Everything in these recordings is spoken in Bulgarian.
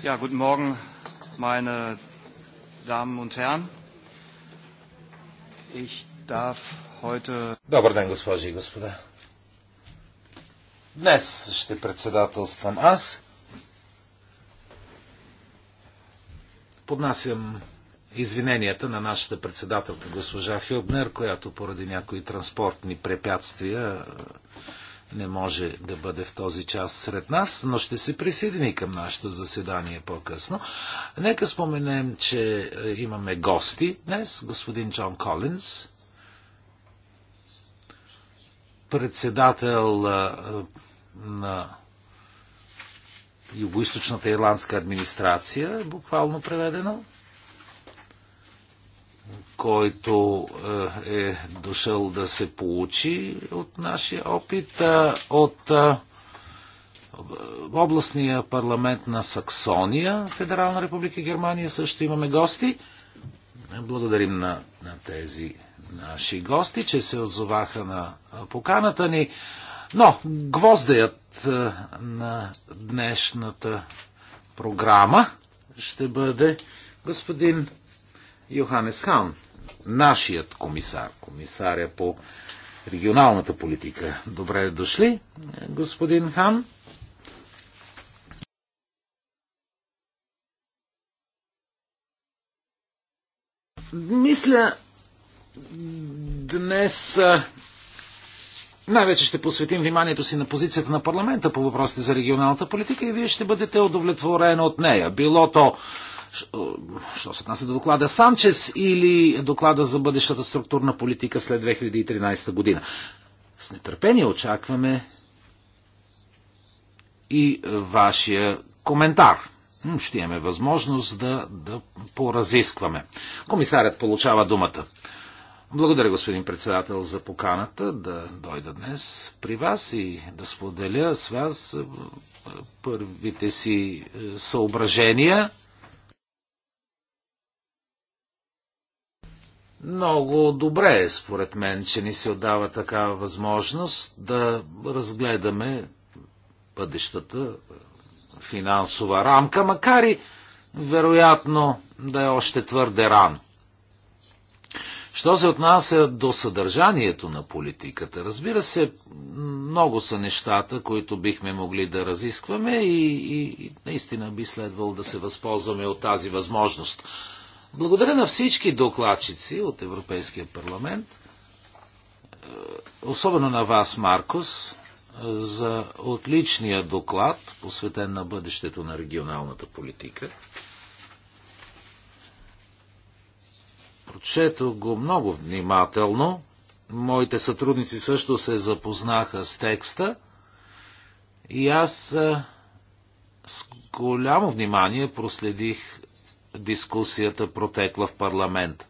Ja, guten Morgen, meine Damen und Herren. Ich darf heute... Добър ден, госпожи и господа. Днес ще председателствам аз. Поднасям извиненията на нашата председателка госпожа Хилбнер, която поради някои транспортни препятствия не може да бъде в този час сред нас, но ще се присъедини към нашето заседание по-късно. Нека споменем, че е, имаме гости днес. Господин Джон Колинс, председател е, на Югоизточната ирландска администрация, буквално преведено който е, е дошъл да се получи от нашия опит, от областния парламент на Саксония, Федерална република Германия, също имаме гости. Благодарим на, на тези наши гости, че се отзоваха на поканата ни. Но гвоздеят е, на днешната програма ще бъде господин Йоханес Хан нашият комисар, комисаря по регионалната политика. Добре дошли, господин Хан. Мисля, днес най-вече ще посветим вниманието си на позицията на парламента по въпросите за регионалната политика и вие ще бъдете удовлетворени от нея. Било то що се отнася до доклада Санчес или доклада за бъдещата структурна политика след 2013 година. С нетърпение очакваме и вашия коментар. Ще имаме възможност да, да поразискваме. Комисарят получава думата. Благодаря, господин председател, за поканата да дойда днес при вас и да споделя с вас първите си е, съображения Много добре е, според мен, че ни се отдава такава възможност да разгледаме бъдещата финансова рамка, макар и вероятно да е още твърде рано. Що се отнася до съдържанието на политиката? Разбира се, много са нещата, които бихме могли да разискваме и, и, и наистина би следвало да се възползваме от тази възможност. Благодаря на всички докладчици от Европейския парламент, е, особено на вас, Маркос, е, за отличния доклад, посветен на бъдещето на регионалната политика. Прочето го много внимателно. Моите сътрудници също се запознаха с текста и аз е, с голямо внимание проследих дискусията протекла в парламент.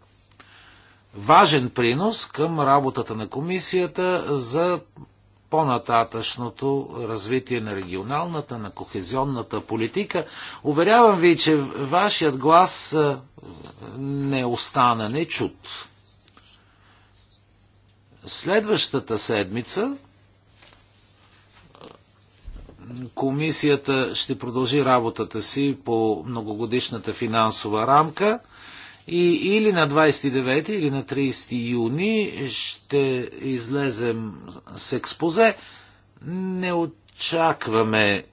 Важен принос към работата на комисията за по-нататъчното развитие на регионалната, на кохезионната политика. Уверявам ви, че вашият глас не остана нечут. Следващата седмица Комисията ще продължи работата си по многогодишната финансова рамка и или на 29 или на 30 юни ще излезем с експозе. Не очакваме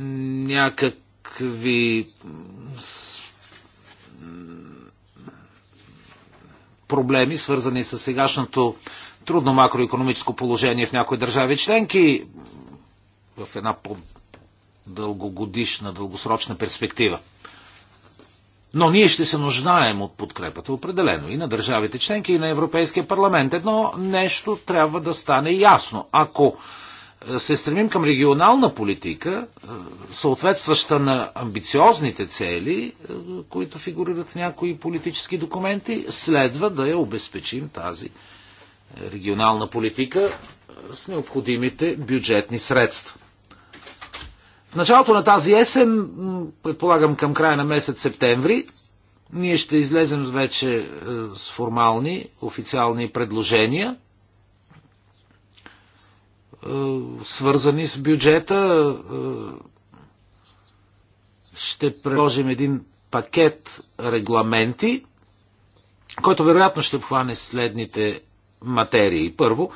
някакви проблеми, свързани с сегашното трудно макроекономическо положение в някои държави членки, в една по-дългогодишна, дългосрочна перспектива. Но ние ще се нуждаем от подкрепата определено и на държавите членки, и на Европейския парламент. Едно нещо трябва да стане ясно. Ако се стремим към регионална политика, е, съответстваща на амбициозните цели, е, които фигурират в някои политически документи, следва да я обезпечим тази е, регионална политика с необходимите бюджетни средства. В началото на тази есен, предполагам към края на месец септември, ние ще излезем вече с формални, официални предложения – е, свързани с бюджета. Е, ще предложим един пакет регламенти, който вероятно ще обхване следните материи. Първо,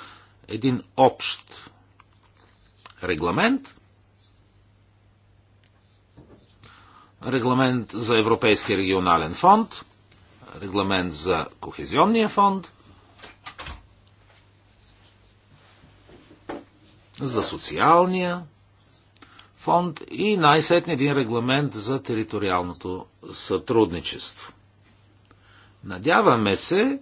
един общ регламент. Регламент за Европейския регионален фонд. Регламент за Кохезионния фонд. за социалния фонд и най-сетне един регламент за териториалното сътрудничество. Надяваме се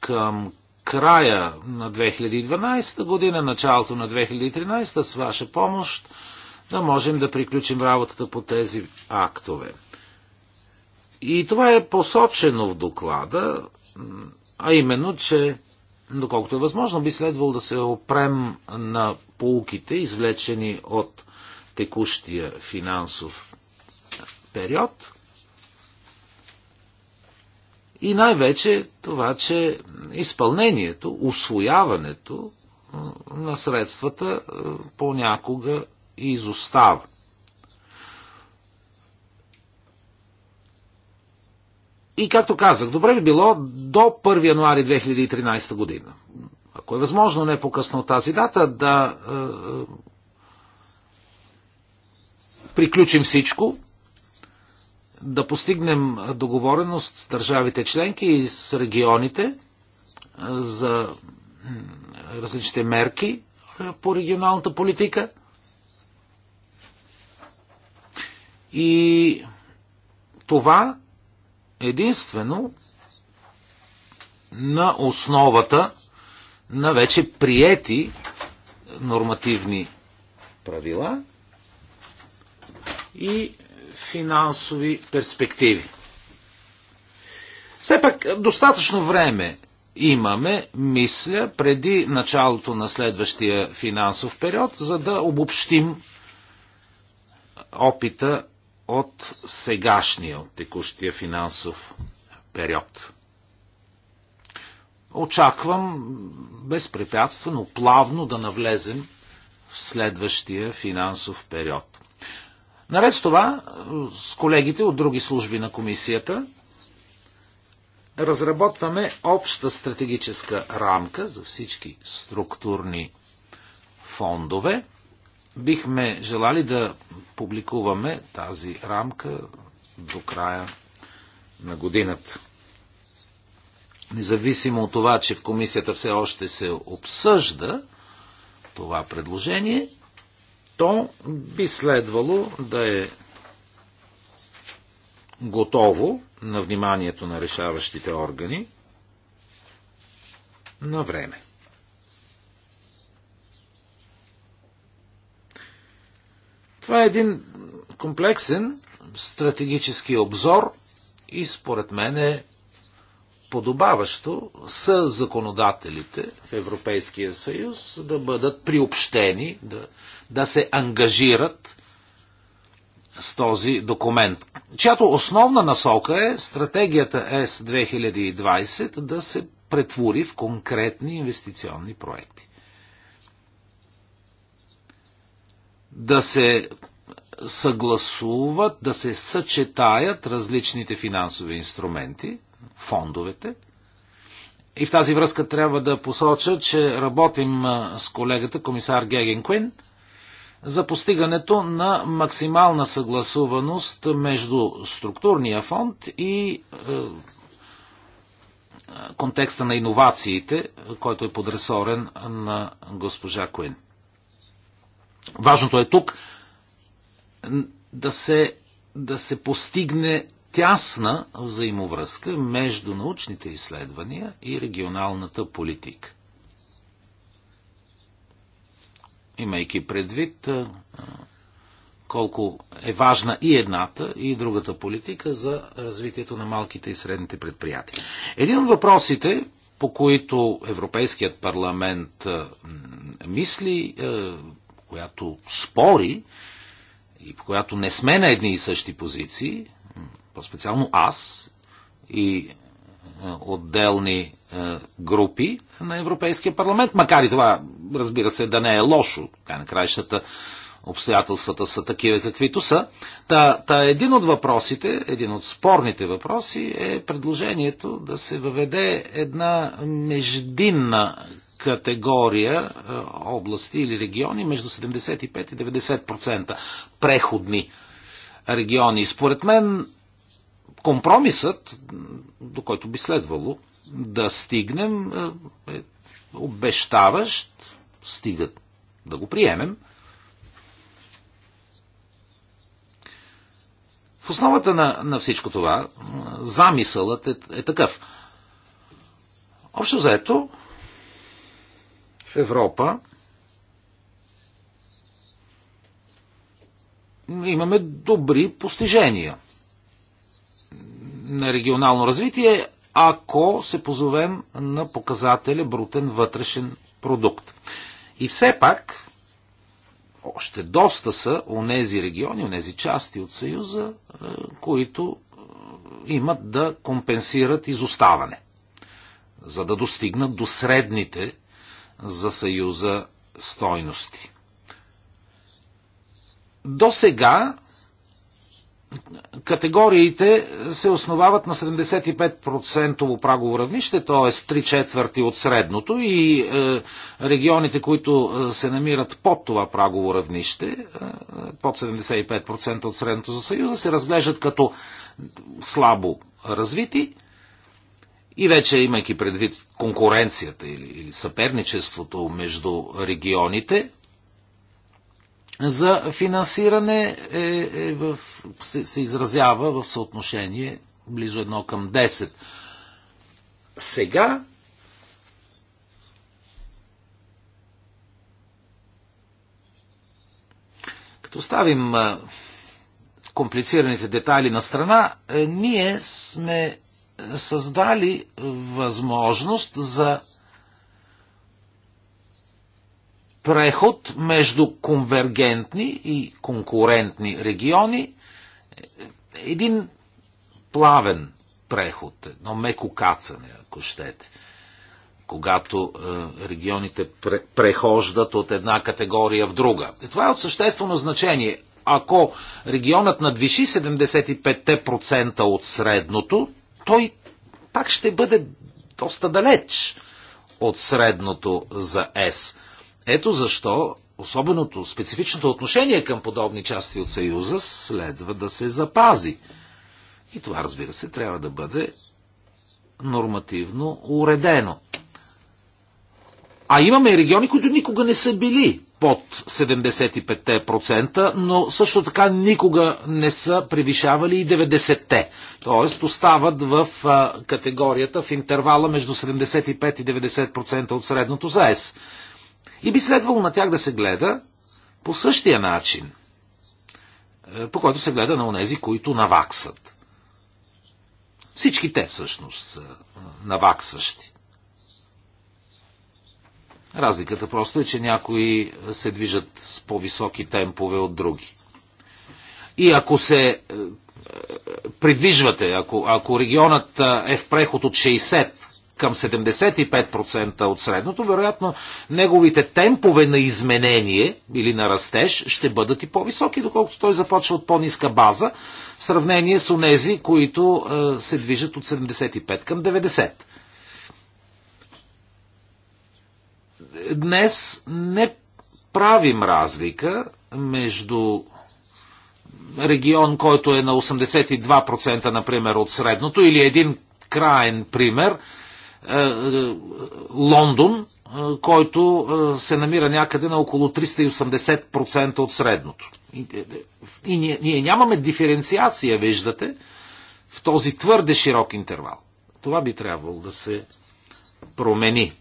към края на 2012 година, началото на 2013 с ваша помощ да можем да приключим работата по тези актове. И това е посочено в доклада, а именно, че доколкото е възможно, би следвало да се опрем на полуките, извлечени от текущия финансов период. И най-вече това, че изпълнението, освояването на средствата понякога изостава. И както казах, добре би било до 1 януари 2013 година, ако е възможно не по-късно от тази дата, да е, е, приключим всичко, да постигнем договореност с държавите членки и с регионите е, за различните мерки е, по регионалната политика. И това единствено на основата на вече приети нормативни правила и финансови перспективи. Все пак достатъчно време имаме, мисля, преди началото на следващия финансов период, за да обобщим опита от сегашния, от текущия финансов период. Очаквам безпрепятствено, плавно да навлезем в следващия финансов период. Наред с това, с колегите от други служби на комисията, разработваме обща стратегическа рамка за всички структурни фондове – Бихме желали да публикуваме тази рамка до края на годината. Независимо от това, че в комисията все още се обсъжда това предложение, то би следвало да е готово на вниманието на решаващите органи на време. Това е един комплексен стратегически обзор и според мен е подобаващо с законодателите в Европейския съюз да бъдат приобщени, да, да се ангажират с този документ, чиято основна насока е стратегията С 2020 да се претвори в конкретни инвестиционни проекти. да се съгласуват, да се съчетаят различните финансови инструменти, фондовете. И в тази връзка трябва да посоча, че работим с колегата комисар Геген Куин за постигането на максимална съгласуваност между структурния фонд и контекста на иновациите, който е подресорен на госпожа Куин. Важното е тук да се, да се постигне тясна взаимовръзка между научните изследвания и регионалната политика. Имайки предвид колко е важна и едната, и другата политика за развитието на малките и средните предприятия. Един от въпросите, по които Европейският парламент мисли, която спори и по която не сме на едни и същи позиции, по-специално аз и е, отделни е, групи на Европейския парламент, макар и това, разбира се, да не е лошо, край на краищата обстоятелствата са такива каквито са. Та, та един от въпросите, един от спорните въпроси е предложението да се въведе една междинна категория е, области или региони между 75 и 90% преходни региони. Според мен компромисът, до който би следвало да стигнем, е, е обещаващ, стига да го приемем. В основата на, на всичко това е, замисълът е, е такъв. Общо заето, в Европа имаме добри постижения на регионално развитие, ако се позовем на показателя брутен вътрешен продукт. И все пак, още доста са у нези региони, у нези части от Съюза, е, които е, имат да компенсират изоставане, за да достигнат до средните за Съюза стойности. До сега категориите се основават на 75% прагово равнище, т.е. 3 четвърти от средното и е, регионите, които е, се намират под това прагово равнище, е, под 75% от средното за Съюза, се разглеждат като слабо развити и вече имайки предвид конкуренцията или, или съперничеството между регионите, за финансиране е, е в, се, се изразява в съотношение близо едно към 10. Сега като ставим комплицираните детайли на страна, е, ние сме създали възможност за преход между конвергентни и конкурентни региони, един плавен преход, едно меко кацане, ако щете, когато е, регионите прехождат от една категория в друга. Това е от съществено значение. Ако регионът надвиши 75% от средното, той пак ще бъде доста далеч от средното за ЕС. Ето защо особеното, специфичното отношение към подобни части от Съюза следва да се запази. И това, разбира се, трябва да бъде нормативно уредено. А имаме региони, които никога не са били под 75%, но също така никога не са превишавали и 90-те. Тоест остават в категорията, в интервала между 75 и 90% от средното за ЕС. И би следвало на тях да се гледа по същия начин, е, по който се гледа на онези, които наваксат. Всички те всъщност са наваксващи. Разликата просто е, че някои се движат с по-високи темпове от други. И ако се е, е, придвижвате, ако, ако регионът е, е в преход от 60 към 75% от средното, вероятно неговите темпове на изменение или на растеж ще бъдат и по-високи, доколкото той започва от по-ниска база в сравнение с онези, които се движат от 75 към 90. Днес не правим разлика между регион, който е на 82%, например, от средното, или един краен пример, е, Лондон, е, който е, се намира някъде на около 380% от средното. И ние, ние нямаме диференциация, виждате, в този твърде широк интервал. Това би трябвало да се промени.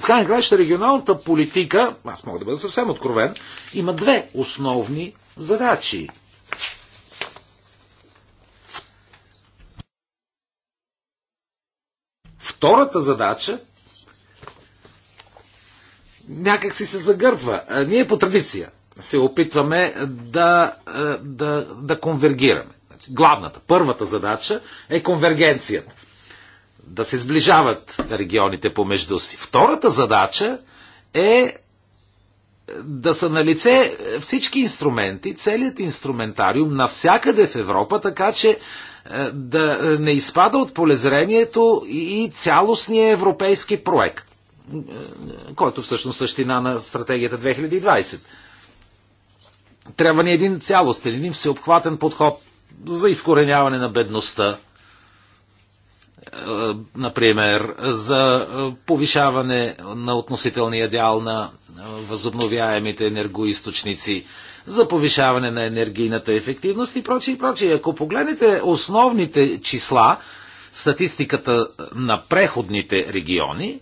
В крайна краща регионалната политика, аз мога да бъда съвсем откровен, има две основни задачи. Втората задача някак си се загърбва. Ние по традиция се опитваме да, да, да конвергираме. Значи, главната, първата задача е конвергенцията да се сближават регионите помежду си. Втората задача е да са на лице всички инструменти, целият инструментариум навсякъде в Европа, така че е, да не изпада от полезрението и цялостния европейски проект, е, който всъщност същина на стратегията 2020. Трябва ни един цялостен, един всеобхватен подход за изкореняване на бедността, е, например, за е, повишаване на относителния дял на е, възобновяемите енергоисточници, за повишаване на енергийната ефективност и прочие и прочие. Ако погледнете основните числа, статистиката на преходните региони,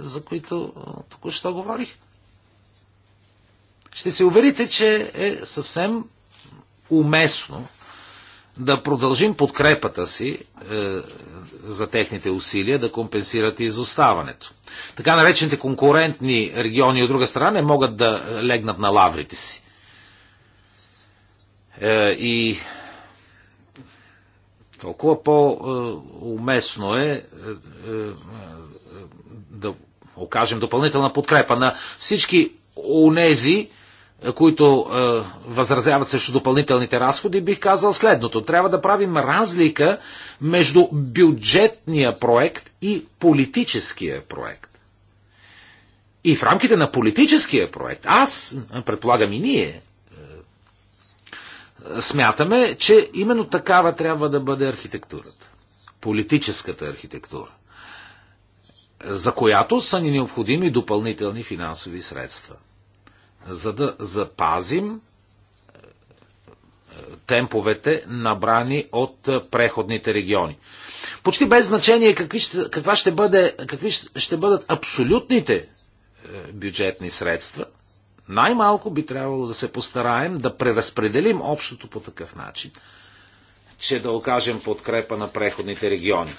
за които току-що говорих, ще се уверите, че е съвсем уместно да продължим подкрепата си е, за техните усилия да компенсират изоставането. Така наречените конкурентни региони от друга страна не могат да легнат на лаврите си. Е, и толкова по-уместно е, е, е да окажем допълнителна подкрепа на всички унези които е, възразяват срещу допълнителните разходи, бих казал следното. Трябва да правим разлика между бюджетния проект и политическия проект. И в рамките на политическия проект, аз, предполагам и ние, е, смятаме, че именно такава трябва да бъде архитектурата. Политическата архитектура. За която са ни необходими допълнителни финансови средства за да запазим е, темповете, набрани от е, преходните региони. Почти без значение какви ще, каква ще бъде, какви ще бъдат абсолютните е, бюджетни средства, най-малко би трябвало да се постараем да преразпределим общото по такъв начин, че да окажем подкрепа на преходните региони.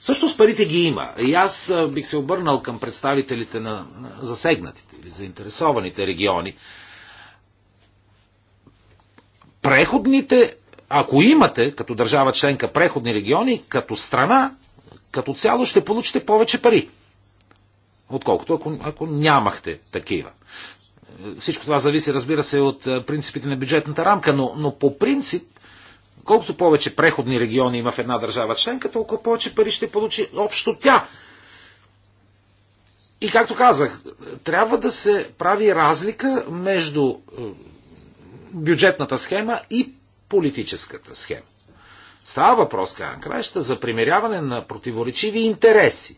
Също с парите ги има. И аз бих се обърнал към представителите на засегнатите или заинтересованите региони. Преходните, ако имате като държава членка преходни региони, като страна, като цяло ще получите повече пари, отколкото ако, ако нямахте такива. Всичко това зависи, разбира се, от принципите на бюджетната рамка, но, но по принцип колкото повече преходни региони има в една държава членка, толкова повече пари ще получи общо тя. И както казах, трябва да се прави разлика между е, бюджетната схема и политическата схема. Става въпрос, казвам краища, за примиряване на противоречиви интереси.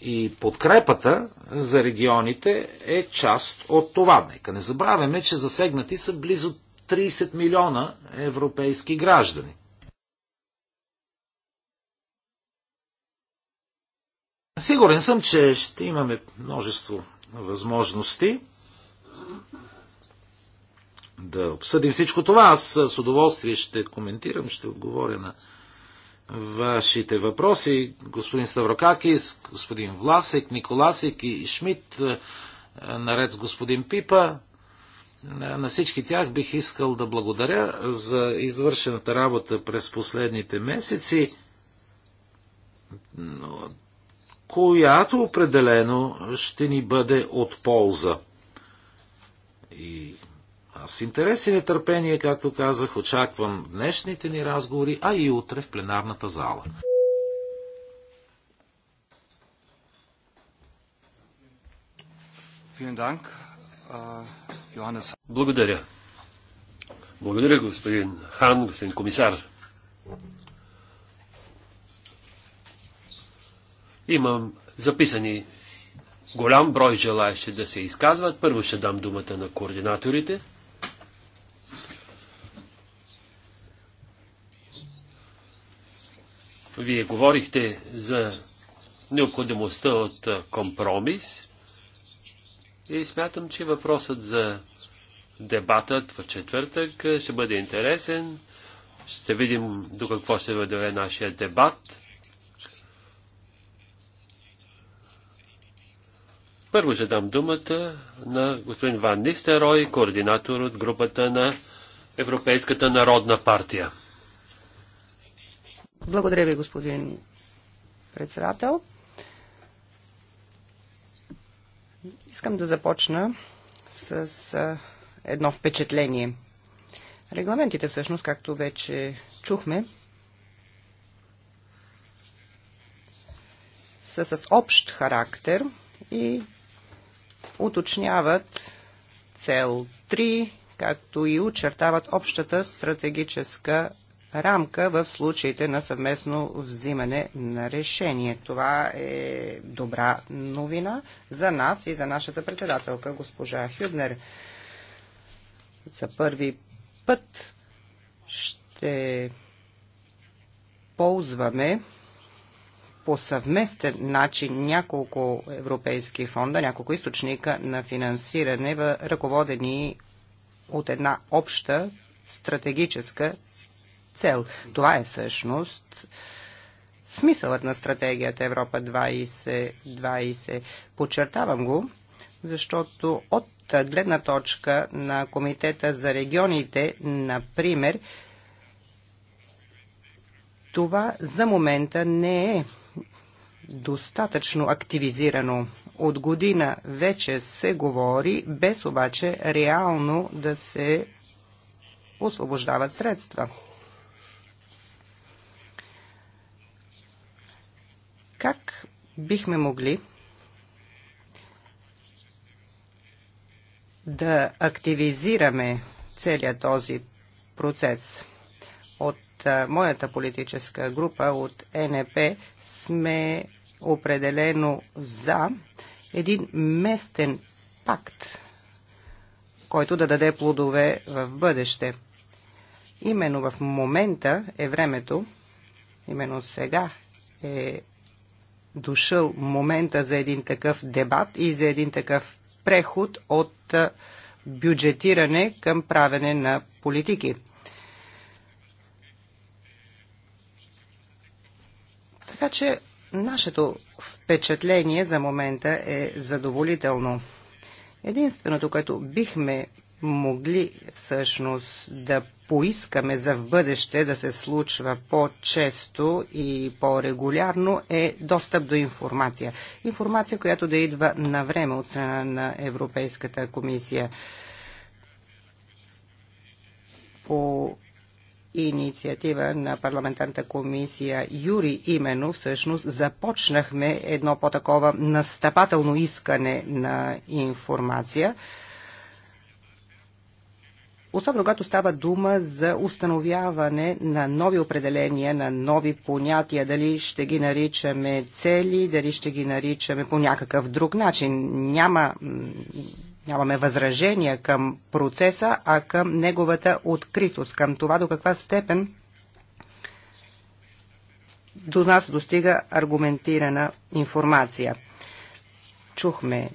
И подкрепата за регионите е част от това. Нека не забравяме, че засегнати са близо 30 милиона европейски граждани. Сигурен съм, че ще имаме множество възможности да обсъдим всичко това. Аз с удоволствие ще коментирам, ще отговоря на вашите въпроси. Господин Ставрокакис, господин Власек, Николасик и Шмидт, е, наред с господин Пипа. На всички тях бих искал да благодаря за извършената работа през последните месеци която определено ще ни бъде от полза. И аз с интерес и нетърпение, както казах, очаквам днешните ни разговори, а и утре в пленарната зала. Äh, Благодаря. Благодаря, господин Хан, господин комисар. Имам записани голям брой желаящи да се изказват. Първо ще дам думата на координаторите. Вие говорихте за необходимостта от компромис и смятам, че въпросът за дебатът в четвъртък ще бъде интересен. Ще видим до какво ще бъде нашия дебат. Първо ще дам думата на господин Ван Нистерой, координатор от групата на Европейската народна партия. Благодаря ви, господин председател. Искам да започна с едно впечатление. Регламентите всъщност, както вече чухме, са с общ характер и уточняват цел 3, както и очертават общата стратегическа рамка в случаите на съвместно взимане на решение. Това е добра новина за нас и за нашата председателка госпожа Хюбнер. За първи път ще ползваме по съвместен начин няколко европейски фонда, няколко източника на финансиране, ръководени от една обща стратегическа цел. Това е всъщност смисълът на стратегията Европа 2020. 20. Подчертавам го, защото от гледна точка на Комитета за регионите, например, това за момента не е достатъчно активизирано. От година вече се говори, без обаче реално да се освобождават средства. Как бихме могли да активизираме целият този процес? От моята политическа група, от НП, сме определено за един местен пакт, който да даде плодове в бъдеще. Именно в момента е времето, именно сега е дошъл момента за един такъв дебат и за един такъв преход от бюджетиране към правене на политики. Така че Нашето впечатление за момента е задоволително. Единственото, което бихме могли всъщност да поискаме за в бъдеще да се случва по-често и по-регулярно е достъп до информация. Информация, която да идва на време от страна на Европейската комисия. По инициатива на парламентарната комисия Юри именно всъщност започнахме едно по-такова настъпателно искане на информация. Особено когато става дума за установяване на нови определения, на нови понятия, дали ще ги наричаме цели, дали ще ги наричаме по някакъв друг начин. Няма нямаме възражения към процеса, а към неговата откритост, към това до каква степен до нас достига аргументирана информация. Чухме,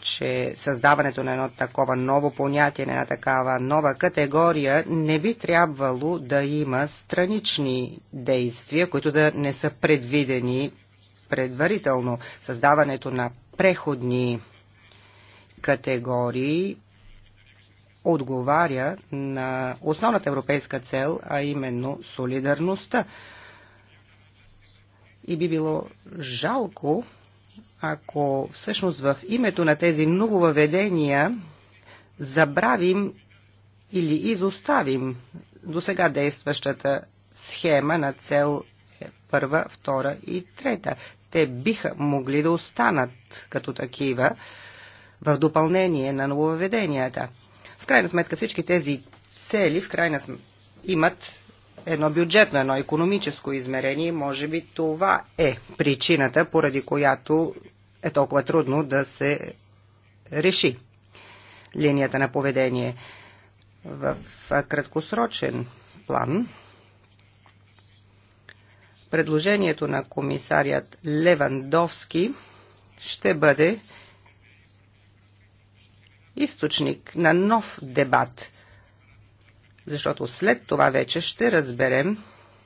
че създаването на едно такова ново понятие, на една такава нова категория не би трябвало да има странични действия, които да не са предвидени предварително. Създаването на преходни категории отговаря на основната европейска цел, а именно солидарността. И би било жалко, ако всъщност в името на тези много въведения забравим или изоставим до сега действащата схема на цел първа, втора и трета. Те биха могли да останат като такива, в допълнение на нововведенията. В крайна сметка всички тези цели в крайна сметка, имат едно бюджетно, едно економическо измерение. Може би това е причината, поради която е толкова трудно да се реши линията на поведение. В краткосрочен план предложението на комисарият Левандовски ще бъде източник на нов дебат, защото след това вече ще разберем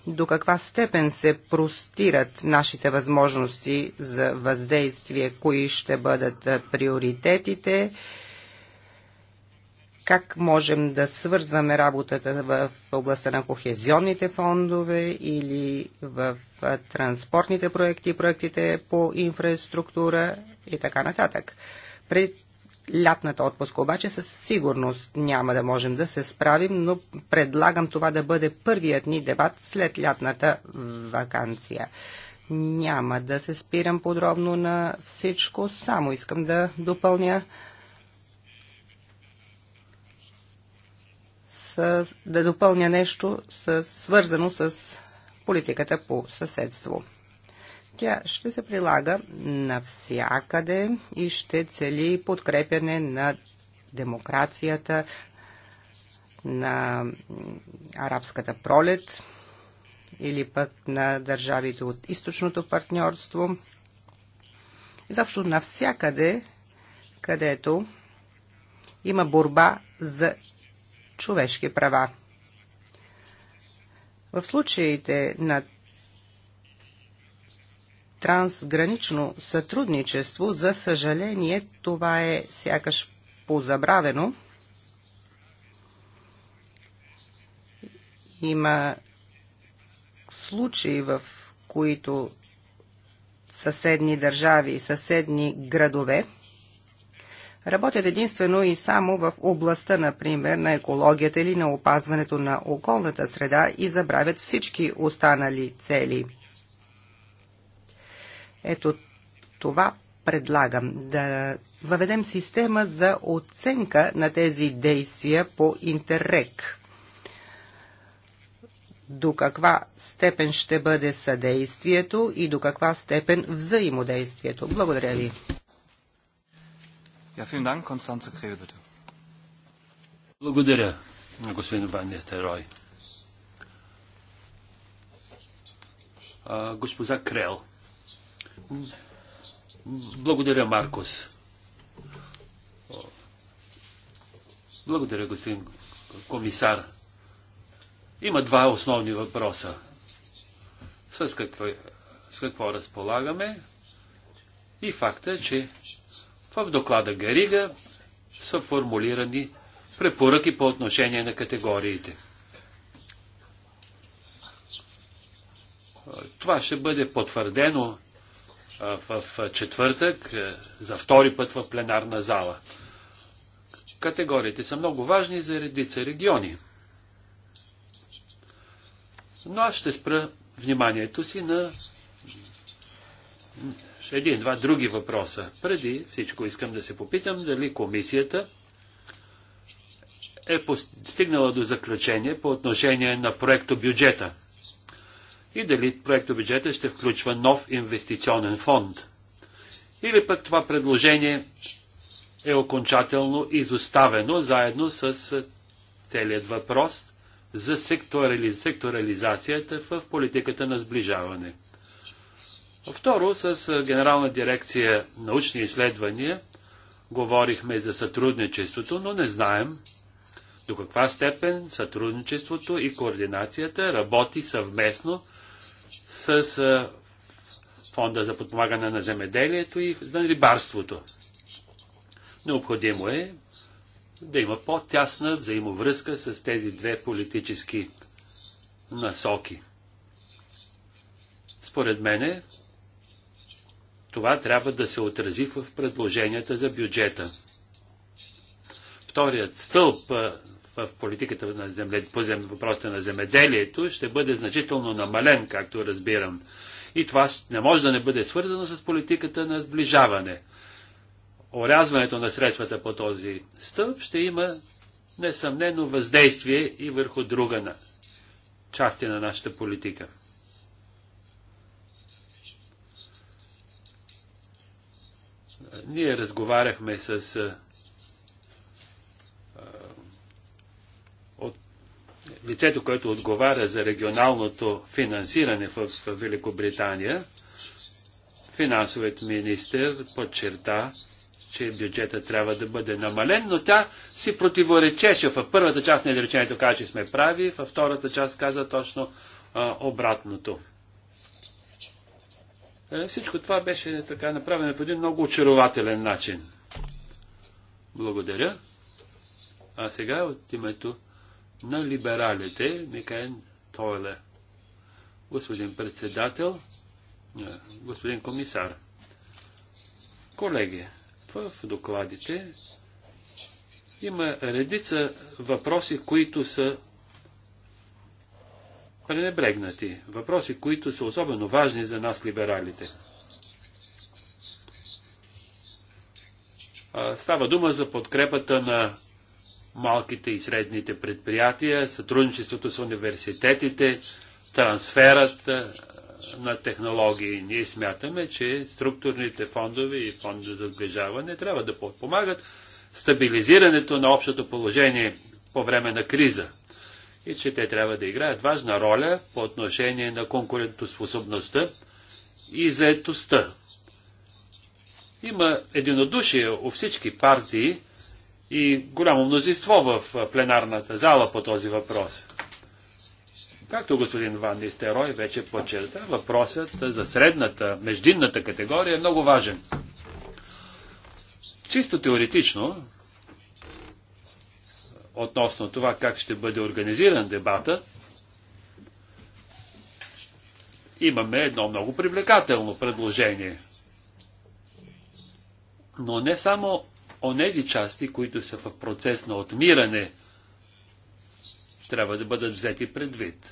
до каква степен се простират нашите възможности за въздействие, кои ще бъдат приоритетите, как можем да свързваме работата в областта на кохезионните фондове или в транспортните проекти, проектите по инфраструктура и така нататък. Пред лятната отпуска обаче със сигурност няма да можем да се справим, но предлагам това да бъде първият ни дебат след лятната вакансия. Няма да се спирам подробно на всичко, само искам да допълня с, да допълня нещо с, свързано с политиката по съседство. Тя ще се прилага навсякъде и ще цели подкрепяне на демокрацията, на арабската пролет или пък на държавите от източното партньорство. Изобщо навсякъде, където има борба за човешки права. В случаите на трансгранично сътрудничество. За съжаление, това е сякаш позабравено. Има случаи, в които съседни държави и съседни градове работят единствено и само в областта, например, на екологията или на опазването на околната среда и забравят всички останали цели. Ето това предлагам да въведем система за оценка на тези действия по интеррек. До каква степен ще бъде съдействието и до каква степен взаимодействието. Благодаря ви. Ja, vielen Dank, bitte. Благодаря, господин Ван Нестерой. Госпожа Крел. Благодаря, Маркос. Благодаря, господин комисар. Има два основни въпроса. С какво, с какво разполагаме и факта, е, че в доклада Гарига са формулирани препоръки по отношение на категориите. Това ще бъде потвърдено в четвъртък, е, за втори път в пленарна зала. Категориите са много важни за редица региони. Но аз ще спра вниманието си на един-два други въпроса. Преди всичко искам да се попитам дали комисията е стигнала до заключение по отношение на проекто бюджета – и дали проектобюджета ще включва нов инвестиционен фонд. Или пък това предложение е окончателно изоставено заедно с целият въпрос за секторализацията в политиката на сближаване. Второ, с Генерална дирекция научни изследвания говорихме за сътрудничеството, но не знаем до каква степен сътрудничеството и координацията работи съвместно с фонда за подпомагане на земеделието и за рибарството. Необходимо е да има по-тясна взаимовръзка с тези две политически насоки. Според мене, това трябва да се отрази в предложенията за бюджета. Вторият стълб в политиката на земле, по зем, въпросите на земеделието ще бъде значително намален, както разбирам. И това не може да не бъде свързано с политиката на сближаване. Орязването на средствата по този стълб ще има несъмнено въздействие и върху друга на части на нашата политика. Ние разговаряхме с лицето, което отговаря за регионалното финансиране в Великобритания, финансовият министр подчерта, че бюджета трябва да бъде намален, но тя си противоречеше. В първата част на изречението каза, че сме прави, във втората част каза точно а, обратното. Е, всичко това беше така направено по един много очарователен начин. Благодаря. А сега от името на либералите Микаен Тойле. Господин председател, е, господин комисар, колеги, в докладите има редица въпроси, които са пренебрегнати. Въпроси, които са особено важни за нас, либералите. Става дума за подкрепата на малките и средните предприятия, сътрудничеството с университетите, трансферът на технологии. Ние смятаме, че структурните фондове и фонда за отглежаване трябва да подпомагат стабилизирането на общото положение по време на криза и че те трябва да играят важна роля по отношение на конкурентоспособността и заетостта. Има единодушие у всички партии, и голямо мнозинство в пленарната зала по този въпрос. Както господин Ван Нистерой вече подчерта, въпросът за средната, междинната категория е много важен. Чисто теоретично, относно това как ще бъде организиран дебата, имаме едно много привлекателно предложение. Но не само онези части, които са в процес на отмиране, трябва да бъдат взети предвид.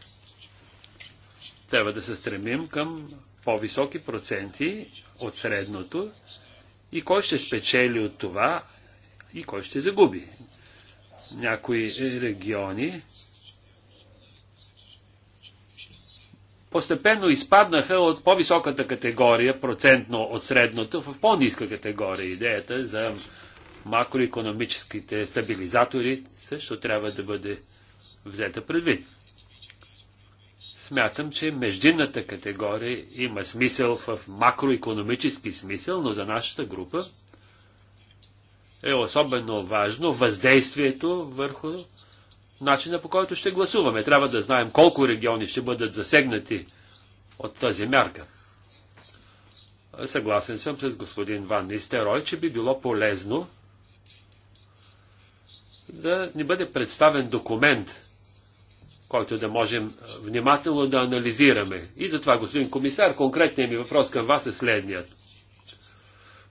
Трябва да се стремим към по-високи проценти от средното и кой ще спечели от това и кой ще загуби. Някои региони постепенно изпаднаха от по-високата категория, процентно от средното, в по-ниска категория. Идеята за макроекономическите стабилизатори също трябва да бъде взета предвид. Смятам, че междинната категория има смисъл в макроекономически смисъл, но за нашата група е особено важно въздействието върху начина по който ще гласуваме. Трябва да знаем колко региони ще бъдат засегнати от тази мярка. Съгласен съм с господин Ван Нистерой, че би било полезно да ни бъде представен документ, който да можем внимателно да анализираме. И затова, господин комисар, конкретният ми въпрос към вас е следният.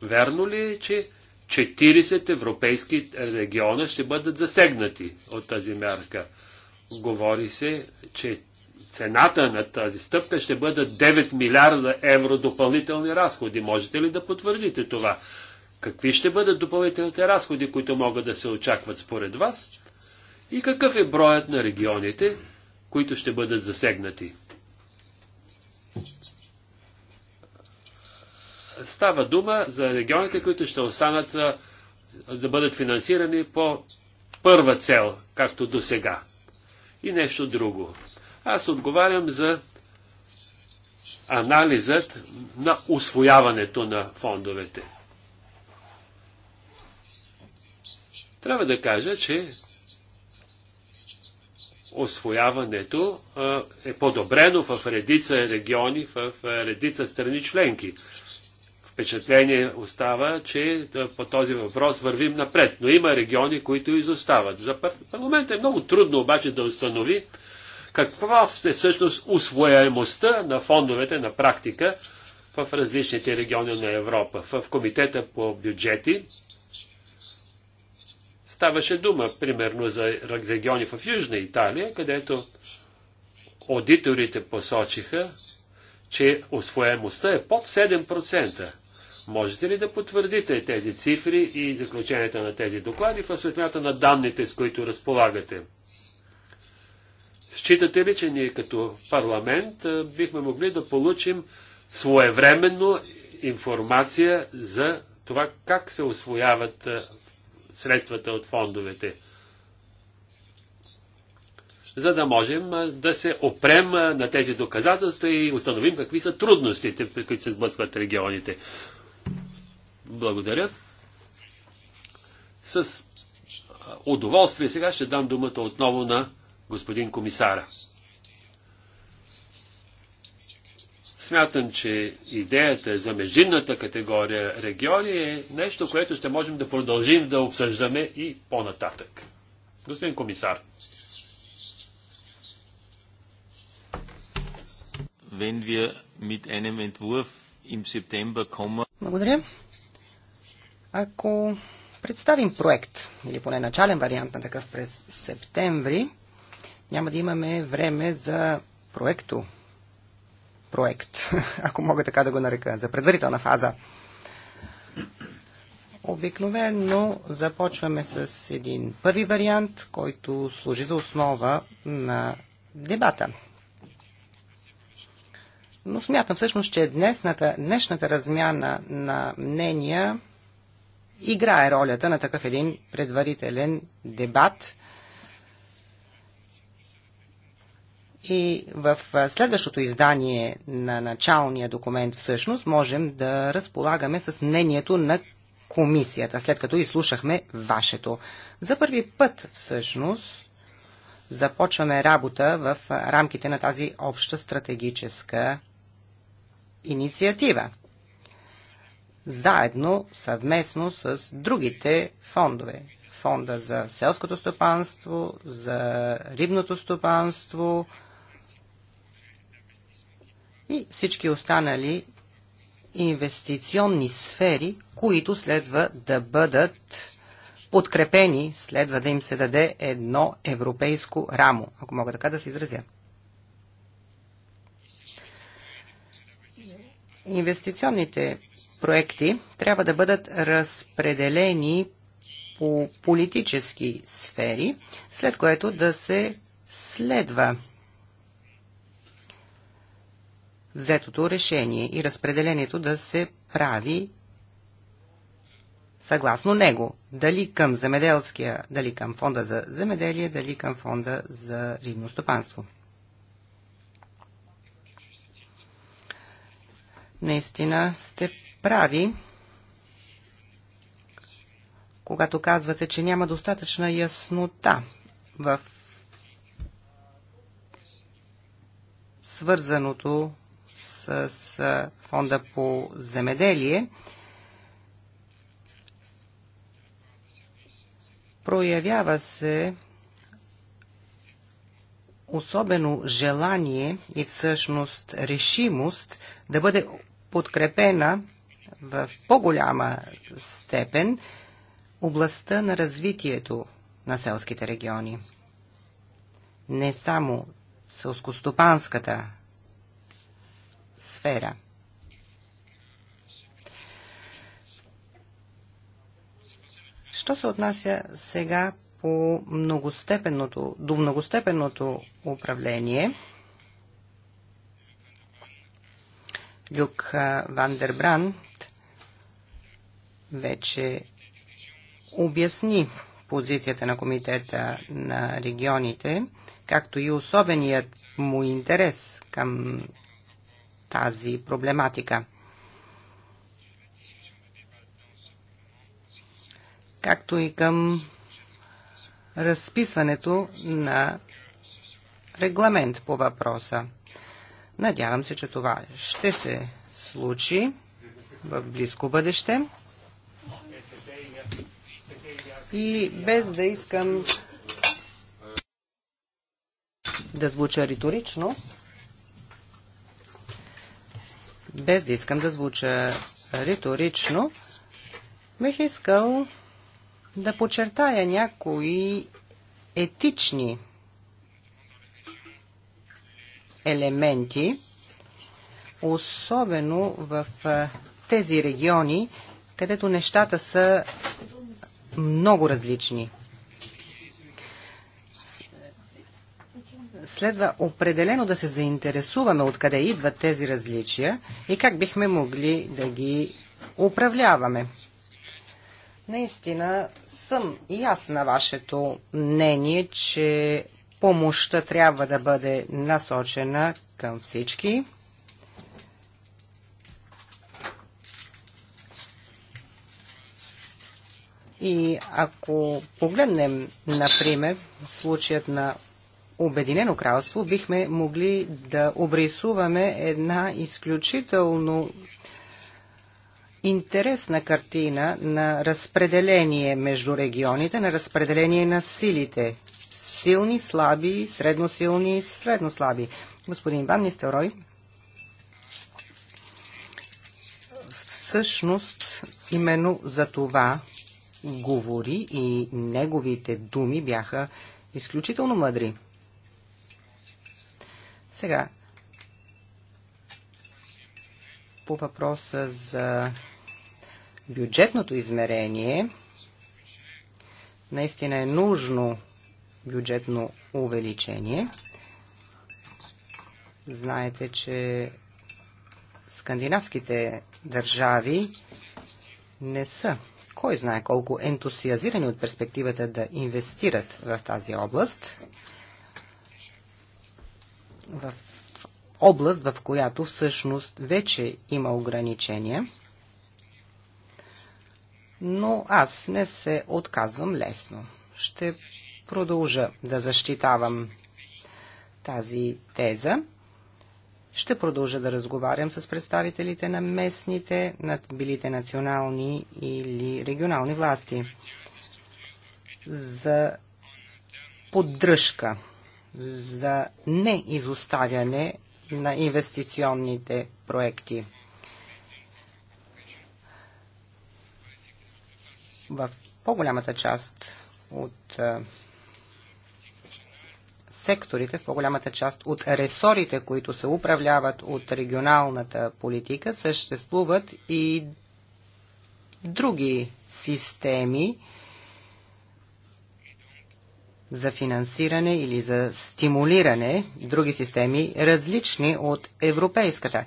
Верно ли е, че 40 европейски региона ще бъдат засегнати от тази мерка? Говори се, че цената на тази стъпка ще бъдат 9 милиарда евро допълнителни разходи. Можете ли да потвърдите това? Какви ще бъдат допълнителните разходи, които могат да се очакват според вас? И какъв е броят на регионите, които ще бъдат засегнати? Става дума за регионите, които ще останат да бъдат финансирани по първа цел, както до сега. И нещо друго. Аз отговарям за анализът на освояването на фондовете. Трябва да кажа, че освояването е подобрено в редица региони, в редица страни членки. Впечатление остава, че по този въпрос вървим напред, но има региони, които изостават. За парламент е много трудно обаче да установи каква е всъщност усвояемостта на фондовете на практика в различните региони на Европа. В Комитета по бюджети Ставаше дума, примерно, за региони в Южна Италия, където аудиторите посочиха, че освоемостта е под 7%. Можете ли да потвърдите тези цифри и заключенията на тези доклади в светлината на данните, с които разполагате? Считате ли, че ние като парламент бихме могли да получим своевременно информация за това как се освояват средствата от фондовете. За да можем да се опрем на тези доказателства и установим какви са трудностите, при които се сблъскват регионите. Благодаря. С удоволствие сега ще дам думата отново на господин комисара. Смятам, че идеята за междинната категория региони е нещо, което ще можем да продължим да обсъждаме и по-нататък. Господин комисар. Благодаря. Ако представим проект, или поне начален вариант на такъв през септември, няма да имаме време за проекто проект, ако мога така да го нарека, за предварителна фаза. Обикновено започваме с един първи вариант, който служи за основа на дебата. Но смятам всъщност, че днесната, днешната размяна на мнения играе ролята на такъв един предварителен дебат – И в следващото издание на началния документ всъщност можем да разполагаме с мнението на комисията, след като изслушахме вашето. За първи път всъщност започваме работа в рамките на тази обща стратегическа инициатива. Заедно, съвместно с другите фондове. Фонда за селското стопанство, за рибното стопанство, и всички останали инвестиционни сфери, които следва да бъдат подкрепени, следва да им се даде едно европейско рамо, ако мога така да се изразя. Инвестиционните проекти трябва да бъдат разпределени по политически сфери, след което да се следва взетото решение и разпределението да се прави съгласно него. Дали към земеделския, дали към фонда за земеделие, дали към фонда за рибно стопанство. Наистина сте прави, когато казвате, че няма достатъчна яснота в свързаното с фонда по земеделие, проявява се особено желание и всъщност решимост да бъде подкрепена в по-голяма степен областта на развитието на селските региони. Не само селскостопанската сфера. Що се отнася сега по многостепенното, до многостепенното управление, Люк Вандербранд вече обясни позицията на Комитета на регионите, както и особеният му интерес към тази проблематика. Както и към разписването на регламент по въпроса. Надявам се, че това ще се случи в близко бъдеще. И без да искам да звуча риторично, без да искам да звуча риторично, бих искал да подчертая някои етични елементи, особено в тези региони, където нещата са много различни. следва определено да се заинтересуваме откъде идват тези различия и как бихме могли да ги управляваме. Наистина съм и аз на вашето мнение, че помощта трябва да бъде насочена към всички. И ако погледнем, например, случаят на Обединено кралство, бихме могли да обрисуваме една изключително интересна картина на разпределение между регионите, на разпределение на силите. Силни, слаби, средносилни, среднослаби. Господин Иван Нистерой, всъщност именно за това говори и неговите думи бяха изключително мъдри. Сега, по въпроса за бюджетното измерение, наистина е нужно бюджетно увеличение. Знаете, че скандинавските държави не са кой знае колко ентусиазирани от перспективата да инвестират в тази област в област, в която всъщност вече има ограничения. Но аз не се отказвам лесно. Ще продължа да защитавам тази теза. Ще продължа да разговарям с представителите на местните, на билите национални или регионални власти за поддръжка за неизоставяне на инвестиционните проекти. В по-голямата част от секторите, в по-голямата част от ресорите, които се управляват от регионалната политика, съществуват и други системи, за финансиране или за стимулиране други системи, различни от европейската.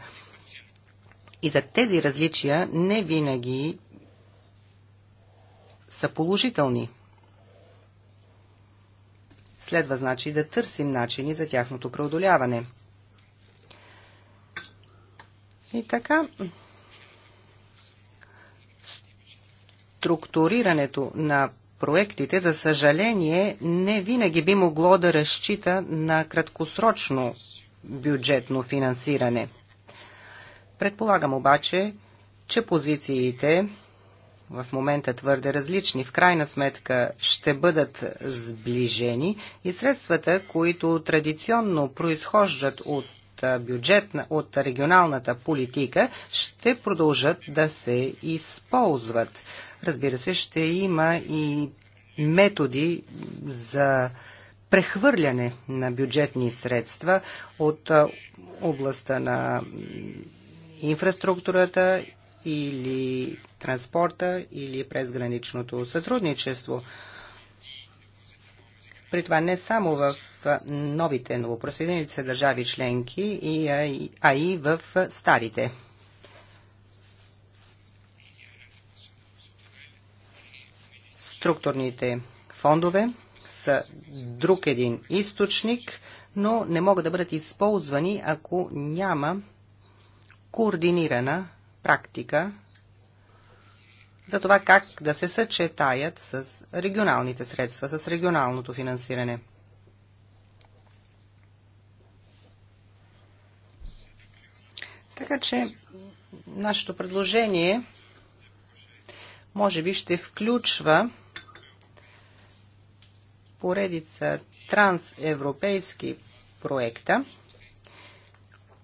И за тези различия не винаги са положителни. Следва значи да търсим начини за тяхното преодоляване. И така, структурирането на проектите, за съжаление, не винаги би могло да разчита на краткосрочно бюджетно финансиране. Предполагам обаче, че позициите в момента твърде различни, в крайна сметка ще бъдат сближени и средствата, които традиционно произхождат от бюджетна, от регионалната политика, ще продължат да се използват. Разбира се, ще има и методи за прехвърляне на бюджетни средства от областта на инфраструктурата или транспорта или през граничното сътрудничество. При това не само в новите новопроседените държави членки, а и в старите Структурните фондове са друг един източник, но не могат да бъдат използвани, ако няма координирана практика за това как да се съчетаят с регионалните средства, с регионалното финансиране. Така че нашето предложение може би ще включва поредица трансевропейски проекта,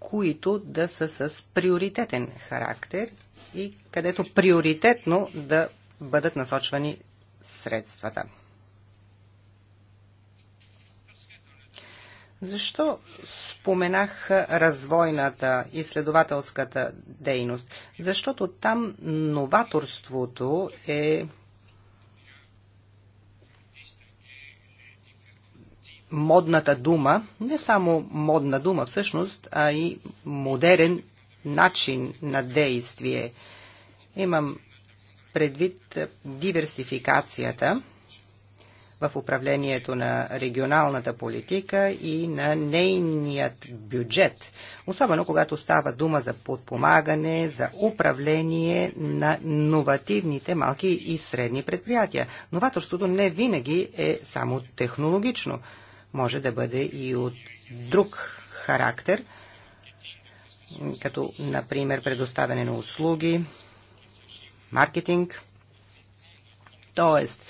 които да са с приоритетен характер и където приоритетно да бъдат насочвани средствата. Защо споменах развойната изследователската дейност? Защото там новаторството е модната дума, не само модна дума всъщност, а и модерен начин на действие. Имам предвид диверсификацията в управлението на регионалната политика и на нейният бюджет, особено когато става дума за подпомагане, за управление на новативните малки и средни предприятия. Новаторството не винаги е само технологично може да бъде и от друг характер, като, например, предоставяне на услуги, маркетинг. Тоест,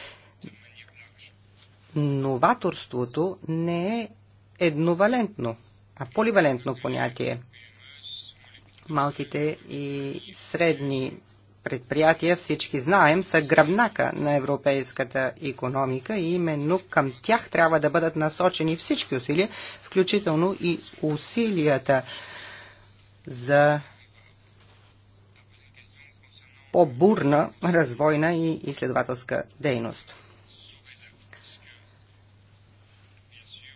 новаторството не е едновалентно, а поливалентно понятие. Малките и средни предприятия, всички знаем, са гръбнака на европейската економика и именно към тях трябва да бъдат насочени всички усилия, включително и усилията за по-бурна развойна и изследователска дейност.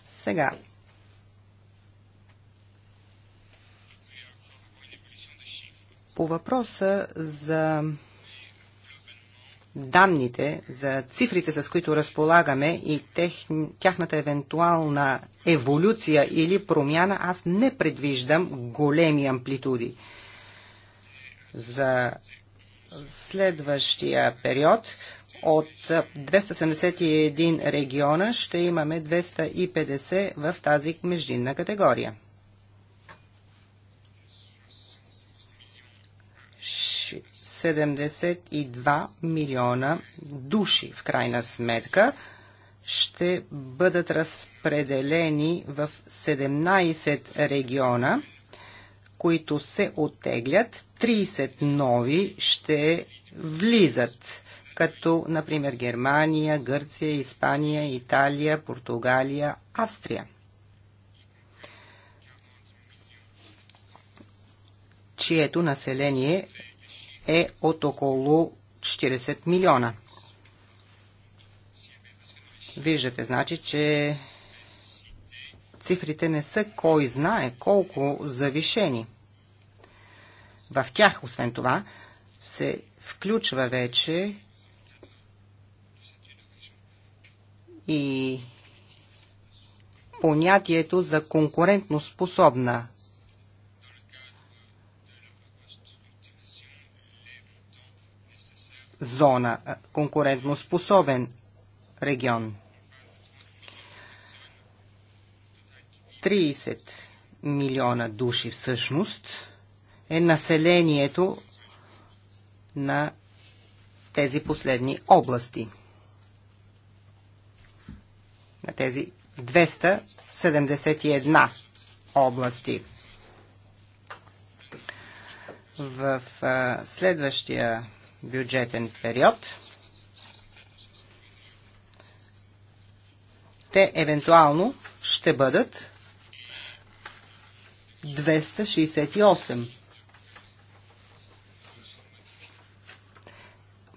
Сега, По въпроса за данните, за цифрите, с които разполагаме и тех, тяхната евентуална еволюция или промяна, аз не предвиждам големи амплитуди. За следващия период от 271 региона ще имаме 250 в тази междинна категория. 72 милиона души в крайна сметка ще бъдат разпределени в 17 региона, които се оттеглят, 30 нови ще влизат, като например Германия, Гърция, Испания, Италия, Португалия, Австрия. чието население е от около 40 милиона. Виждате, значи, че цифрите не са кой знае колко завишени. В тях, освен това, се включва вече и понятието за конкурентно способна зона, е, конкурентноспособен регион. 30 милиона души всъщност е населението на тези последни области. На тези 271 области. В е, следващия бюджетен период. Те евентуално ще бъдат 268.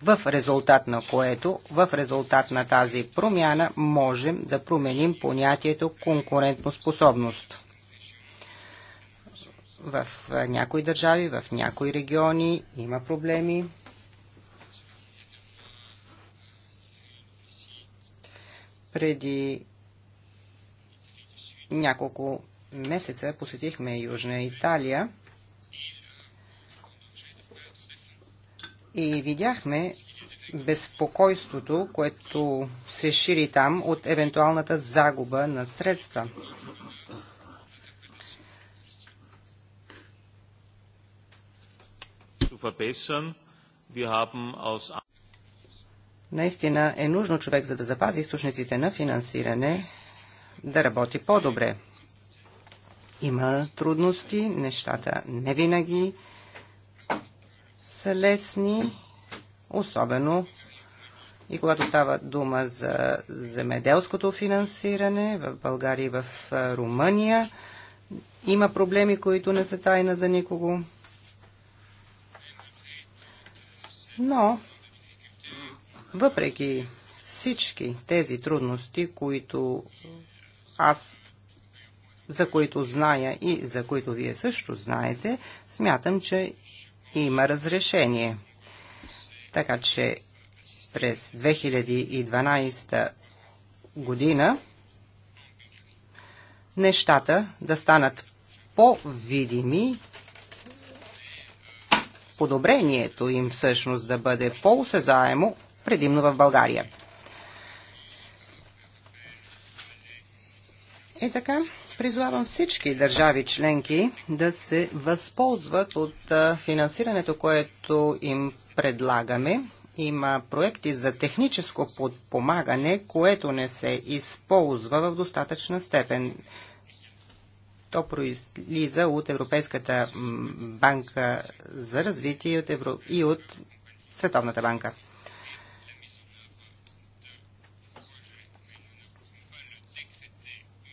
в резултат на което, в резултат на тази промяна, можем да променим понятието конкурентоспособност. В някои държави, в някои региони има проблеми Преди няколко месеца посетихме Южна Италия и видяхме безпокойството, което се шири там от евентуалната загуба на средства. Wir haben aus Наистина е нужно човек, за да запази източниците на финансиране, да работи по-добре. Има трудности, нещата не винаги са лесни, особено и когато става дума за земеделското финансиране в България и в Румъния, има проблеми, които не са тайна за никого. Но въпреки всички тези трудности, които аз за които зная и за които вие също знаете, смятам, че има разрешение. Така че през 2012 година нещата да станат по-видими, подобрението им всъщност да бъде по-осезаемо предимно в България. И така, Призвавам всички държави членки да се възползват от финансирането, което им предлагаме. Има проекти за техническо подпомагане, което не се използва в достатъчна степен. То произлиза от Европейската банка за развитие и от, Евро... и от Световната банка.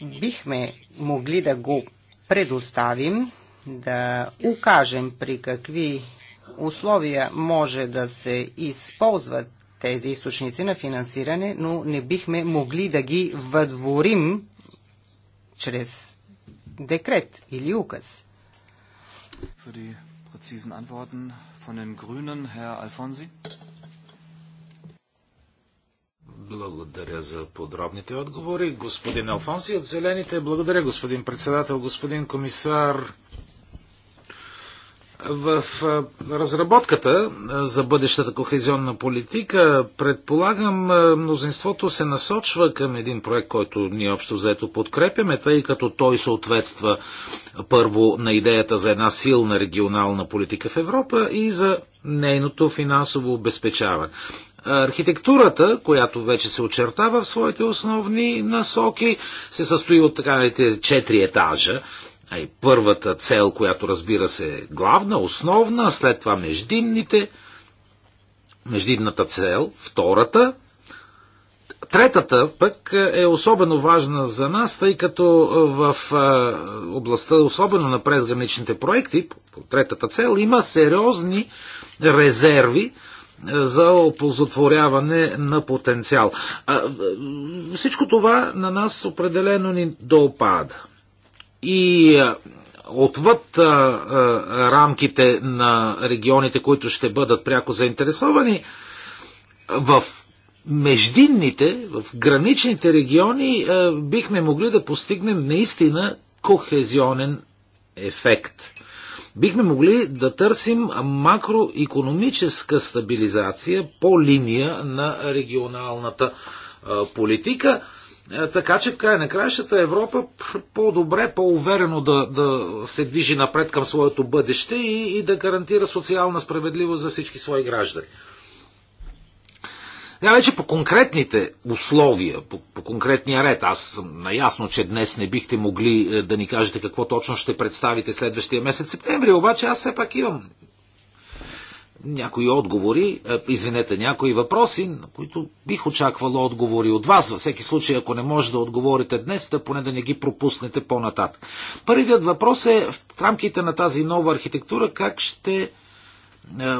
бихме могли да го предоставим, да укажем при какви условия може да се използват тези източници на финансиране, но не бихме могли да ги въдворим чрез декрет или указ. Für die präzisen Antworten von den Grünen, Herr Alfonsi. Благодаря за подробните отговори. Господин Алфонси от Зелените. Благодаря, господин председател, господин комисар. В разработката за бъдещата кохезионна политика, предполагам, мнозинството се насочва към един проект, който ние общо заето подкрепяме, тъй като той съответства първо на идеята за една силна регионална политика в Европа и за нейното финансово обезпечаване. Архитектурата, която вече се очертава в своите основни насоки, се състои от така наречените четири етажа. А и първата цел, която разбира се е главна, основна, след това междинните, междинната цел, втората. Третата пък е особено важна за нас, тъй като в областта, особено на презграничните проекти, по третата цел, има сериозни резерви, за опозотворяване на потенциал. А, всичко това на нас определено ни допада. И отвъд а, а, рамките на регионите, които ще бъдат пряко заинтересовани, в междинните, в граничните региони а, бихме могли да постигнем наистина кохезионен ефект бихме могли да търсим макроекономическа стабилизация по линия на регионалната политика, така че в край на краищата Европа по-добре, по-уверено да, да се движи напред към своето бъдеще и, и да гарантира социална справедливост за всички свои граждани. Най-вече по конкретните условия, по, по конкретния ред. Аз съм наясно, че днес не бихте могли е, да ни кажете какво точно ще представите следващия месец септември, обаче аз все пак имам някои отговори, е, извинете, някои въпроси, на които бих очаквал отговори от вас. Във всеки случай, ако не може да отговорите днес, да поне да не ги пропуснете по-нататък. Първият въпрос е в рамките на тази нова архитектура как ще е, е,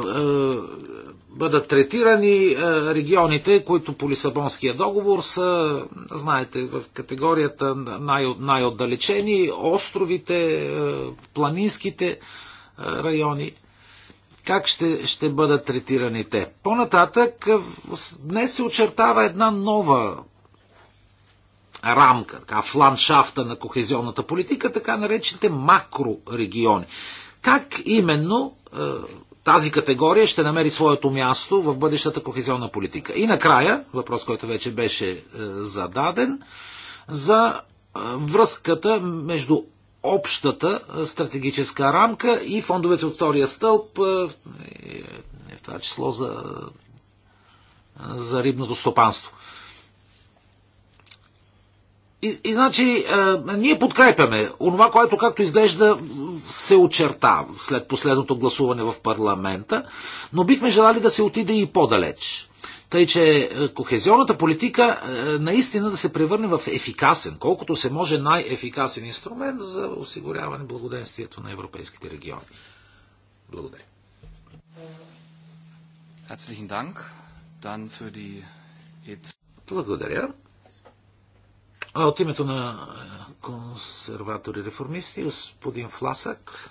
бъдат третирани е, регионите, които по Лисабонския договор са, знаете, в категорията най- отдалечени островите, планинските райони. Как ще, ще бъдат третирани те? По-нататък, днес се очертава една нова рамка, така, в ландшафта на кохезионната политика, така наречените макрорегиони. Как именно тази категория ще намери своето място в бъдещата кохезионна политика. И накрая, въпрос, който вече беше е, зададен, за е, връзката между общата е, стратегическа рамка и фондовете от втория стълб, в това число за, за рибното стопанство. И, и значи, а, ние подкрепяме онова, което както изглежда се очерта след последното гласуване в парламента, но бихме желали да се отиде и по-далеч. Тъй, че е, кохезионната политика е, наистина да се превърне в ефикасен, колкото се може най-ефикасен инструмент за осигуряване благоденствието на европейските региони. Благодаря. Благодаря. А от името на е, консерватори реформисти, господин Фласък.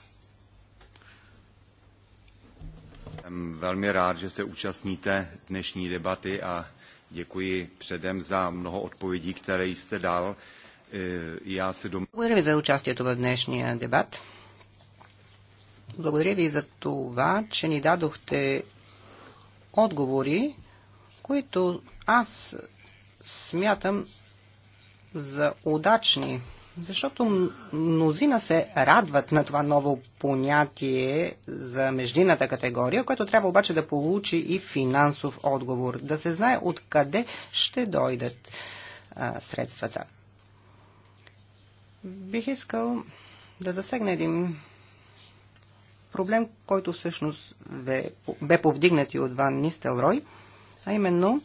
Jsem velmi rád, že se účastníte dnešní debaty a děkuji předem za mnoho odpovědí, které jste dal. E, já se dom... Благодаря ви за участието в днешния дебат. Благодаря ви за това, че ни дадохте отговори, които аз смятам за удачни, защото мнозина се радват на това ново понятие за междинната категория, което трябва обаче да получи и финансов отговор, да се знае откъде ще дойдат а, средствата. Бих искал да засегна един проблем, който всъщност бе, бе повдигнат и от Ван Нистелрой, а именно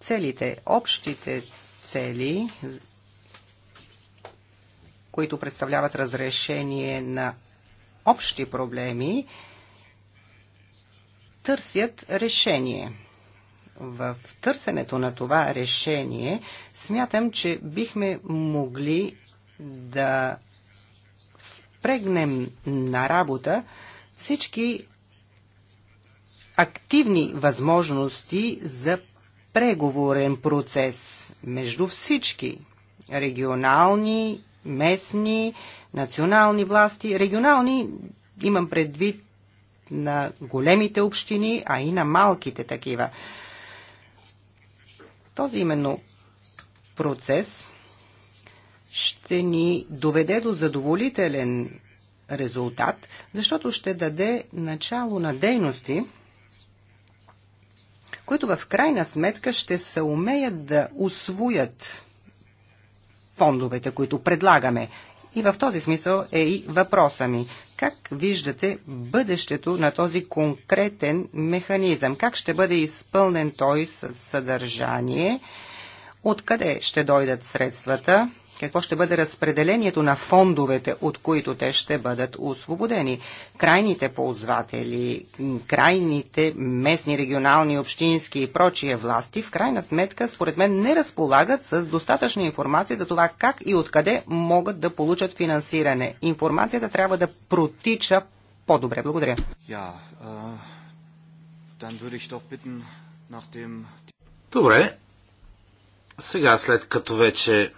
целите, общите цели, които представляват разрешение на общи проблеми, търсят решение. В търсенето на това решение смятам, че бихме могли да впрегнем на работа всички активни възможности за преговорен процес между всички регионални, местни, национални власти. Регионални имам предвид на големите общини, а и на малките такива. Този именно процес ще ни доведе до задоволителен резултат, защото ще даде начало на дейности, които в крайна сметка ще се умеят да освоят фондовете, които предлагаме. И в този смисъл е и въпроса ми. Как виждате бъдещето на този конкретен механизъм? Как ще бъде изпълнен той с съдържание? Откъде ще дойдат средствата? Какво ще бъде разпределението на фондовете, от които те ще бъдат освободени? Крайните ползватели, крайните местни, регионални, общински и прочие власти, в крайна сметка, според мен, не разполагат с достатъчна информация за това как и откъде могат да получат финансиране. Информацията трябва да протича по-добре. Благодаря. Добре. Сега, след като вече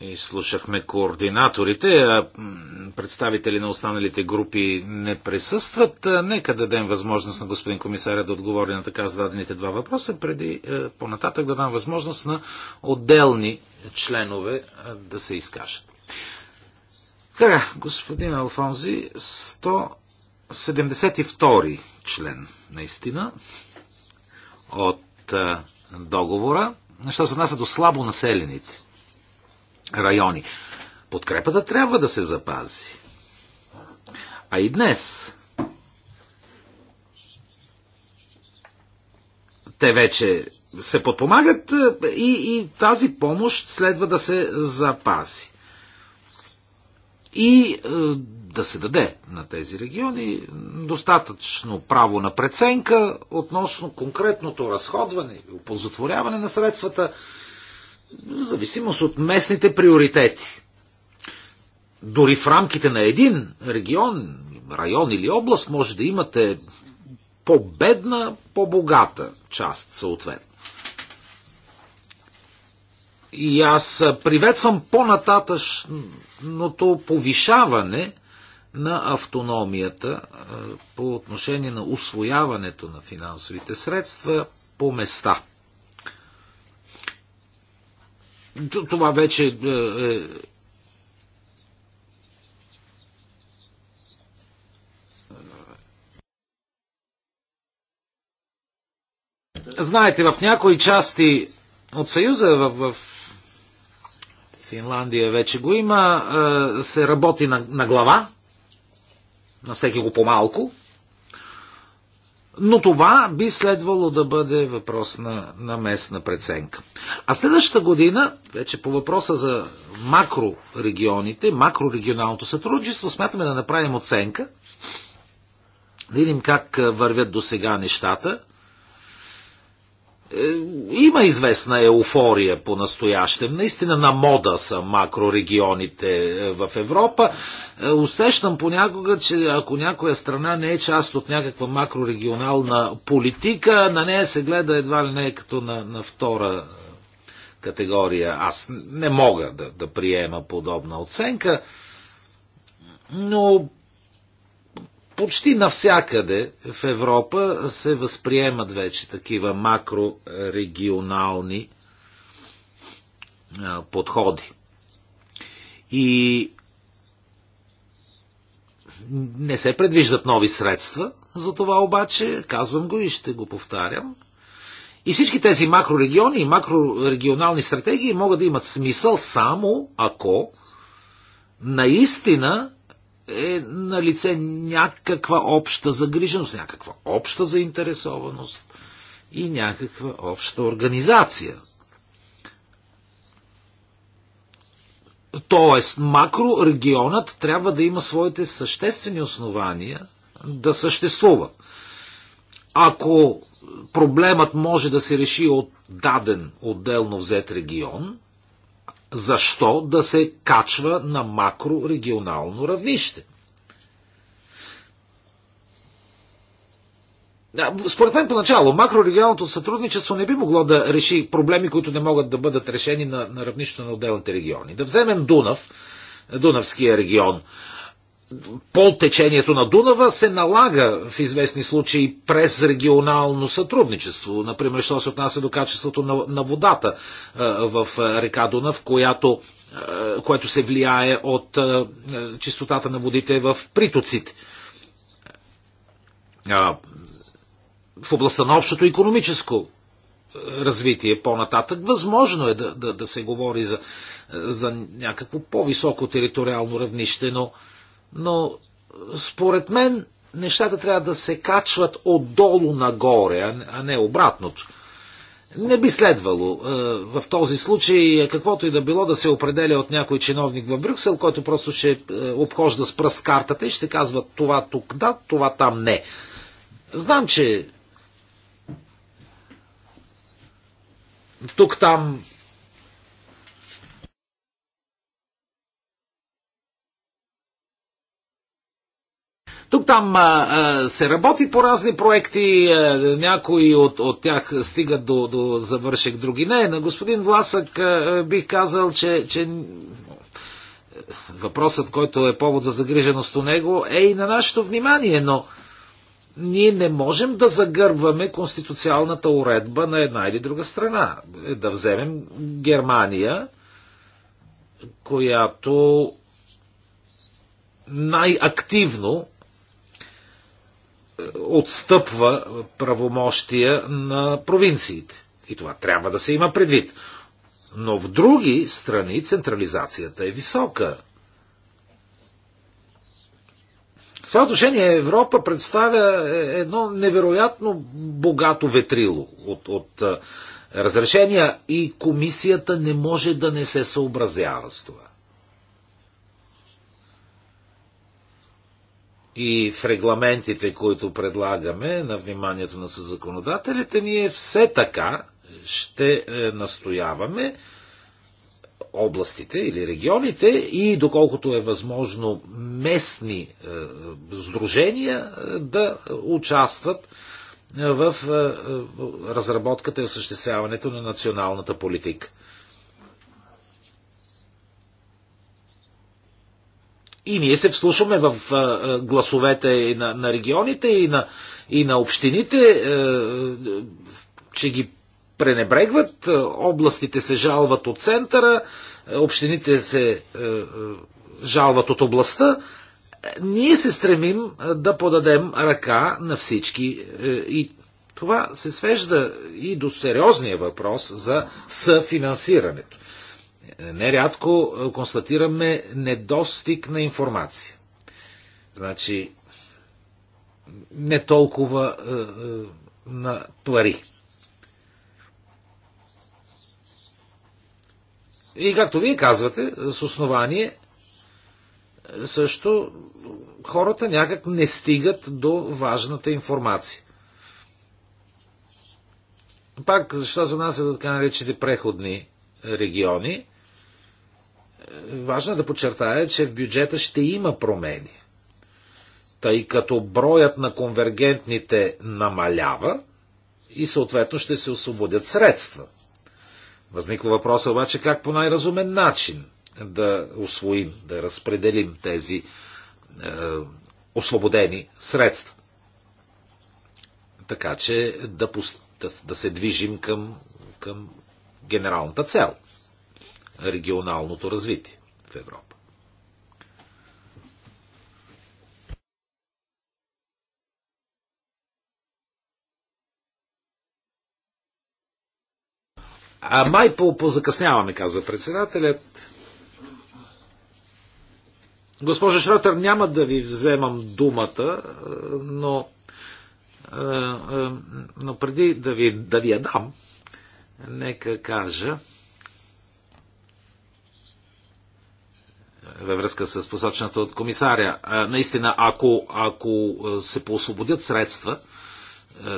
изслушахме слушахме координаторите, а представители на останалите групи не присъстват. Нека дадем възможност на господин комисаря да отговори на така зададените два въпроса, преди е, по-нататък да дам възможност на отделни членове да се изкажат. Така, господин Алфонзи, 172 член, наистина, от договора. Що се отнася до слабо населените райони. Подкрепата трябва да се запази. А и днес те вече се подпомагат е, и, и тази помощ следва да се запази. И е, да се даде на тези региони достатъчно право на преценка относно конкретното разходване и оползотворяване на средствата в зависимост от местните приоритети. Дори в рамките на един регион, район или област може да имате по-бедна, по-богата част съответно. И аз приветствам по-нататъчното повишаване на автономията по отношение на освояването на финансовите средства по места. Това вече е, е, Знаете, в някои части от Съюза, в, в Финландия вече го има, е, се работи на, на глава, на всеки го по-малко, но това би следвало да бъде въпрос на, на местна преценка. А следващата година, вече по въпроса за макрорегионите, макрорегионалното сътрудничество, смятаме да направим оценка, да видим как вървят до сега нещата, е, има известна еуфория по настоящем. Наистина на мода са макрорегионите е, в Европа. Е, усещам понякога, че ако някоя страна не е част от някаква макрорегионална политика, на нея се гледа едва ли не като на, на втора категория. Аз не мога да, да приема подобна оценка, но почти навсякъде в Европа се възприемат вече такива макрорегионални подходи. И не се предвиждат нови средства, за това обаче казвам го и ще го повтарям. И всички тези макрорегиони и макрорегионални стратегии могат да имат смисъл само ако наистина е на лице някаква обща загриженост, някаква обща заинтересованост и някаква обща организация. Тоест, макрорегионът трябва да има своите съществени основания да съществува. Ако проблемът може да се реши от даден отделно взет регион, защо да се качва на макрорегионално равнище? Според мен поначало макрорегионалното сътрудничество не би могло да реши проблеми, които не могат да бъдат решени на, на равнището на отделните региони. Да вземем Дунав, Дунавския регион по течението на Дунава се налага в известни случаи през регионално сътрудничество. Например, що се отнася до качеството на, на водата в река Дунав, която, което се влияе от чистотата на водите в притоците. В областта на общото економическо развитие по-нататък, възможно е да, да, да се говори за, за някакво по-високо териториално равнище, но но според мен нещата трябва да се качват отдолу нагоре, а не обратното. Не би следвало е, в този случай е, каквото и да било да се определя от някой чиновник в Брюксел, който просто ще е, обхожда с пръст картата и ще казва това тук да, това там не. Знам, че тук там Тук там а, а, се работи по разни проекти, а, някои от, от тях стигат до, до завършек, други не. На господин Власък а, бих казал, че, че въпросът, който е повод за загриженост у него, е и на нашето внимание, но ние не можем да загърваме конституционната уредба на една или друга страна. Е, да вземем Германия, която най-активно отстъпва правомощия на провинциите. И това трябва да се има предвид. Но в други страни централизацията е висока. В това отношение Европа представя е, едно невероятно богато ветрило от, от е, разрешения и комисията не може да не се съобразява с това. и в регламентите, които предлагаме на вниманието на съзаконодателите, ние все така ще е, настояваме областите или регионите и доколкото е възможно местни е, сдружения е, да участват в разработката и осъществяването на националната политика. И ние се вслушваме в гласовете и на, на регионите, и на, и на общините, е, че ги пренебрегват, е, областите се жалват от центъра, е, общините се жалват от областта. Ние се стремим да подадем ръка на всички и това се свежда и до сериозния въпрос за съфинансирането нерядко е, констатираме недостиг на информация. Значи, не толкова е, е, на пари. И както вие казвате, с основание, е, също хората някак не стигат до важната информация. Пак, защо за нас е така наречените преходни региони? важно е да подчертая, че в бюджета ще има промени. Тъй като броят на конвергентните намалява и съответно ще се освободят средства. Възниква въпроса обаче как по най-разумен начин да освоим, да разпределим тези е, освободени средства. Така че да, да, да се движим към, към генералната цел – регионалното развитие в Европа. А май по-закъсняваме, каза председателят. Госпожа Шратер, няма да ви вземам думата, е, но, е, е, но преди да ви, да ви я дам, нека кажа, във връзка с посочената от комисаря. Наистина, ако, ако се поосвободят средства,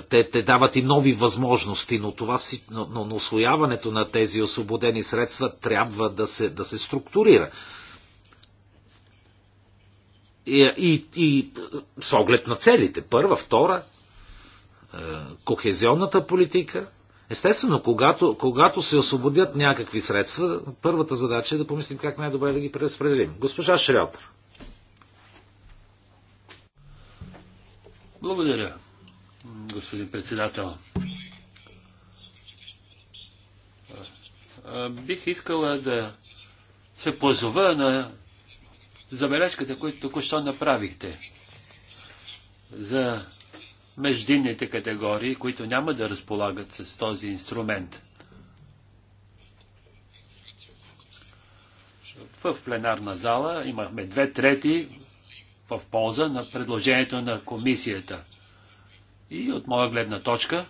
те, те дават и нови възможности, но, това, но, но освояването на тези освободени средства трябва да се, да се структурира. И, и, и с оглед на целите, първа, втора, кохезионната политика – Естествено, когато, когато се освободят някакви средства, първата задача е да помислим как най-добре да ги преразпределим. Госпожа Шриотър. Благодаря, господин председател. Бих искала да се позова на забележката, която току-що направихте за междинните категории, които няма да разполагат с този инструмент. В пленарна зала имахме две трети в полза на предложението на комисията. И от моя гледна точка,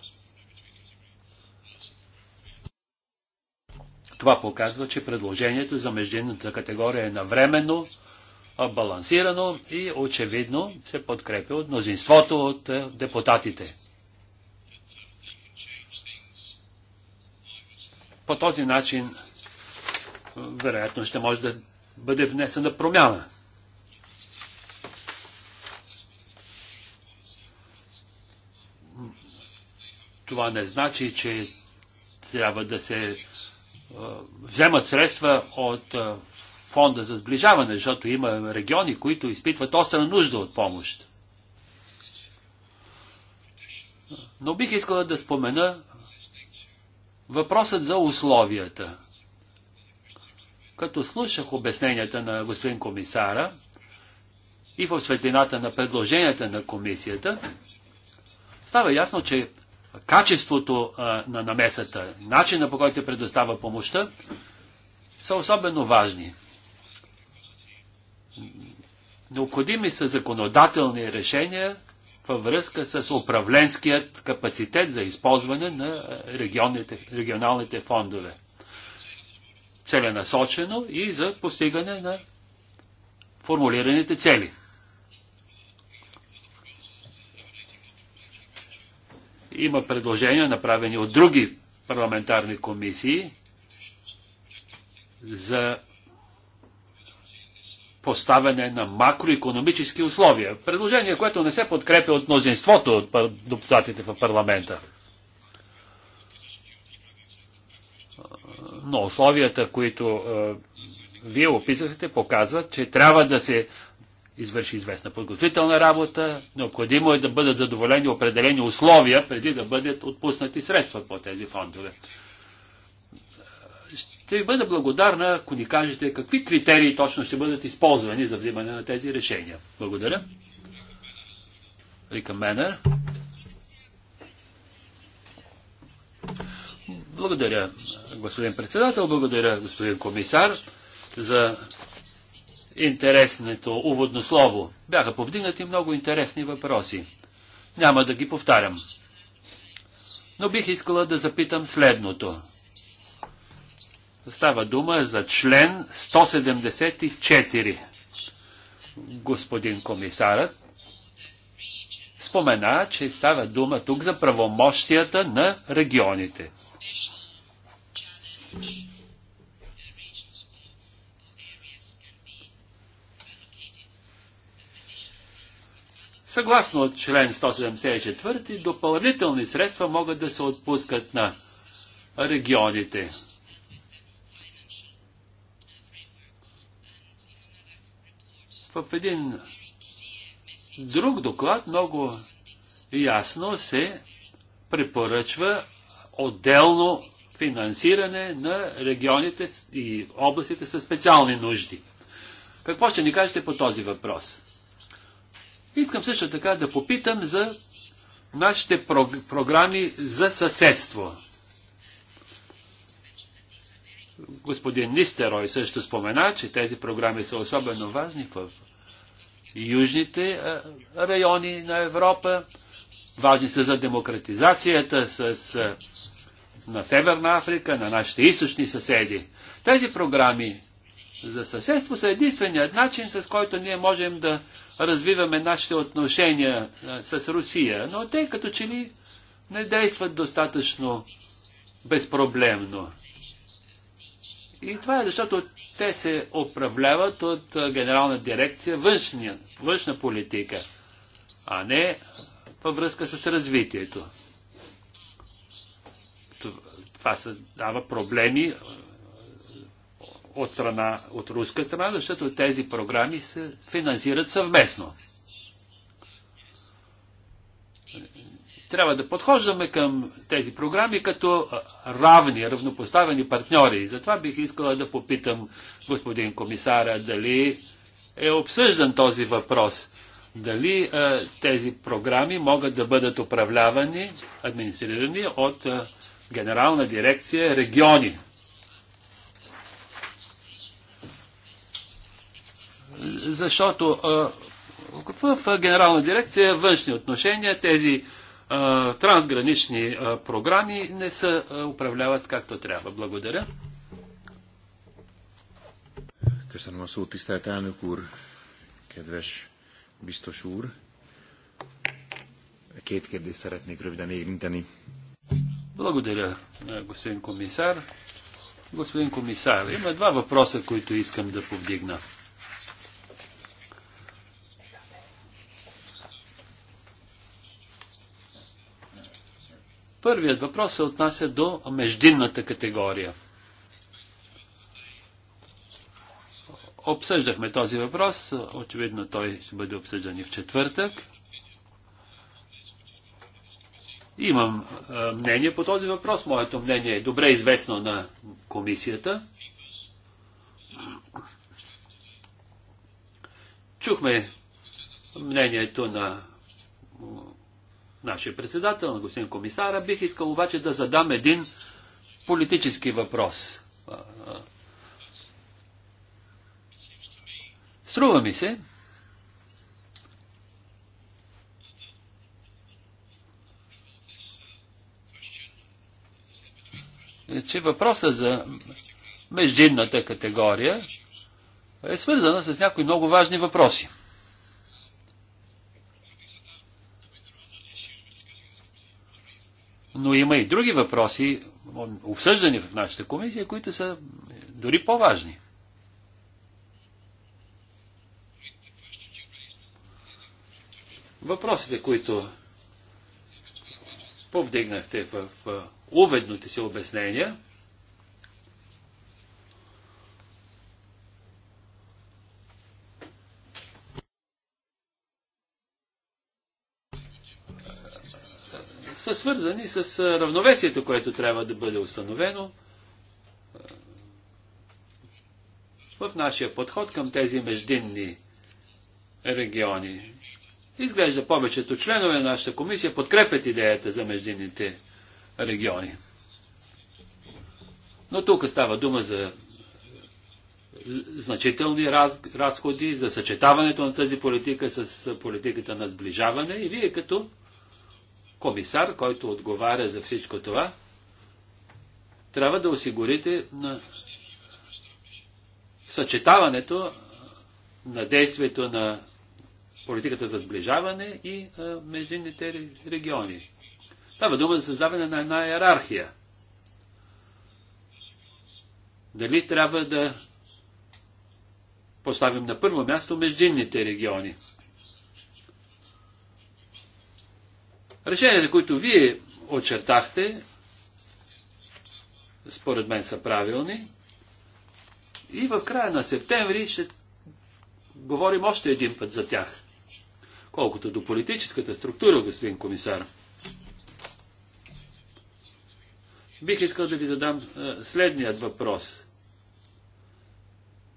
това показва, че предложението за междинната категория е навременно, балансирано и очевидно се подкрепя от мнозинството от е, депутатите. По този начин е, вероятно ще може да бъде внесена промяна. Това не значи, че трябва да се е, вземат средства от фонда за сближаване, защото има региони, които изпитват остра нужда от помощ. Но бих искал да спомена въпросът за условията. Като слушах обясненията на господин комисара и в светлината на предложенията на комисията, става ясно, че качеството на намесата, начина по който предостава помощта, са особено важни. Необходими са законодателни решения във връзка с управленският капацитет за използване на регионалните фондове. Целенасочено и за постигане на формулираните цели. Има предложения, направени от други парламентарни комисии за поставяне на макроекономически условия. Предложение, което не се подкрепя от мнозинството от депутатите в парламента. Но условията, които е, вие описахте, показват, че трябва да се извърши известна подготвителна работа, необходимо е да бъдат задоволени определени условия, преди да бъдат отпуснати средства по тези фондове. Ще ви бъда благодарна, ако ни кажете какви критерии точно ще бъдат използвани за взимане на тези решения. Благодаря. Рика Менер. Благодаря, господин председател, благодаря, господин комисар, за интересното уводно слово. Бяха повдигнати много интересни въпроси. Няма да ги повтарям. Но бих искала да запитам следното. Става дума за член 174. Господин комисарът спомена, че става дума тук за правомощията на регионите. Съгласно член 174, допълнителни средства могат да се отпускат на регионите в един друг доклад много ясно се препоръчва отделно финансиране на регионите и областите със специални нужди. Какво ще ни кажете по този въпрос? Искам също така да попитам за нашите програми за съседство. Господин Нистерой също спомена, че тези програми са особено важни в южните райони на Европа, важни са за демократизацията с, на Северна Африка, на нашите източни съседи. Тези програми за съседство са единственият начин, с който ние можем да развиваме нашите отношения с Русия, но те като че ли не действат достатъчно безпроблемно. И това е защото те се управляват от Генерална дирекция външния, външна политика, а не във връзка с развитието. Това създава проблеми от, страна, от руска страна, защото тези програми се финансират съвместно. трябва да подхождаме към тези програми като равни, равнопоставени партньори. И затова бих искала да попитам господин комисара дали е обсъждан този въпрос. Дали а, тези програми могат да бъдат управлявани, администрирани от а, Генерална дирекция региони. Защото а, в Генерална дирекция външни отношения тези трансгранични програми не се управляват както трябва. Благодаря. Köszönöm a szót, tisztelt elnök úr, kedves biztos úr. Két kérdést szeretnék röviden érinteni. Благодаря, господин комисар. Господин комисар, има два въпроса, които искам да повдигна. Първият въпрос се отнася до междинната категория. Обсъждахме този въпрос, очевидно той ще бъде обсъждан и в четвъртък. Имам мнение по този въпрос. Моето мнение е добре известно на комисията. Чухме мнението на нашия председател, на господин комисара. Бих искал обаче да задам един политически въпрос. Струва ми се, че въпроса за междинната категория е свързана с някои много важни въпроси. Но има и други въпроси, обсъждани в нашата комисия, които са дори по-важни. Въпросите, които повдигнахте в уведните си обяснения, са свързани с равновесието, което трябва да бъде установено в нашия подход към тези междинни региони. Изглежда повечето членове на нашата комисия подкрепят идеята за междинните региони. Но тук става дума за значителни раз, разходи за съчетаването на тази политика с политиката на сближаване и вие като комисар, който отговаря за всичко това, трябва да осигурите на съчетаването на действието на политиката за сближаване и е, междинните региони. Трябва дума за създаване на една иерархия. Дали трябва да поставим на първо място междинните региони? Решенията, които вие очертахте, според мен са правилни. И в края на септември ще говорим още един път за тях. Колкото до политическата структура, господин комисар, бих искал да ви задам е, следният въпрос.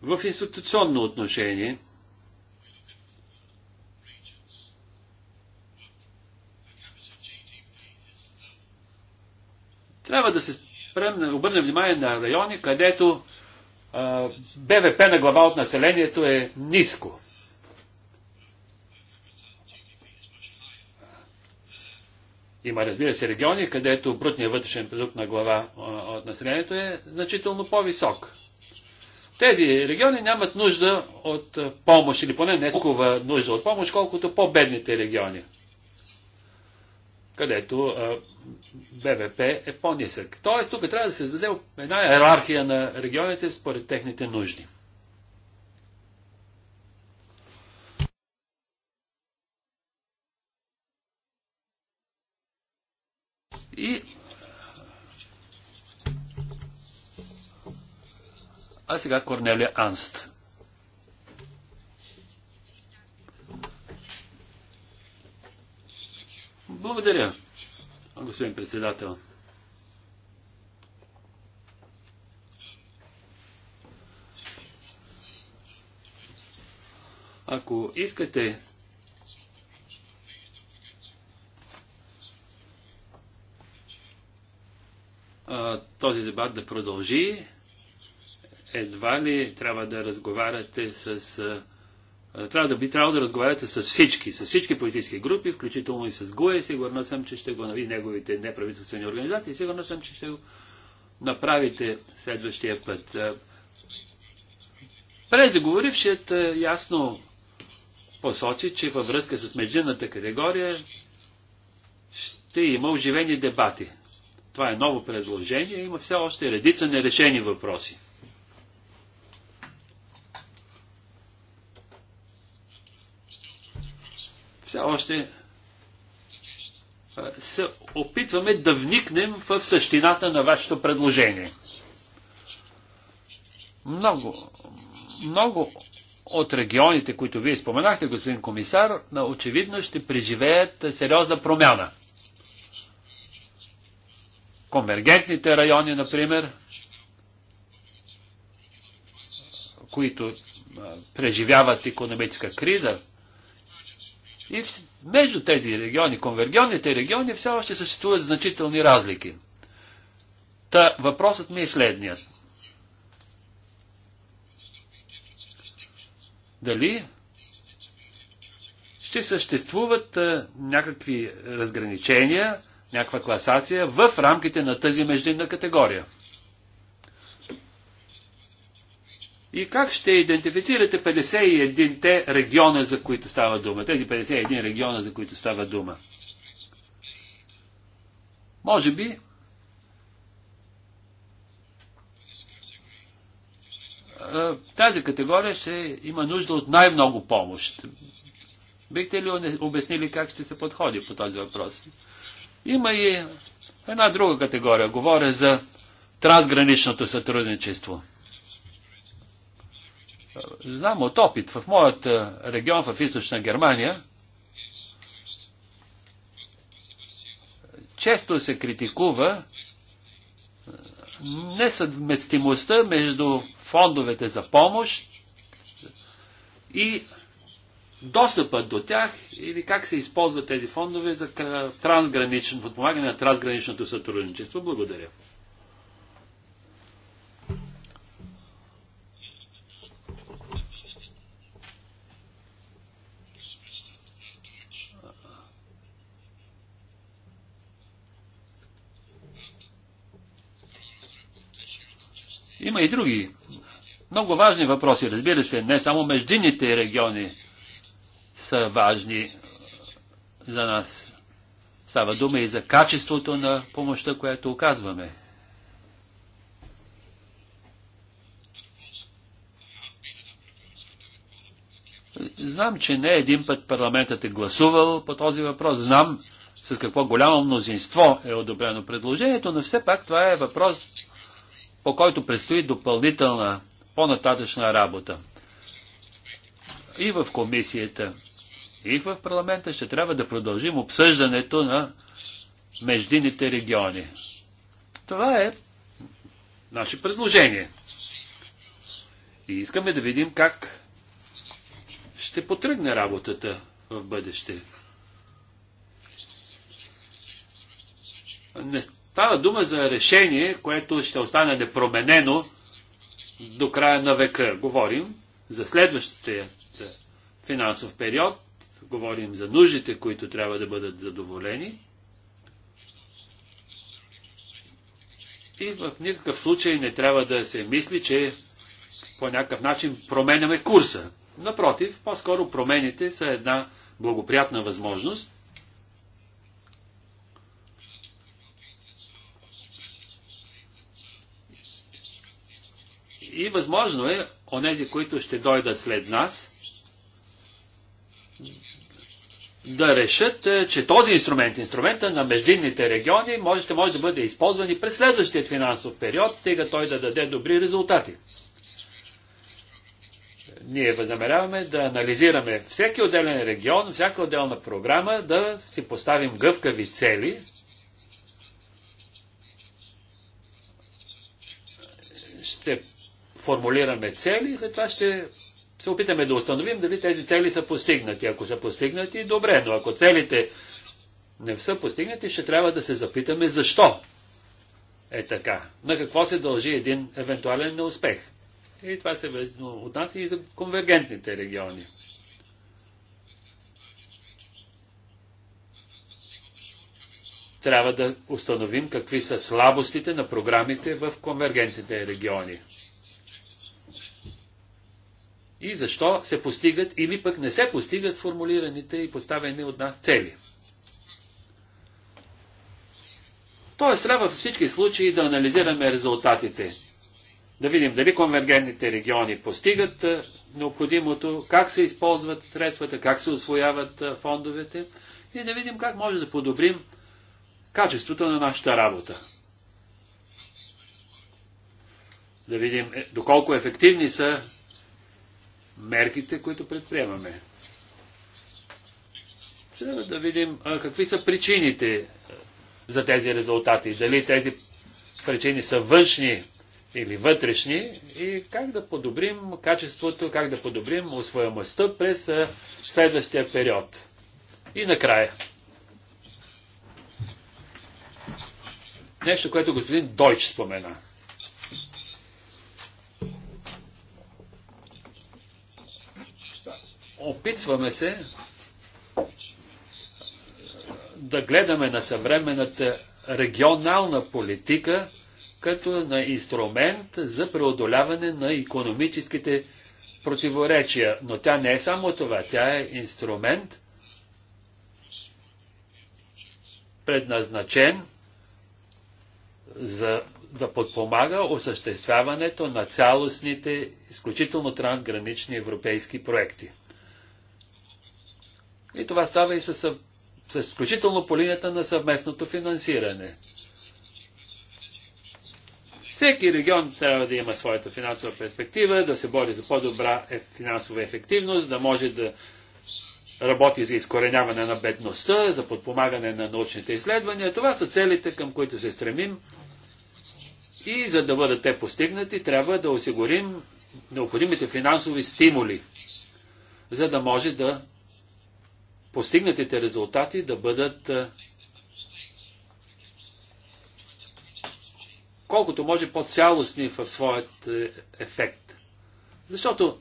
В институционно отношение, Трябва да се спрем, обърнем внимание на райони, където а, БВП на глава от населението е ниско. Има, разбира се, региони, където брутният вътрешен продукт на глава от населението е значително по-висок. Тези региони нямат нужда от помощ, или поне не толкова нужда от помощ, колкото по-бедните региони, където а, БВП е по-нисък. Тоест, тук трябва да се създаде една иерархия на регионите според техните нужди. И А сега Корнелия Анст. Благодаря господин председател. Ако искате този дебат да продължи, едва ли трябва да разговаряте с е, трябва да би трябвало да разговаряте с всички, с всички политически групи, включително и с ГУЕ. Сигурна съм, че ще го нави неговите неправителствени организации. Сигурна съм, че ще го направите следващия път. Е, Презговорившият е, ясно посочи, че във връзка с междинната категория ще има оживени дебати. Това е ново предложение. Има все още редица нерешени въпроси. все още се опитваме да вникнем в същината на вашето предложение. Много, много от регионите, които вие споменахте, господин комисар, очевидно ще преживеят сериозна промяна. Конвергентните райони, например, които преживяват економическа криза, и между тези региони, конвергионните региони, все още съществуват значителни разлики. Та въпросът ми е следният. Дали ще съществуват а, някакви разграничения, някаква класация в рамките на тази междинна категория? И как ще идентифицирате 51-те региона, за които става дума? Тези 51 региона, за които става дума. Може би тази категория ще има нужда от най-много помощ. Бихте ли обяснили как ще се подходи по този въпрос? Има и една друга категория. Говоря за трансграничното сътрудничество. Знам от опит в моят е, регион в източна Германия, често се критикува е, несъвместимостта между фондовете за помощ и достъпът до тях или как се използват тези фондове за трансгранично, подпомагане на трансграничното сътрудничество. Благодаря. Има и други много важни въпроси. Разбира се, не само междинните региони са важни за нас. Става дума и за качеството на помощта, която оказваме. Знам, че не един път парламентът е гласувал по този въпрос. Знам с какво голямо мнозинство е одобрено предложението, но все пак това е въпрос, по който предстои допълнителна, по-нататъчна работа. И в комисията, и в парламента ще трябва да продължим обсъждането на междините региони. Това е наше предложение. И искаме да видим как ще потръгне работата в бъдеще. Не, Става дума за решение, което ще остане непроменено до края на века. Говорим за следващия е, финансов период, говорим за нуждите, които трябва да бъдат задоволени. И в никакъв случай не трябва да се мисли, че по някакъв начин променяме курса. Напротив, по-скоро промените са една благоприятна възможност И възможно е, онези, които ще дойдат след нас, да решат, е, че този инструмент, инструмента на междинните региони, може, ще може да бъде използван и през следващия финансов период, тега той да даде добри резултати. Ние възнамеряваме да анализираме всеки отделен регион, всяка отделна програма, да си поставим гъвкави цели, ще формулираме цели и след това ще се опитаме да установим дали тези цели са постигнати. Ако са постигнати, добре, но ако целите не са постигнати, ще трябва да се запитаме защо е така. На какво се дължи един евентуален неуспех. И това се отнася и за конвергентните региони. Трябва да установим какви са слабостите на програмите в конвергентните региони и защо се постигат или пък не се постигат формулираните и поставени от нас цели. Тоест, трябва във всички случаи да анализираме резултатите. Да видим дали конвергентните региони постигат необходимото, как се използват средствата, как се освояват фондовете и да видим как може да подобрим качеството на нашата работа. Да видим е, доколко ефективни са мерките, които предприемаме. Трябва да видим а, какви са причините за тези резултати. Дали тези причини са външни или вътрешни и как да подобрим качеството, как да подобрим освоемостта през следващия период. И накрая. Нещо, което господин Дойч спомена. опитваме се да гледаме на съвременната регионална политика като на инструмент за преодоляване на економическите противоречия. Но тя не е само това, тя е инструмент предназначен за да подпомага осъществяването на цялостните, изключително трансгранични европейски проекти. И това става и с, с, включително по линията на съвместното финансиране. Всеки регион трябва да има своята финансова перспектива, да се бори за по-добра финансова ефективност, да може да работи за изкореняване на бедността, за подпомагане на научните изследвания. Това са целите, към които се стремим. И за да бъдат те постигнати, трябва да осигурим необходимите финансови стимули, за да може да постигнатите резултати да бъдат колкото може по-цялостни в своят ефект. Защото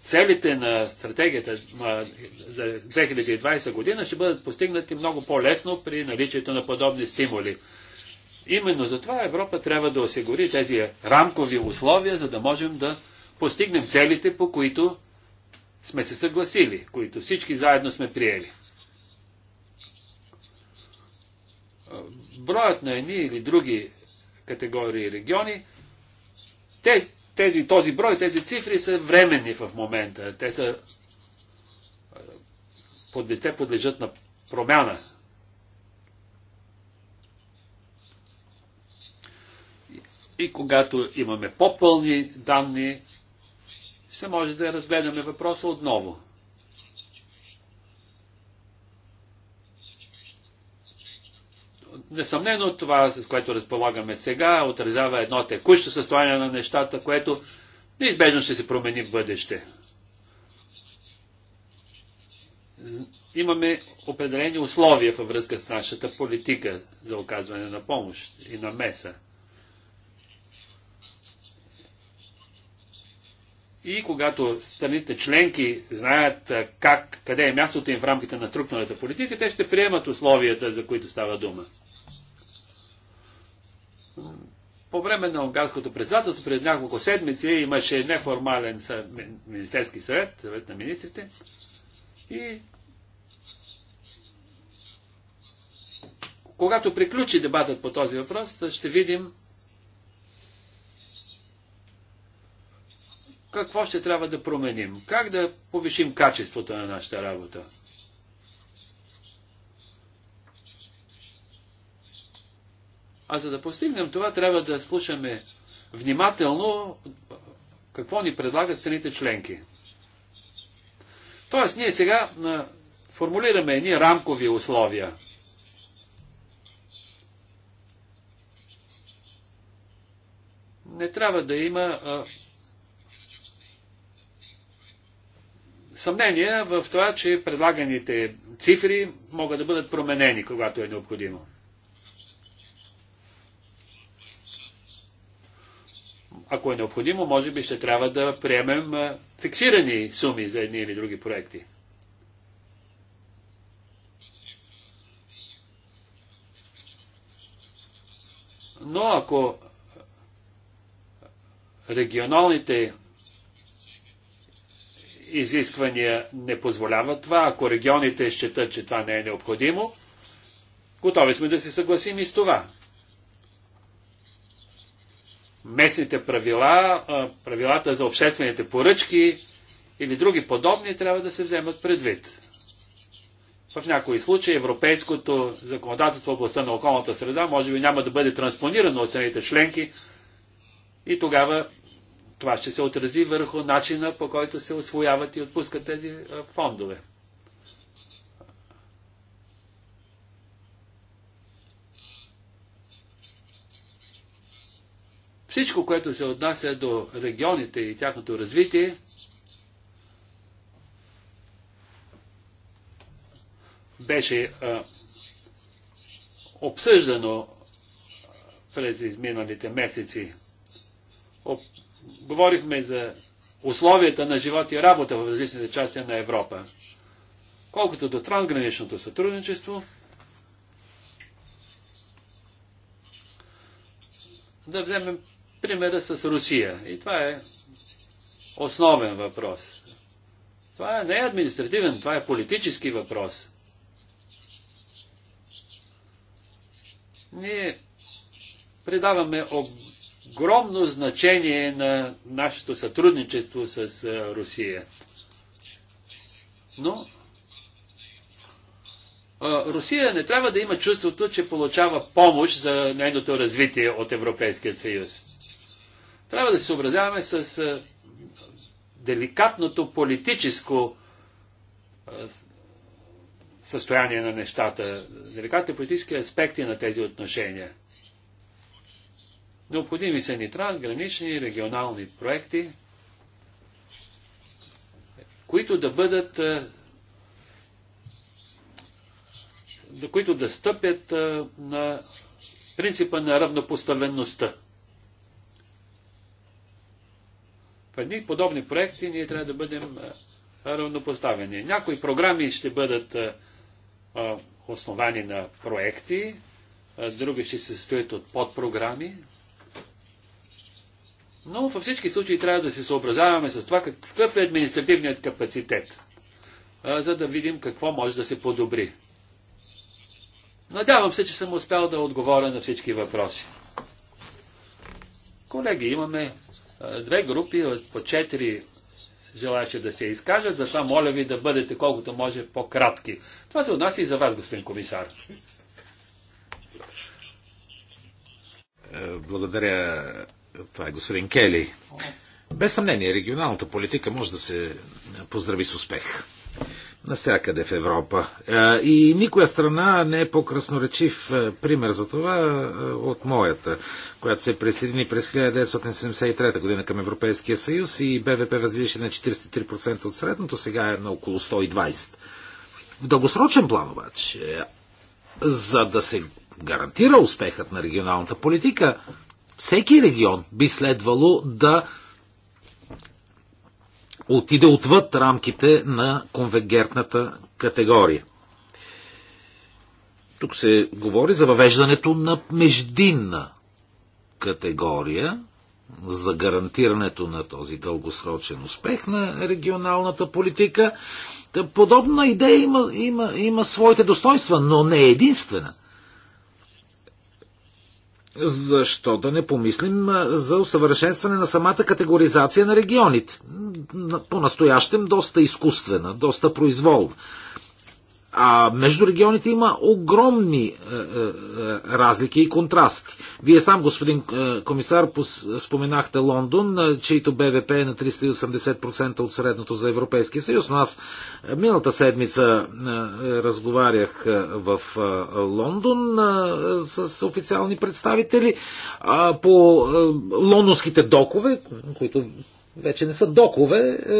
целите на стратегията за 2020 година ще бъдат постигнати много по-лесно при наличието на подобни стимули. Именно затова Европа трябва да осигури тези рамкови условия, за да можем да постигнем целите, по които сме се съгласили, които всички заедно сме приели. Броят на едни или други категории региони, тези, тези, този брой, тези цифри са временни в момента. Те са те подлежат на промяна. И когато имаме по-пълни данни, ще може да разгледаме въпроса отново. Несъмнено това, с което разполагаме сега, отразява едно текущо състояние на нещата, което неизбежно ще се промени в бъдеще. Имаме определени условия във връзка с нашата политика за оказване на помощ и на меса. И когато страните членки знаят как, къде е мястото им в рамките на структурната политика, те ще приемат условията, за които става дума. По време на унгарското председателство, през няколко седмици, имаше неформален министерски съвет, съвет на министрите. И когато приключи дебатът по този въпрос, ще видим какво ще трябва да променим? Как да повишим качеството на нашата работа? А за да постигнем това, трябва да слушаме внимателно какво ни предлагат страните членки. Тоест, ние сега формулираме едни рамкови условия. Не трябва да има съмнение в това, че предлаганите цифри могат да бъдат променени, когато е необходимо. Ако е необходимо, може би ще трябва да приемем фиксирани суми за едни или други проекти. Но ако регионалните изисквания не позволяват това, ако регионите считат, че това не е необходимо, готови сме да се съгласим и с това. Местните правила, правилата за обществените поръчки или други подобни трябва да се вземат предвид. В някои случаи европейското законодателство в областта на околната среда може би няма да бъде транспонирано от страните членки и тогава това ще се отрази върху начина по който се освояват и отпускат тези фондове. Всичко, което се отнася до регионите и тяхното развитие, беше а, обсъждано през изминалите месеци говорихме за условията на живот и работа в различните части на Европа. Колкото до трансграничното сътрудничество, да вземем примера с Русия. И това е основен въпрос. Това не е административен, това е политически въпрос. Ние предаваме об огромно значение на нашето сътрудничество с Русия. Но Русия не трябва да има чувството, че получава помощ за нейното развитие от Европейския съюз. Трябва да се съобразяваме с деликатното политическо състояние на нещата, деликатните политически аспекти на тези отношения. Необходими са ни трансгранични регионални проекти, които да бъдат които да стъпят на принципа на равнопоставеността. В едни подобни проекти ние трябва да бъдем равнопоставени. Някои програми ще бъдат основани на проекти, други ще се състоят от подпрограми, но във всички случаи трябва да се съобразяваме с това какъв е административният капацитет, за да видим какво може да се подобри. Надявам се, че съм успял да отговоря на всички въпроси. Колеги, имаме две групи от по четири желаящи да се изкажат, затова моля ви да бъдете колкото може по-кратки. Това се отнася и за вас, господин комисар. Благодаря, това е господин Кели. Без съмнение, регионалната политика може да се поздрави с успех. Навсякъде в Европа. И никоя страна не е по-красноречив пример за това от моята, която се присъедини през 1973 година към Европейския съюз и БВП възлише на 43% от средното, сега е на около 120%. В дългосрочен план обаче, за да се гарантира успехът на регионалната политика, всеки регион би следвало да отиде отвъд рамките на конвергентната категория. Тук се говори за въвеждането на междинна категория за гарантирането на този дългосрочен успех на регионалната политика. Подобна идея има, има, има своите достоинства, но не е единствена защо да не помислим за усъвършенстване на самата категоризация на регионите? По-настоящем доста изкуствена, доста произволна. А между регионите има огромни е, е, е, разлики и контрасти. Вие сам, господин е, комисар, споменахте Лондон, е, чието БВП е на 380% от средното за Европейския съюз, но аз е, миналата седмица е, е, разговарях е, в е, Лондон е, с официални представители е, по е, лондонските докове, които вече не са докове, е,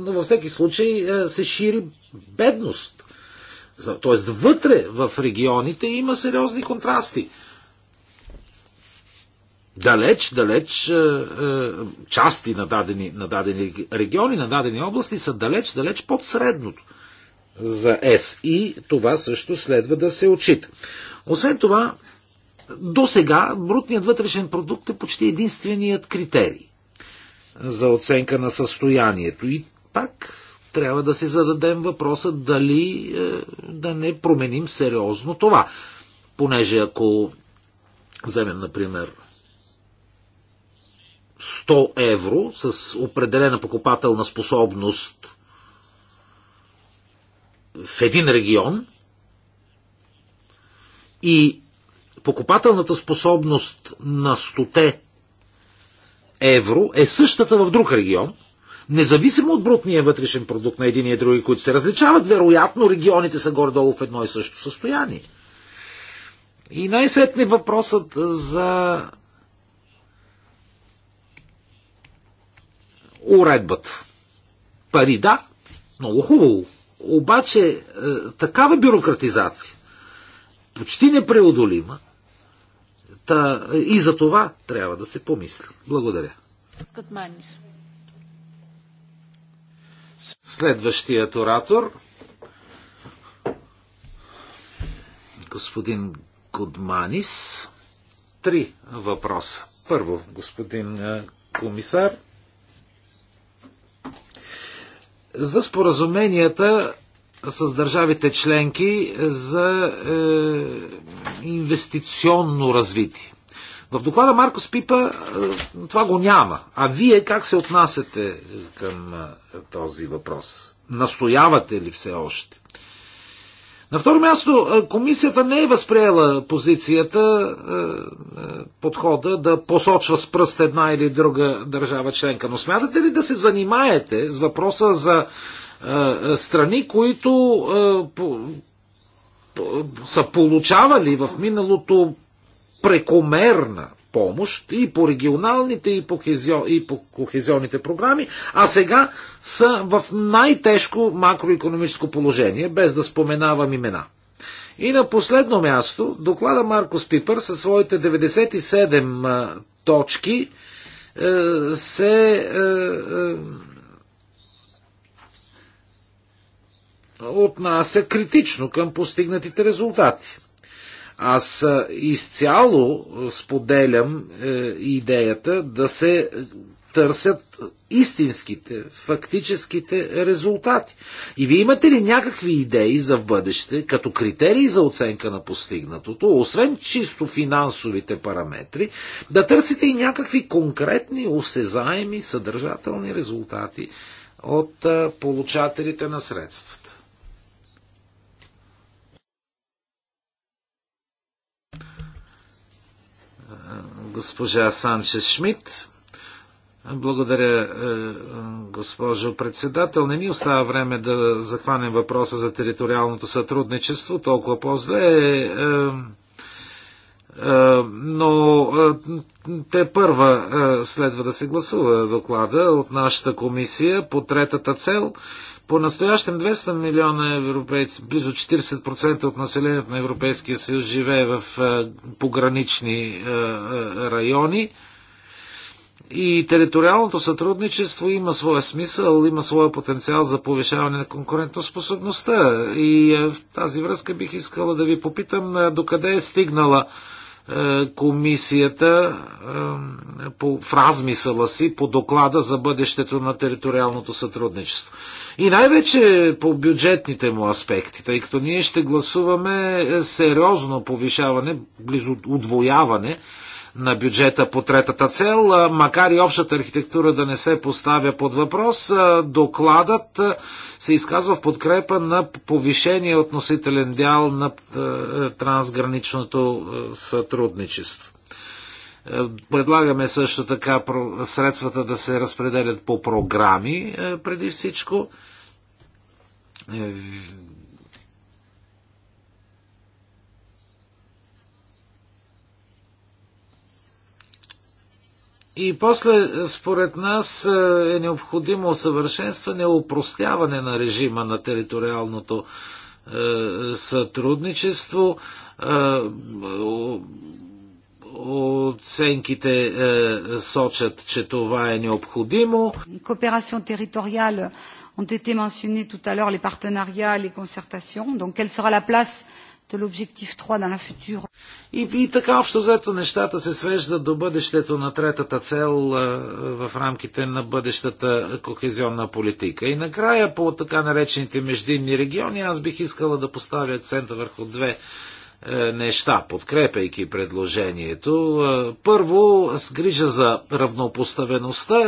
но във всеки случай се шири бедност. Т.е. вътре в регионите има сериозни контрасти. Далеч, далеч е, е, части на дадени, на дадени региони, на дадени области са далеч, далеч под средното за С. И това също следва да се отчита. Освен това, до сега брутният вътрешен продукт е почти единственият критерий за оценка на състоянието. И пак трябва да си зададем въпроса дали е, да не променим сериозно това. Понеже ако вземем, например, 100 евро с определена покупателна способност в един регион и покупателната способност на 100 евро е същата в друг регион, независимо от брутния вътрешен продукт на един и други, които се различават, вероятно регионите са горе-долу в едно и също състояние. И най-сетне въпросът за уредбата. Пари да, много хубаво. Обаче е, такава бюрократизация, почти непреодолима, та, и за това трябва да се помисли. Благодаря. Следващият оратор. Господин Гудманис. Три въпроса. Първо, господин комисар. За споразуменията с държавите членки за е, инвестиционно развитие. В доклада Маркос Пипа е, това го няма. А вие как се отнасяте е, към е, този въпрос? Настоявате ли все още? На второ място, комисията не е възприела позицията, подхода да посочва с пръст една или друга държава членка. Но смятате ли да се занимаете с въпроса за страни, които са получавали в миналото прекомерна помощ и по регионалните, и по, хезио, и по кохезионните програми, а сега са в най-тежко макроекономическо положение, без да споменавам имена. И на последно място, доклада Маркос Пипър със своите 97 точки е, се е, е, отнася критично към постигнатите резултати. Аз изцяло споделям е, идеята да се търсят истинските, фактическите резултати. И вие имате ли някакви идеи за в бъдеще, като критерии за оценка на постигнатото, освен чисто финансовите параметри, да търсите и някакви конкретни, осезаеми, съдържателни резултати от получателите на средства? госпожа Санчес Шмидт. Благодаря, е, госпожо председател. Не ни остава време да захванем въпроса за териториалното сътрудничество. Толкова по-зле е, е е, но е, те първа е, следва да се гласува доклада от нашата комисия по третата цел. По настоящем 200 милиона европейци, близо 40% от населението на Европейския съюз живее в погранични райони. И териториалното сътрудничество има своя смисъл, има своя потенциал за повишаване на конкурентоспособността. И в тази връзка бих искала да ви попитам докъде е стигнала е, комисията е, в размисъла си по доклада за бъдещето на териториалното сътрудничество. И най-вече по бюджетните му аспекти, тъй като ние ще гласуваме е, сериозно повишаване, близо удвояване на бюджета по третата цел, макар и общата архитектура да не се поставя под въпрос, докладът се изказва в подкрепа на повишение относителен дял на е, трансграничното е, сътрудничество. Е, предлагаме също така средствата да се разпределят по програми преди всичко. И после, според нас, е, е необходимо усъвършенстване, упростяване на режима на териториалното е, сътрудничество, е, оценките е, сочат, че това е необходимо. Кооперация териториална ont été mentionnés tout à l'heure les partenariats, les concertations. Donc quelle sera la place de l'objectif 3 dans la future. И, и така общо взето нещата се свеждат до бъдещето на третата цел в рамките на бъдещата кохезионна политика. И накрая по така наречените междинни региони аз бих искала да поставя акцента върху две е, неща, подкрепяйки предложението. Първо, с грижа за равнопоставеността,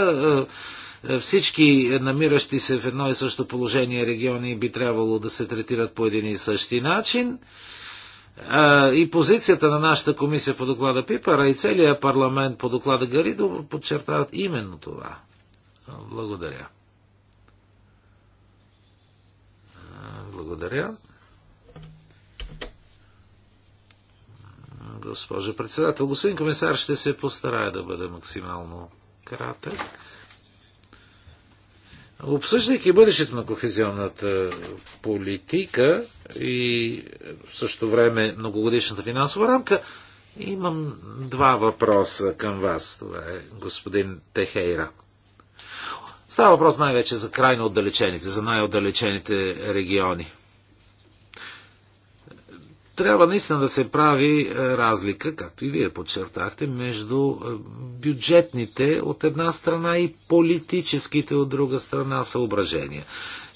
е, е, всички намиращи се в едно и също положение региони би трябвало да се третират по един и същи начин. И позицията на нашата комисия по доклада Пипара и целия парламент по доклада Гаридо подчертават именно това. Благодаря. Благодаря. Госпожо председател, господин комисар, ще се постарая да бъда максимално кратък. Обсъждайки бъдещето на кохезионната политика и в същото време многогодишната финансова рамка, имам два въпроса към вас. Това е господин Техейра. Става въпрос най-вече за крайно отдалечените, за най-отдалечените региони. Трябва наистина да се прави е, разлика, както и вие подчертахте, между е, бюджетните от една страна и политическите от друга страна съображения.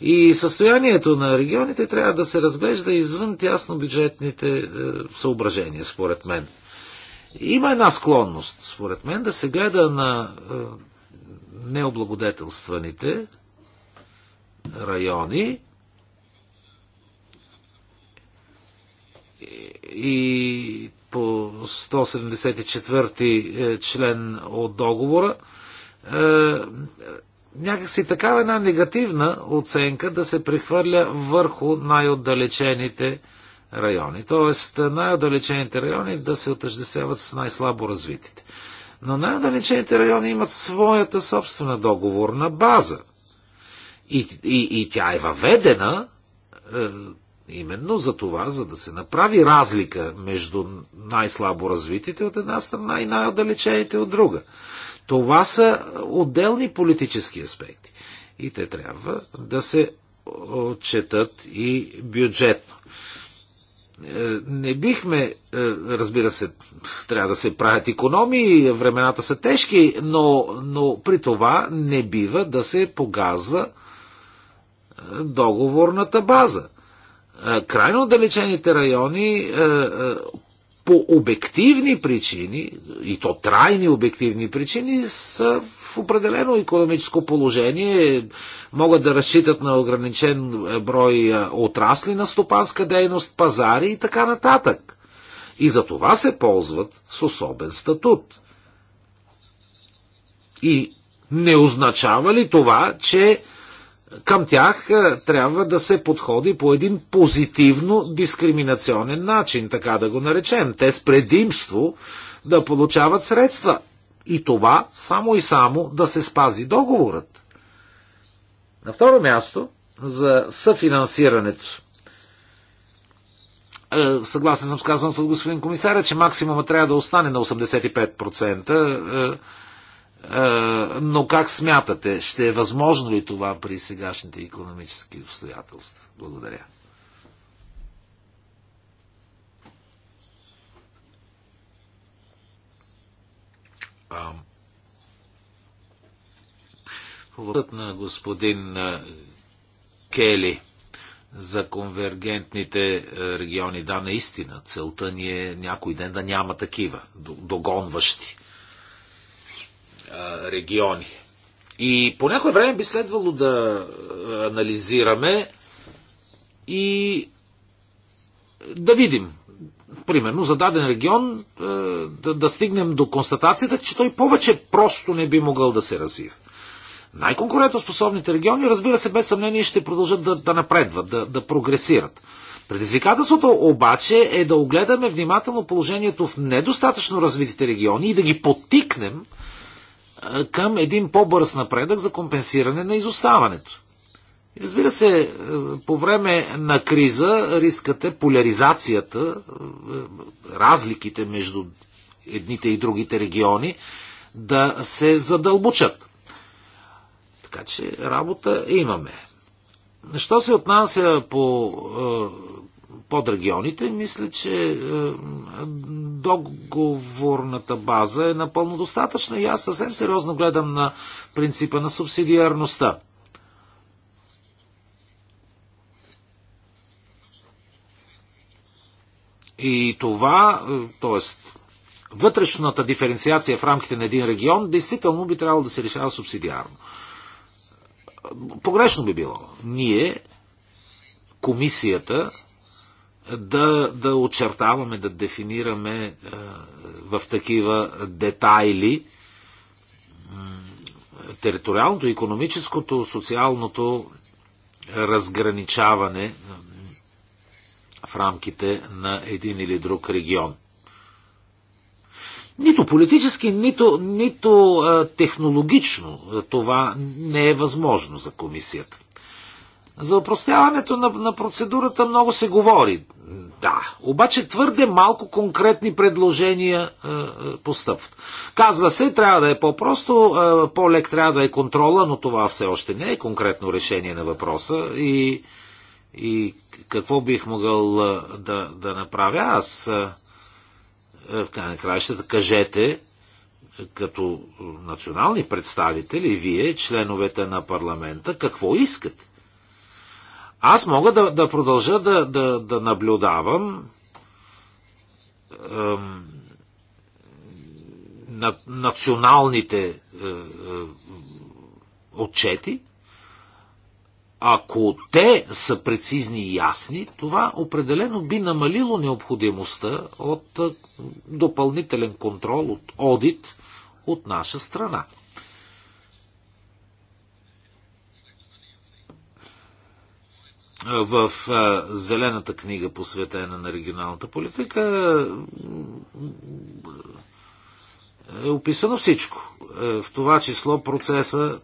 И състоянието на регионите трябва да се разглежда извън тясно бюджетните е, съображения, според мен. Има една склонност, според мен, да се гледа на необлагодетелстваните райони и по 174 е, член от договора, е, някакси такава една негативна оценка да се прехвърля върху най-отдалечените райони. Тоест е, най-отдалечените райони да се отъждествяват с най-слабо развитите. Но най-отдалечените райони имат своята собствена договорна база. И, и, и тя е въведена Именно за това, за да се направи разлика между най-слабо развитите от една страна и най-отдалечените от друга. Това са отделни политически аспекти. И те трябва да се отчетат и бюджетно. Е, не бихме, е, разбира се, трябва да се правят економии, времената са тежки, но, но при това не бива да се погазва е, договорната база крайно отдалечените райони по обективни причини, и то трайни обективни причини, са в определено економическо положение, могат да разчитат на ограничен брой отрасли на стопанска дейност, пазари и така нататък. И за това се ползват с особен статут. И не означава ли това, че към тях е, трябва да се подходи по един позитивно дискриминационен начин, така да го наречем. Те с предимство да получават средства. И това само и само да се спази договорът. На второ място, за съфинансирането. Е, съгласен съм с казаното от господин комисаря, че максимума трябва да остане на 85%. Е, но как смятате, ще е възможно ли това при сегашните економически обстоятелства? Благодаря. Въпросът на господин е, Кели за конвергентните е, региони. Да, наистина, целта ни е някой ден да няма такива догонващи региони. И по някое време би следвало да анализираме и да видим, примерно, за даден регион да, да стигнем до констатацията, че той повече просто не би могъл да се развива. Най-конкурентоспособните региони, разбира се, без съмнение ще продължат да, да напредват, да, да прогресират. Предизвикателството обаче е да огледаме внимателно положението в недостатъчно развитите региони и да ги потикнем към един по-бърз напредък за компенсиране на изоставането. Разбира се, е, по време на криза рискът е поляризацията, е, разликите между едните и другите региони да се задълбочат. Така че работа имаме. Що се отнася по е, под регионите, мисля, че е, договорната база е напълно достатъчна и аз съвсем сериозно гледам на принципа на субсидиарността. И това, т.е. вътрешната диференциация в рамките на един регион, действително би трябвало да се решава субсидиарно. Погрешно би било. Ние, комисията, да, да очертаваме, да дефинираме е, в такива детайли териториалното, економическото, социалното разграничаване в рамките на един или друг регион. Нито политически, нито, нито е, технологично е, това не е възможно за комисията. За опростяването на, на процедурата много се говори. Да, обаче твърде малко конкретни предложения е, е, постъпват. Казва се, трябва да е по-просто, е, по-лек трябва да е контрола, но това все още не е конкретно решение на въпроса. И, и какво бих могъл е, да, да направя аз? Е, е в край на краищата кажете, като национални представители, вие, членовете на парламента, какво искат? Аз мога да, да продължа да, да, да наблюдавам ем, на, националните е, е, отчети. Ако те са прецизни и ясни, това определено би намалило необходимостта от е, допълнителен контрол, от одит от наша страна. в зелената книга, посветена на регионалната политика, е описано всичко. Е, в това число процесът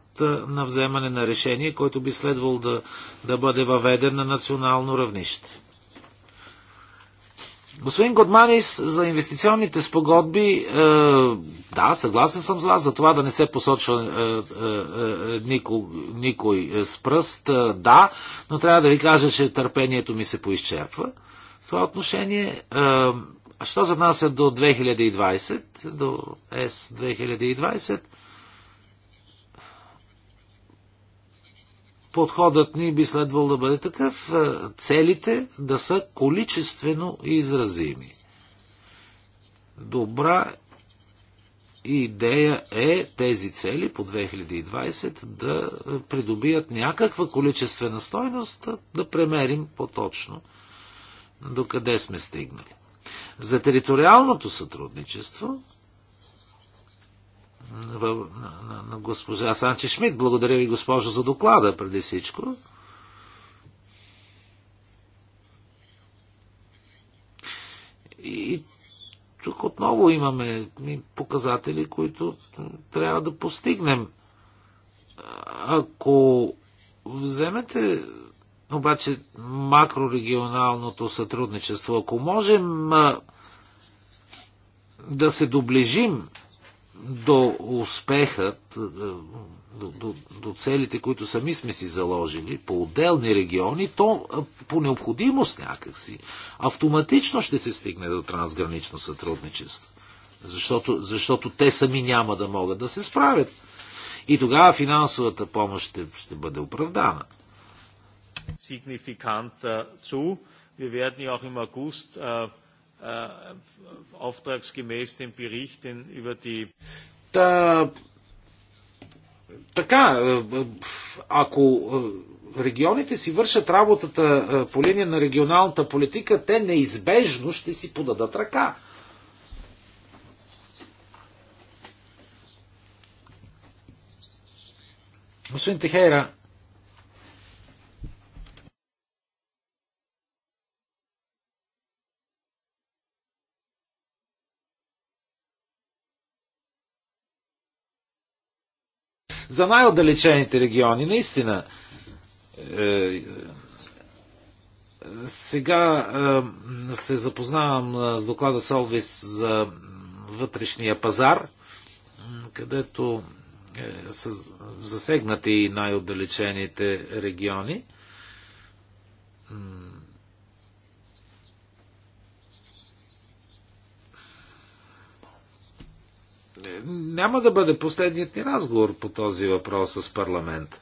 на вземане на решение, който би следвал да, да бъде въведен на национално равнище. Господин Годманис, за инвестиционните спогодби, е, да, съгласен съм с вас, за това да не се посочва е, е, е никой, никой с пръст, е, да, но трябва да ви кажа, че търпението ми се поизчерпва. В това отношение, е, що за нас е до 2020, до S 2020, подходът ни би следвал да бъде такъв. Е, целите да са количествено изразими. Добра идея е тези цели по 2020 да придобият някаква количествена стойност, да, премерим по-точно до къде сме стигнали. За териториалното сътрудничество на, на, на госпожа Санче Шмидт. Благодаря ви, госпожо, за доклада преди всичко. И тук отново имаме показатели, които трябва да постигнем. Ако вземете обаче макрорегионалното сътрудничество, ако можем да се доближим до успехът, е, до, до, до целите, които сами сме си заложили по отделни региони, то е, по необходимост някакси автоматично ще се стигне до трансгранично сътрудничество. Защото, защото те сами няма да могат да се справят. И тогава финансовата помощ ще, ще бъде оправдана. Сигнификант е, Цу, ви вярни ja auch Äh, auftragsgemäß den Bericht über die. Та, така, э, э, ако э, регионите си вършат работата по линия на регионалната политика, те неизбежно ще си подадат ръка. Господин Техейра, за най-отдалечените региони, наистина. Е, сега е, се запознавам е, с доклада Солвис за вътрешния пазар, където са засегнати и най-отдалечените региони. няма да бъде последният ни разговор по този въпрос с парламент.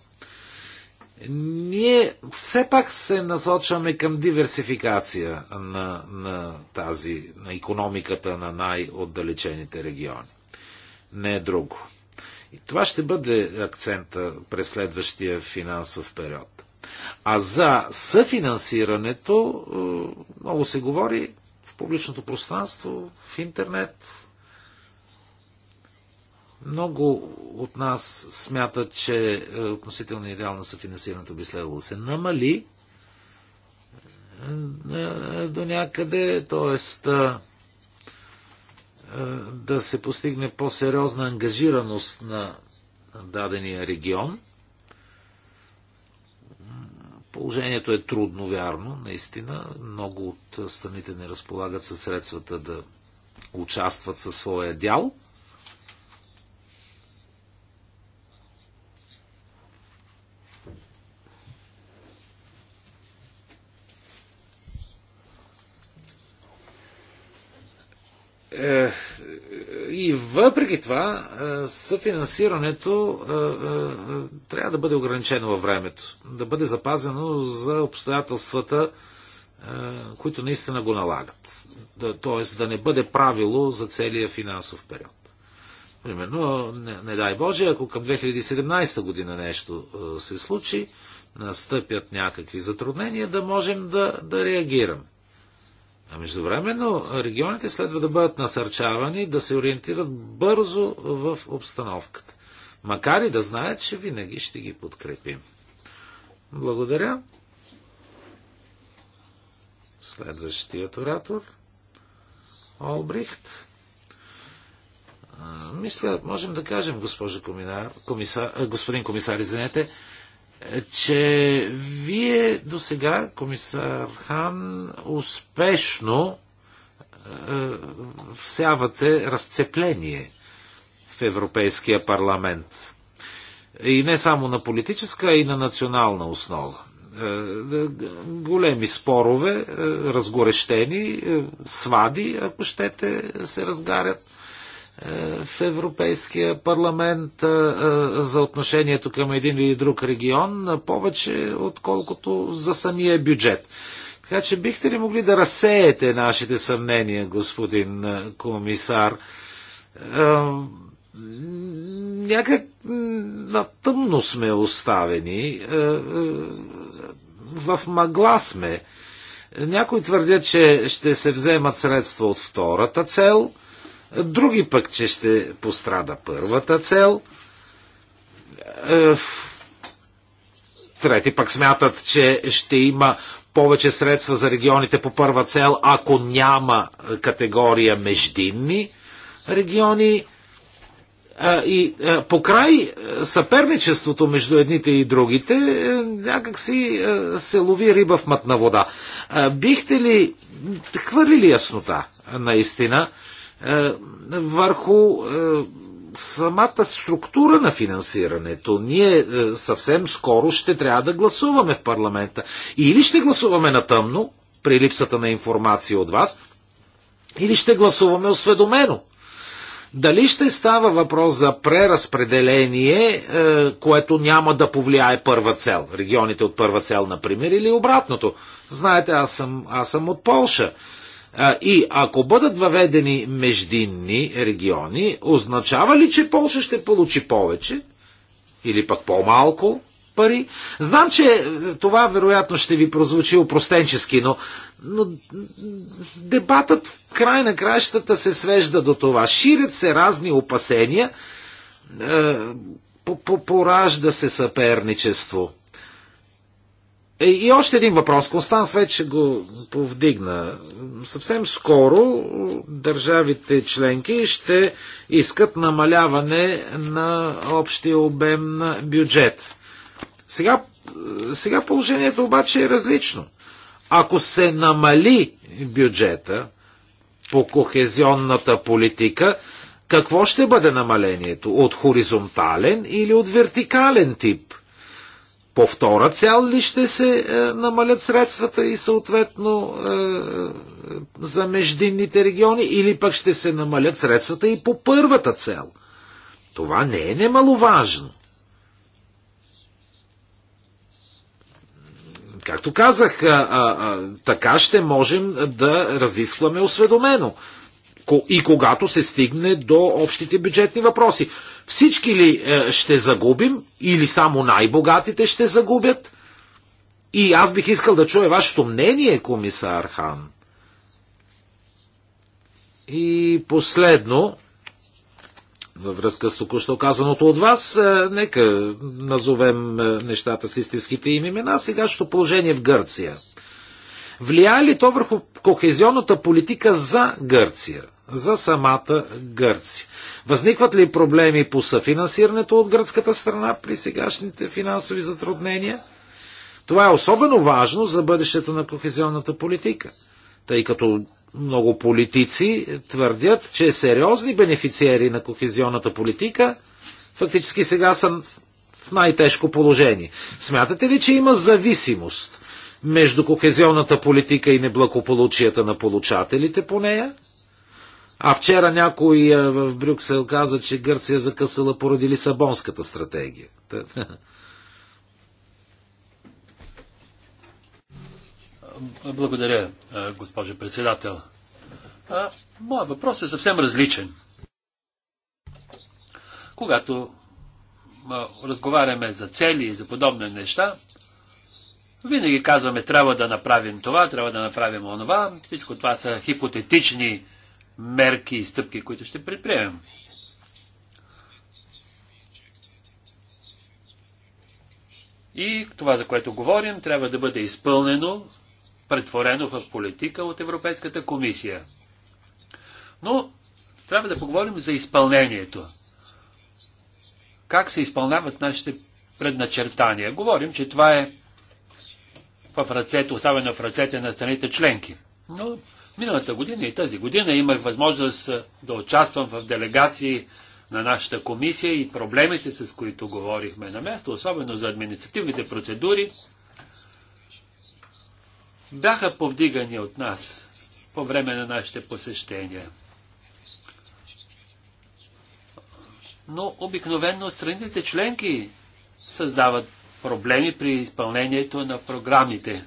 Ние все пак се насочваме към диверсификация на, на тази, на економиката на най-отдалечените региони. Не е друго. И това ще бъде акцента през следващия финансов период. А за съфинансирането е, много се говори в публичното пространство, в интернет, много от нас смятат, че е, относително идеал на съфинансирането би следвало да се намали е, е, до някъде, т.е. да се постигне по-сериозна ангажираност на дадения регион. Положението е трудно, вярно, наистина. Много от страните не разполагат със средствата да участват със своя дял. Е, и въпреки това, е, съфинансирането е, трябва да бъде ограничено във времето, да бъде запазено за обстоятелствата, които наистина го налагат. Тоест да не бъде правило за целия финансов период. Примерно, не, не дай Боже, ако към 2017 година нещо се случи, настъпят някакви затруднения, да можем да, да реагираме. А междувременно регионите следва да бъдат насърчавани да се ориентират бързо в обстановката. Макар и да знаят, че винаги ще ги подкрепим. Благодаря. Следващият оратор. Олбрихт. Мисля, можем да кажем, госпожа комисар, комисар, господин комисар, извинете, че вие до сега, комисар Хан, успешно е, всявате разцепление в Европейския парламент. И не само на политическа, а и на национална основа. Е, е, големи спорове, разгорещени, свади, ако щете, се разгарят е, в Европейския парламент е, е, за отношението към един или друг регион, повече отколкото за самия бюджет. Така че бихте ли могли да разсеете нашите съмнения, господин комисар? Някак на тъмно сме оставени, в мъгла сме. Някои твърдят, че ще се вземат средства от втората цел – Други пък, че ще пострада първата цел. Е, трети пък смятат, че ще има повече средства за регионите по първа цел, ако няма категория междинни региони. Е, и е, по край съперничеството между едните и другите някакси се лови риба в мътна вода. Бихте ли хвърлили яснота наистина е, върху е, самата структура на финансирането. Ние е, съвсем скоро ще трябва да гласуваме в парламента. Или ще гласуваме на тъмно, при липсата на информация от вас, или ще гласуваме осведомено. Дали ще става въпрос за преразпределение, което няма да повлияе първа цел, регионите от първа цел, например, или обратното? Знаете, аз съм, аз съм от Полша. И ако бъдат въведени междинни региони, означава ли, че Польша ще получи повече или пък по-малко пари? Знам, че е, това вероятно ще ви прозвучи опростенчески, но, но дебатът в край на краищата се свежда до това. Ширят се разни опасения, е, поражда се съперничество. Е, и още един въпрос. Констанс вече го повдигна. Съвсем скоро държавите членки ще искат намаляване на общия обем на бюджет. Сега, сега положението обаче е различно. Ако се намали бюджета по кохезионната политика, какво ще бъде намалението? От хоризонтален или от вертикален тип – по втора цял ли ще се е, намалят средствата и съответно е, е, за междинните региони, или пък ще се намалят средствата и по първата цел? Това не е немаловажно. Както казах, а, а, а, така ще можем да разискваме осведомено и когато се стигне до общите бюджетни въпроси. Всички ли е, ще загубим или само най-богатите ще загубят? И аз бих искал да чуя вашето мнение, комисар Хан. И последно, във връзка с току-що казаното от вас, е, нека назовем е, нещата с истинските им имена. Сегашното положение в Гърция – Влияе ли то върху кохезионната политика за Гърция? За самата Гърция. Възникват ли проблеми по съфинансирането от гръцката страна при сегашните финансови затруднения? Това е особено важно за бъдещето на кохезионната политика, тъй като много политици твърдят, че сериозни бенефициери на кохезионната политика фактически сега са в най-тежко положение. Смятате ли, че има зависимост между кохезионната политика и неблагополучията на получателите по нея. А вчера някой е, в Брюксел каза, че Гърция е закъсала поради Лисабонската стратегия. Благодаря, е, госпожо председател. Моят въпрос е съвсем различен. Когато разговаряме за цели и за подобни неща, винаги казваме, трябва да направим това, трябва да направим онова. Всичко това са хипотетични мерки и стъпки, които ще предприемем. И това, за което говорим, трябва да бъде изпълнено, претворено в политика от Европейската комисия. Но трябва да поговорим за изпълнението. Как се изпълняват нашите предначертания? Говорим, че това е в ръцете, оставено в ръцете на страните членки. Но миналата година и тази година имах възможност да участвам в делегации на нашата комисия и проблемите, с които говорихме на място, особено за административните процедури, бяха повдигани от нас по време на нашите посещения. Но обикновено страните членки създават проблеми при изпълнението на програмите.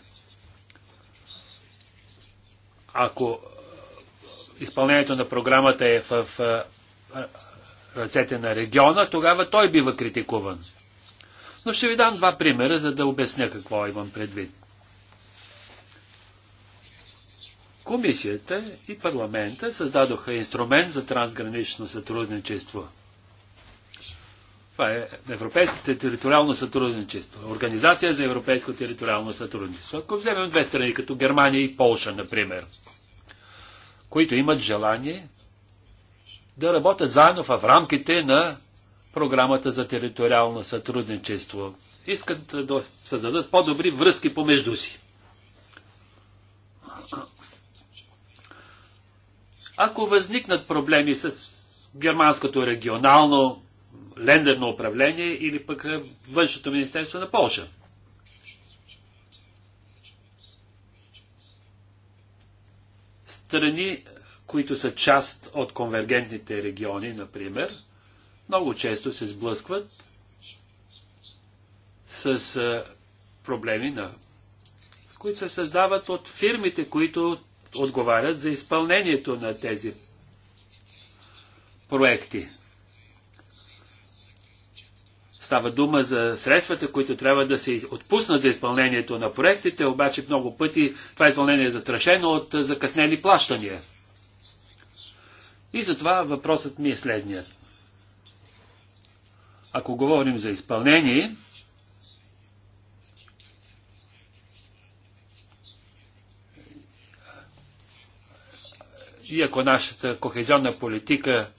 Ако изпълнението на програмата е в ръцете на региона, тогава той бива критикуван. Но ще ви дам два примера, за да обясня какво имам предвид. Комисията и парламента създадоха инструмент за трансгранично сътрудничество – това е Европейското териториално сътрудничество. Организация за европейско териториално сътрудничество. Ако вземем две страни, като Германия и Полша, например, които имат желание да работят заедно в рамките на програмата за териториално сътрудничество. Искат да създадат по-добри връзки помежду си. Ако възникнат проблеми с германското регионално лендерно управление или пък външното министерство на Польша. Страни, които са част от конвергентните региони, например, много често се сблъскват с проблеми, на, които се създават от фирмите, които отговарят за изпълнението на тези проекти. Става дума за средствата, които трябва да се отпуснат за изпълнението на проектите, обаче много пъти това изпълнение е застрашено от закъснени плащания. И затова въпросът ми е следният. Ако говорим за изпълнение, и ако нашата кохезионна политика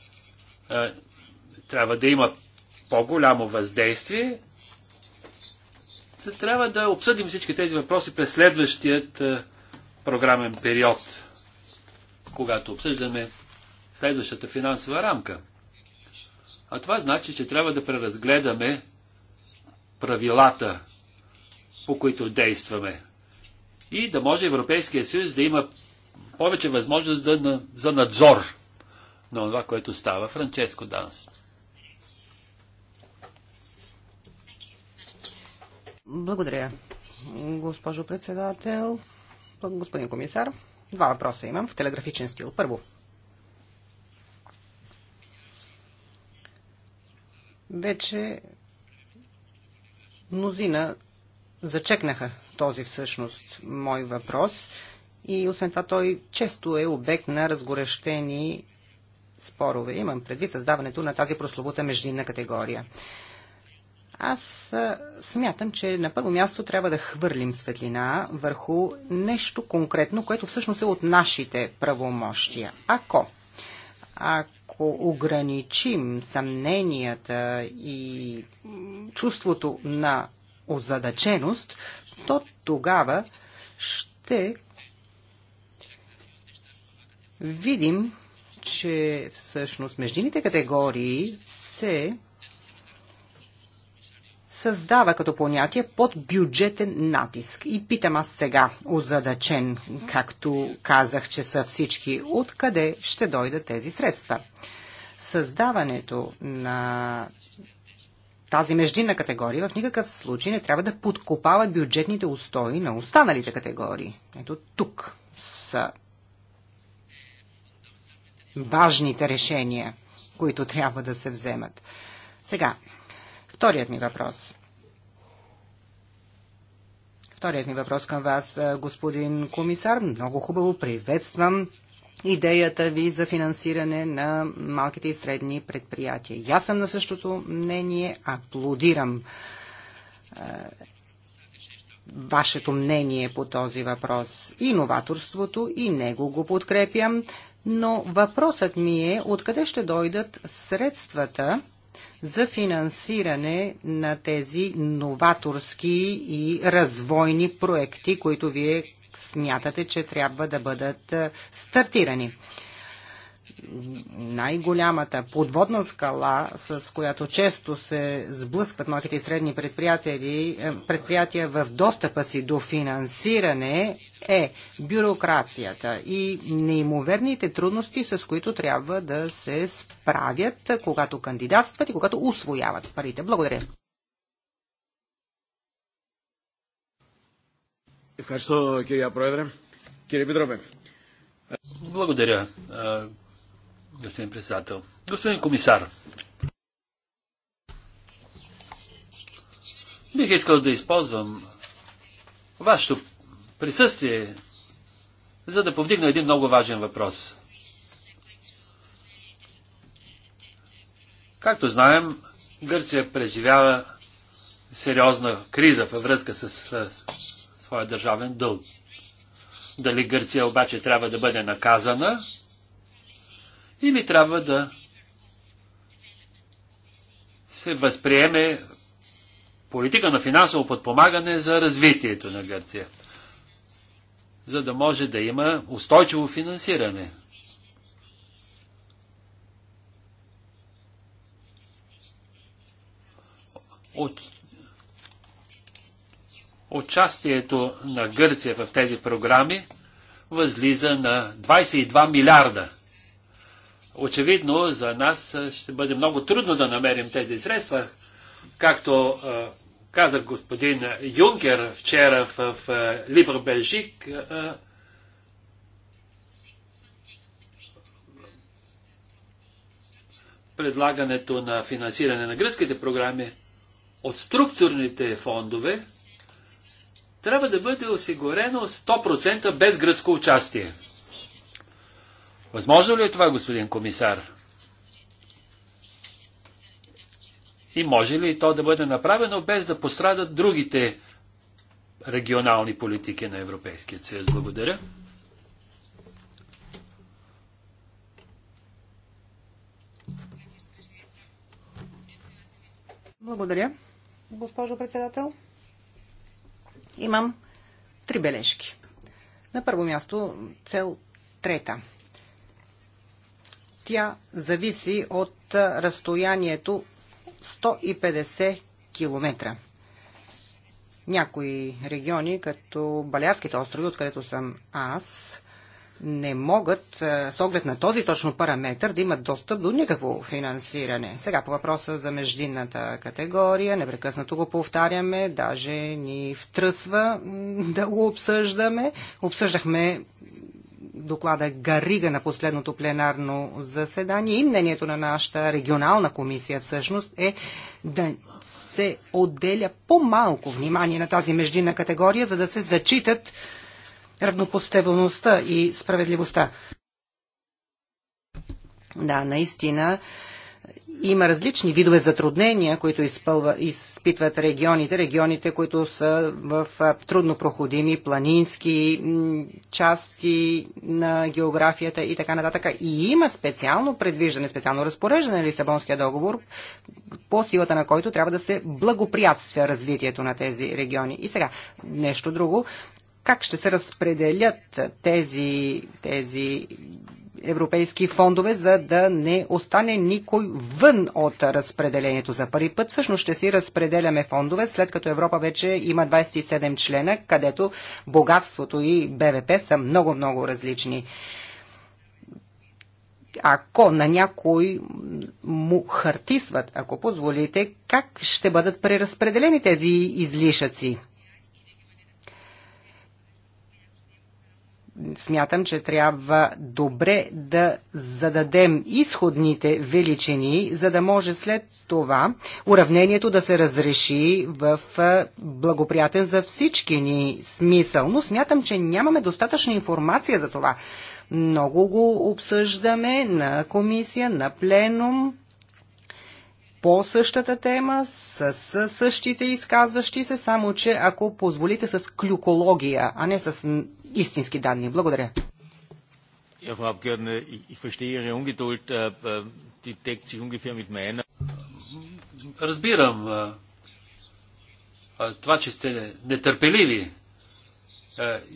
а, трябва да има по-голямо въздействие, трябва да обсъдим всички тези въпроси през следващият е, програмен период, когато обсъждаме следващата финансова рамка. А това значи, че трябва да преразгледаме правилата, по които действаме. И да може Европейския съюз да има повече възможност да, за надзор на това, което става. Франческо Данс. Благодаря, госпожо председател. Господин комисар, два въпроса имам в телеграфичен стил. Първо, вече мнозина зачекнаха този всъщност мой въпрос и освен това той често е обект на разгорещени спорове. Имам предвид създаването на тази прословута междинна категория. Аз смятам, че на първо място трябва да хвърлим светлина върху нещо конкретно, което всъщност е от нашите правомощия. Ако, ако ограничим съмненията и чувството на озадаченост, то тогава ще видим, че всъщност междинните категории се създава като понятие под бюджетен натиск. И питам аз сега, озадачен, както казах, че са всички, откъде ще дойдат тези средства. Създаването на тази междинна категория в никакъв случай не трябва да подкопава бюджетните устои на останалите категории. Ето тук са важните решения, които трябва да се вземат. Сега, вторият ми въпрос. Вторият ми въпрос към вас, е, господин комисар. Много хубаво приветствам идеята ви за финансиране на малките и средни предприятия. Я съм на същото мнение, аплодирам е, вашето мнение по този въпрос. И новаторството, и него го подкрепям, но въпросът ми е откъде ще дойдат средствата, за финансиране на тези новаторски и развойни проекти, които вие смятате, че трябва да бъдат стартирани най-голямата подводна скала, с която често се сблъскват малките и средни е, предприятия в достъпа си до финансиране, е бюрокрацията и неимоверните трудности, с които трябва да се справят, когато кандидатстват и когато освояват парите. Благодаря. Благодаря, Благодаря, господин председател. Господин комисар, бих искал да използвам вашето присъствие, за да повдигна един много важен въпрос. Както знаем, Гърция преживява сериозна криза във връзка с, своя държавен дълг. Дали Гърция обаче трябва да бъде наказана или трябва да се възприеме политика на финансово подпомагане за развитието на Гърция, за да може да има устойчиво финансиране. От участието на Гърция в тези програми възлиза на 22 милиарда – Очевидно, за нас ще бъде много трудно да намерим тези средства, както каза господин Юнкер вчера в Либър Бежик. предлагането на финансиране на гръцките програми от структурните фондове трябва да бъде осигурено 100% без гръцко участие. Възможно ли е това, господин комисар? И може ли то да бъде направено без да пострадат другите регионални политики на Европейския съюз? Благодаря. Благодаря. Госпожо председател, имам три бележки. На първо място, цел трета – тя зависи от разстоянието 150 км. Някои региони, като Балярските острови, откъдето съм аз, не могат, с оглед на този точно параметр, да имат достъп до никакво финансиране. Сега по въпроса за междинната категория, непрекъснато го повтаряме, даже ни втръсва да го обсъждаме. Обсъждахме доклада Гарига на последното пленарно заседание и мнението на нашата регионална комисия всъщност е да се отделя по-малко внимание на тази междинна категория, за да се зачитат равнопоставеността и справедливостта. Да, наистина има различни видове затруднения, които изпълва, изпитват регионите, регионите, които са в труднопроходими планински части на географията и така нататък. И има специално предвиждане, специално разпореждане Лисабонския договор, по силата на който трябва да се благоприятства развитието на тези региони. И сега, нещо друго. Как ще се разпределят тези, тези европейски фондове, за да не остане никой вън от разпределението за първи път. Всъщност ще си разпределяме фондове, след като Европа вече има 27 члена, където богатството и БВП са много-много различни ако на някой му хартисват, ако позволите, как ще бъдат преразпределени тези излишъци? смятам, че трябва добре да зададем изходните величини, за да може след това уравнението да се разреши в благоприятен за всички ни смисъл. Но смятам, че нямаме достатъчна информация за това. Много го обсъждаме на комисия, на пленум, по същата тема, с, с същите изказващи се, само че ако позволите с клюкология, а не с истински данни. Благодаря. Äh, äh, Разбирам това, че сте нетърпеливи. Е,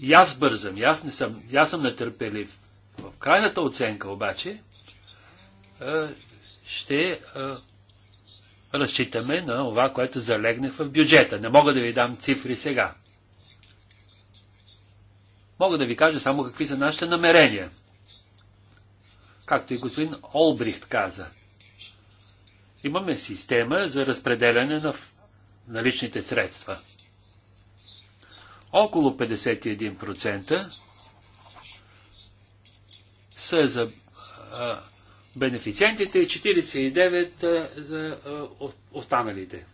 и аз бързам, и аз, не съм, и аз съм нетърпелив. В крайната оценка обаче е, ще е, разчитаме на това, което залегне в бюджета. Не мога да ви дам цифри сега. Мога да ви кажа само какви са нашите намерения. Както и господин Олбрихт каза. Имаме система за разпределяне на наличните средства. Около 51% са за бенефициентите и 49% за останалите.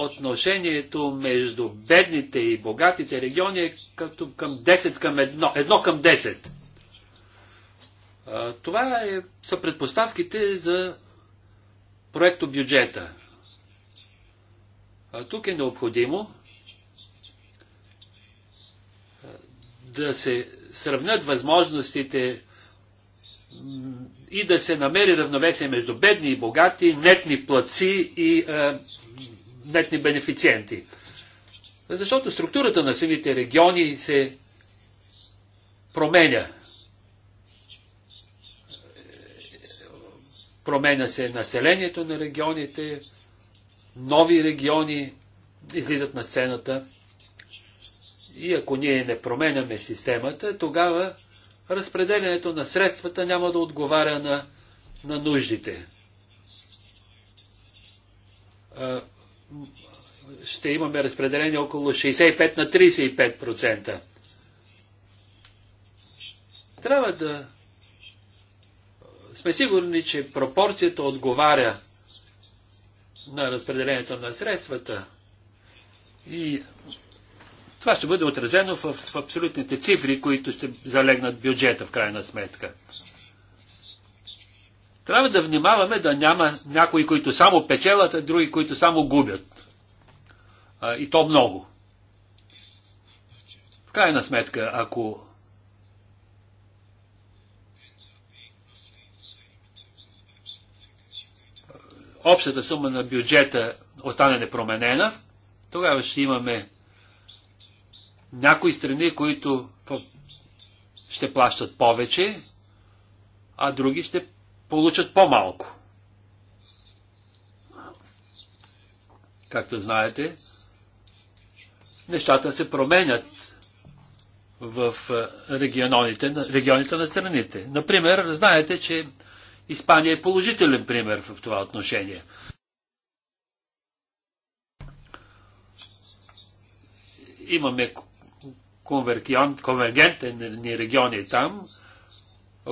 отношението между бедните и богатите региони е като към 10 към 1, 1 към 10. Това е, са предпоставките за проекто бюджета. Тук е необходимо да се сравнят възможностите и да се намери равновесие между бедни и богати, нетни плаци и нетни бенефициенти. Защото структурата на самите региони се променя. Променя се населението на регионите, нови региони излизат на сцената. И ако ние не променяме системата, тогава разпределянето на средствата няма да отговаря на, на нуждите ще имаме разпределение около 65 на 35%. Трябва да сме сигурни, че пропорцията отговаря на разпределението на средствата и това ще бъде отразено в абсолютните цифри, които ще залегнат бюджета в крайна сметка. Трябва да внимаваме да няма някои, които само печелят, а други, които само губят. А, и то много. В крайна сметка, ако общата сума на бюджета остане непроменена, тогава ще имаме някои страни, които ще плащат повече, а други ще получат по-малко. Както знаете, нещата се променят в е, регионите, регионите на страните. Например, знаете, че Испания е положителен пример в това отношение. Имаме конвергентни региони там,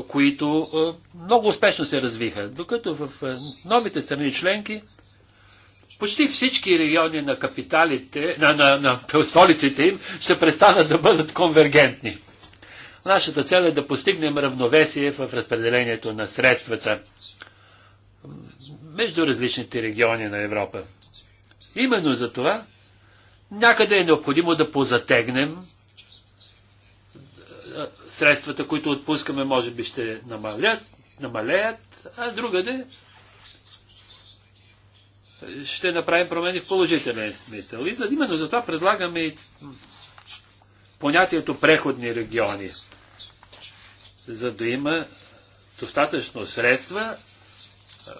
които много успешно се развиха. Докато в новите страни членки почти всички региони на капиталите, на, на, на столиците им ще престанат да бъдат конвергентни. Нашата цел е да постигнем равновесие в разпределението на средствата между различните региони на Европа. Именно за това някъде е необходимо да позатегнем средствата, които отпускаме, може би ще намалят, намалеят, а другаде ще направим промени в положителен смисъл. И именно за това предлагаме и понятието преходни региони, за да има достатъчно средства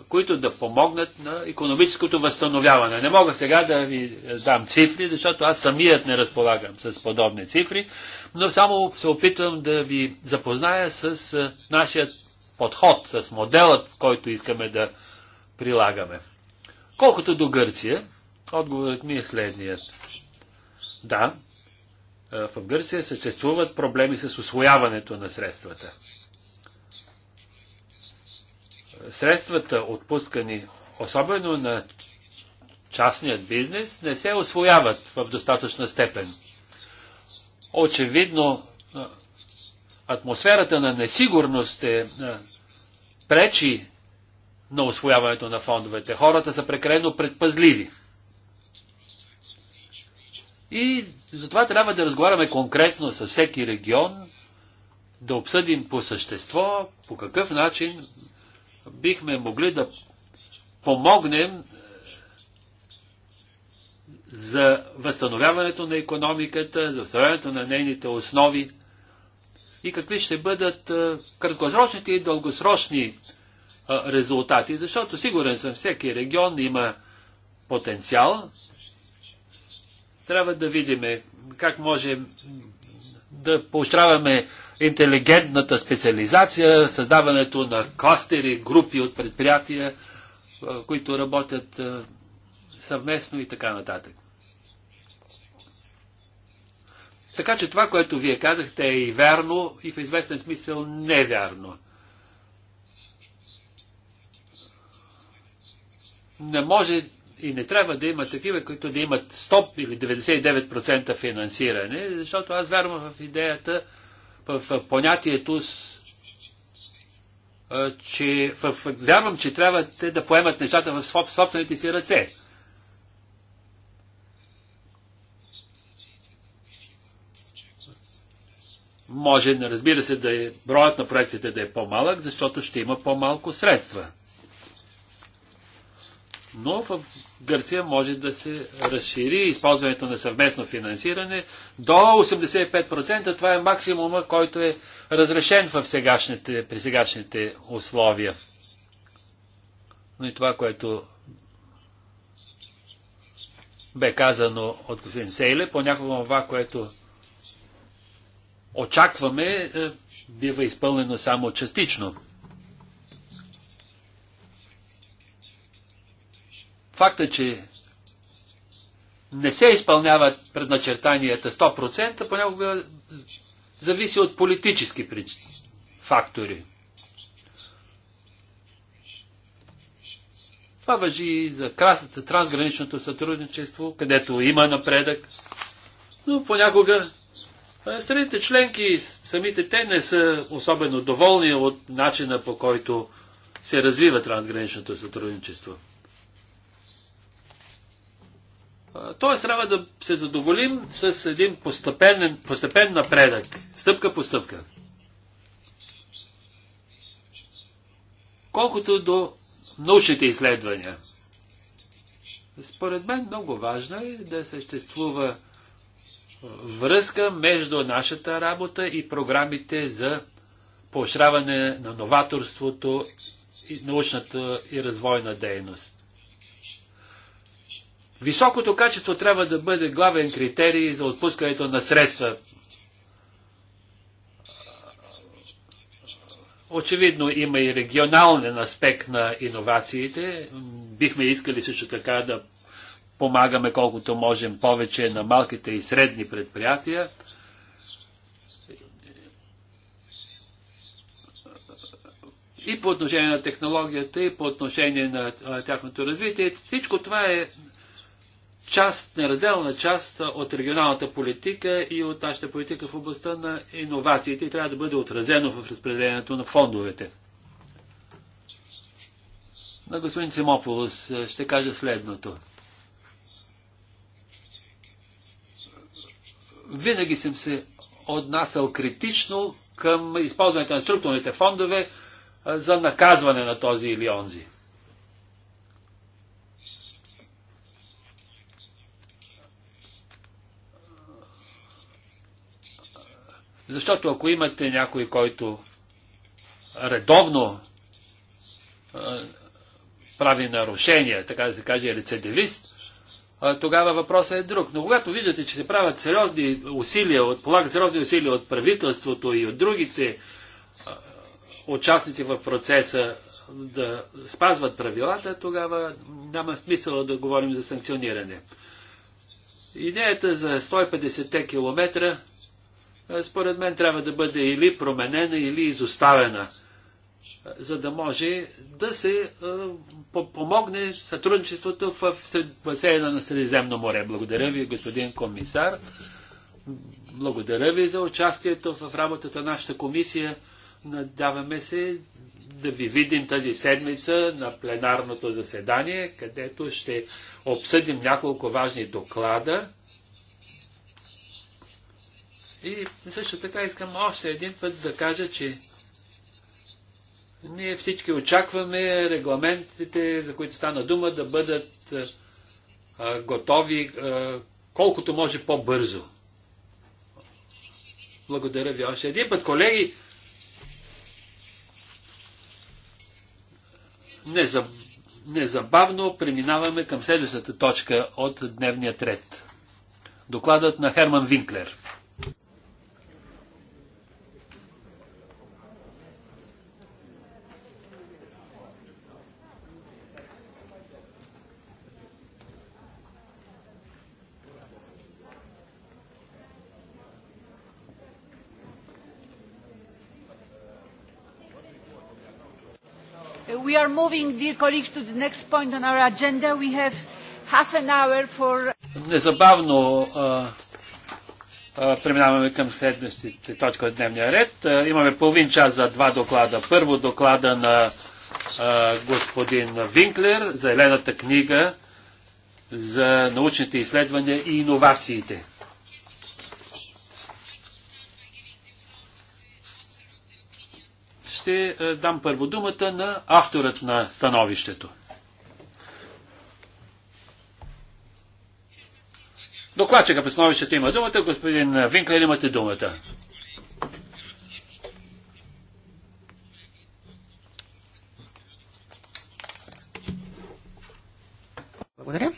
които да помогнат на економическото възстановяване. Не мога сега да ви дам цифри, защото аз самият не разполагам с подобни цифри, но само се опитвам да ви запозная с нашия подход, с моделът, който искаме да прилагаме. Колкото до Гърция, отговорът ми е следният. Да, в Гърция съществуват проблеми с освояването на средствата средствата отпускани, особено на частният бизнес, не се освояват в достатъчна степен. Очевидно, атмосферата на несигурност е, пречи на освояването на фондовете. Хората са прекалено предпазливи. И затова трябва да разговаряме конкретно с всеки регион, да обсъдим по същество, по какъв начин бихме могли да помогнем е, за възстановяването на економиката, за възстановяването на нейните основи и какви ще бъдат е, краткосрочните и дългосрочни е, резултати, защото сигурен съм, всеки регион има потенциал. Трябва да видим как можем да поощряваме интелигентната специализация, създаването на кластери, групи от предприятия, които работят съвместно и така нататък. Така че това, което вие казахте е и вярно, и в известен смисъл невярно. Не може и не трябва да има такива, които да имат 100 или 99% финансиране, защото аз вярвам в идеята, в понятието, че в, вярвам, че трябва те да поемат нещата в собствените си ръце. Може, разбира се, да е, броят на проектите да е по-малък, защото ще има по-малко средства но в Гърция може да се разшири използването на съвместно финансиране до 85%. Това е максимума, който е разрешен в сегашните, при сегашните условия. Но и това, което бе казано от господин Сейле, понякога това, което очакваме, е, бива изпълнено само частично. факта, че не се изпълняват предначертанията 100%, понякога зависи от политически фактори. Това въжи и за красата, трансграничното сътрудничество, където има напредък, но понякога страните членки, самите те не са особено доволни от начина по който се развива трансграничното сътрудничество. Тоест трябва да се задоволим с един постепенен, постепен напредък, стъпка по стъпка. Колкото до научните изследвания, според мен много важно е да съществува връзка между нашата работа и програмите за поощряване на новаторството и научната и развойна дейност. Високото качество трябва да бъде главен критерий за отпускането на средства. Очевидно има и регионален аспект на иновациите. Бихме искали също така да помагаме колкото можем повече на малките и средни предприятия. И по отношение на технологията, и по отношение на тяхното развитие. Всичко това е част, неразделна част от регионалната политика и от нашата политика в областта на иновациите и трябва да бъде отразено в разпределението на фондовете. На господин Симополос е, ще кажа следното. Винаги съм се отнасял критично към използването на структурните фондове е, за наказване на този или онзи. Защото ако имате някой, който редовно а, прави нарушения, така да се каже, е рецидивист, а, тогава въпросът е друг. Но когато виждате, че се правят сериозни усилия, полагат сериозни усилия от правителството и от другите а, участници в процеса да спазват правилата, тогава няма смисъл да говорим за санкциониране. Идеята за 150 км е, според мен трябва да бъде или променена, или изоставена, е, за да може да се е, помогне сътрудничеството в басейна на Средиземно море. Благодаря ви, господин комисар. Благодаря ви за участието в работата на нашата комисия. Надяваме се да ви видим тази седмица на пленарното заседание, където ще обсъдим няколко важни доклада и също така искам още един път да кажа, че ние всички очакваме регламентите, за които стана дума, да бъдат а, готови а, колкото може по-бързо. Благодаря ви още един път, колеги. Незабавно преминаваме към следващата точка от дневния ред. Докладът на Херман Винклер. Uh, we are moving, dear colleagues, to the next point on our agenda. We have half an hour for... Незабавно преминаваме към следващите точка от дневния ред. имаме половин час за два доклада. Първо доклада на господин Винклер, за елената книга за научните изследвания и иновациите. ще е, дам първо думата на авторът на становището. Докладчика по становището има думата. Господин Винклер, имате думата. Благодаря.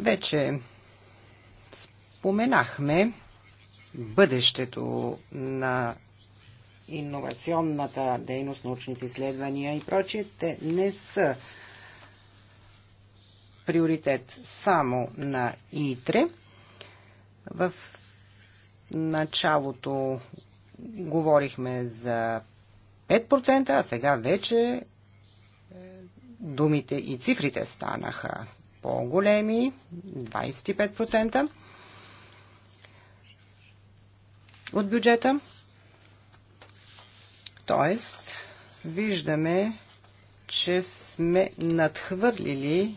Вече споменахме бъдещето на иновационната дейност, научните изследвания и прочие, те не са приоритет само на ИТРЕ. В началото говорихме за 5%, а сега вече е, думите и цифрите станаха по-големи, 25% от бюджета. Тоест, виждаме, че сме надхвърлили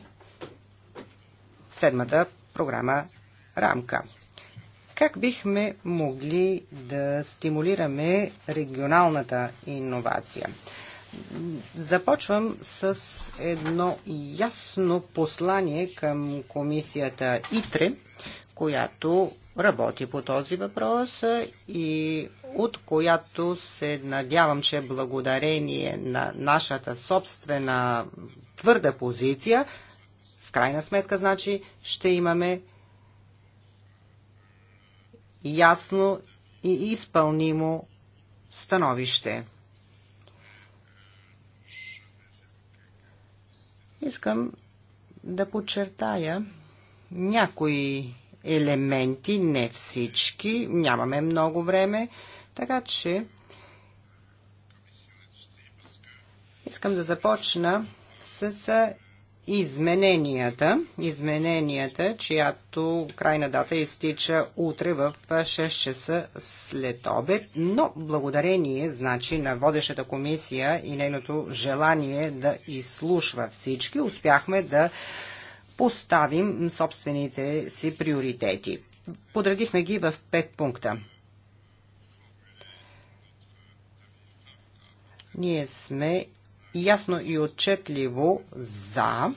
седмата програма рамка. Как бихме могли да стимулираме регионалната иновация? Започвам с едно ясно послание към комисията ИТРЕ, която работи по този въпрос и от която се надявам, че благодарение на нашата собствена твърда позиция, в крайна сметка, значи, ще имаме ясно и изпълнимо становище. Искам да подчертая някои елементи, не всички, нямаме много време. Така че искам да започна с измененията, измененията, чиято крайна дата изтича утре в 6 часа след обед, но благодарение, значи, на водещата комисия и нейното желание да изслушва всички, успяхме да поставим собствените си приоритети. Подредихме ги в 5 пункта. Ние сме ясно и отчетливо за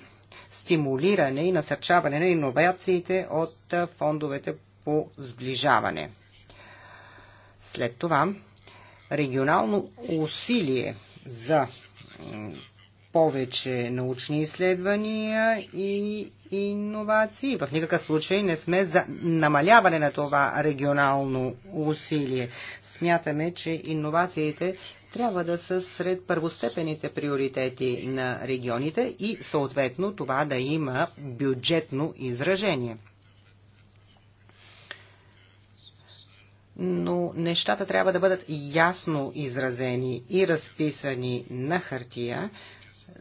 стимулиране и насърчаване на иновациите от фондовете по сближаване. След това регионално усилие за повече научни изследвания и иновации. В никакъв случай не сме за намаляване на това регионално усилие. Смятаме, че иновациите трябва да са сред първостепените приоритети на регионите и съответно това да има бюджетно изражение. но нещата трябва да бъдат ясно изразени и разписани на хартия,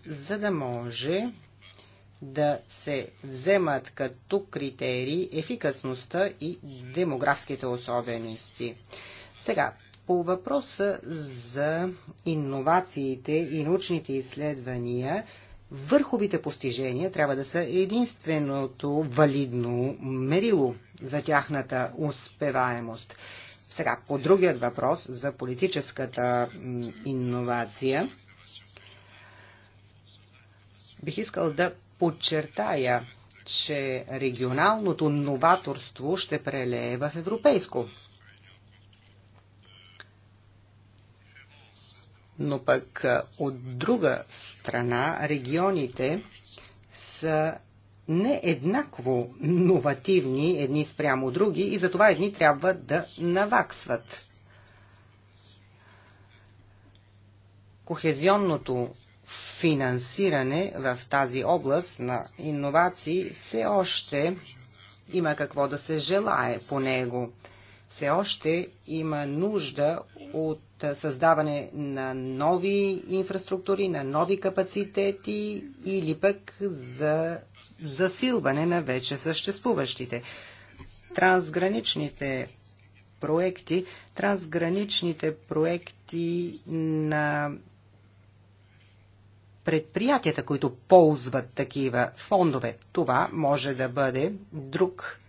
за да може да се вземат като критерии ефикасността и демографските особености. Сега, по въпроса за иновациите и научните изследвания, върховите постижения трябва да са единственото валидно мерило за тяхната успеваемост. Сега, по другият въпрос за политическата иновация, бих искал да подчертая, че регионалното новаторство ще прелее в европейско но пък от друга страна регионите са не еднакво новативни едни спрямо други и затова едни трябва да наваксват. Кохезионното финансиране в тази област на иновации все още има какво да се желае по него все още има нужда от създаване на нови инфраструктури, на нови капацитети или пък за засилване на вече съществуващите. Трансграничните проекти, трансграничните проекти на предприятията, които ползват такива фондове. Това може да бъде друг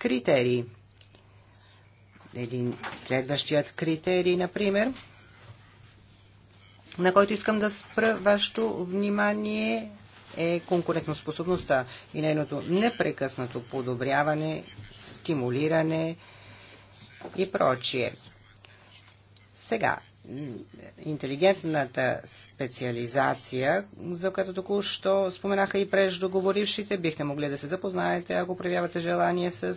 критерии. Един следващият критерий, например, на който искам да спра вашето внимание е конкурентоспособността и нейното непрекъснато подобряване, стимулиране и прочие. Сега, интелигентната специализация, за която току-що споменаха и преждоговорившите. Бихте могли да се запознаете, ако проявявате желание с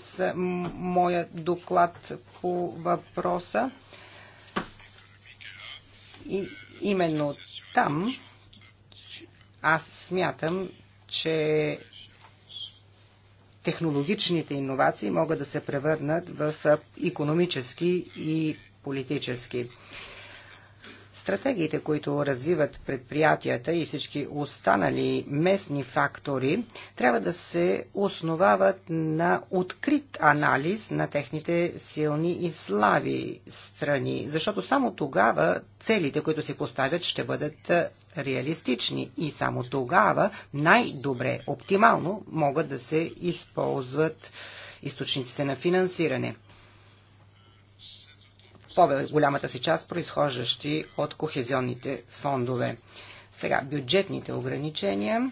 моя доклад по въпроса. И именно там аз смятам, че технологичните иновации могат да се превърнат в економически и политически. Стратегиите, които развиват предприятията и всички останали местни фактори, трябва да се основават на открит анализ на техните силни и слаби страни, защото само тогава целите, които си поставят, ще бъдат реалистични и само тогава най-добре, оптимално могат да се използват източниците на финансиране по-голямата си част произхождащи от кохезионните фондове. Сега, бюджетните ограничения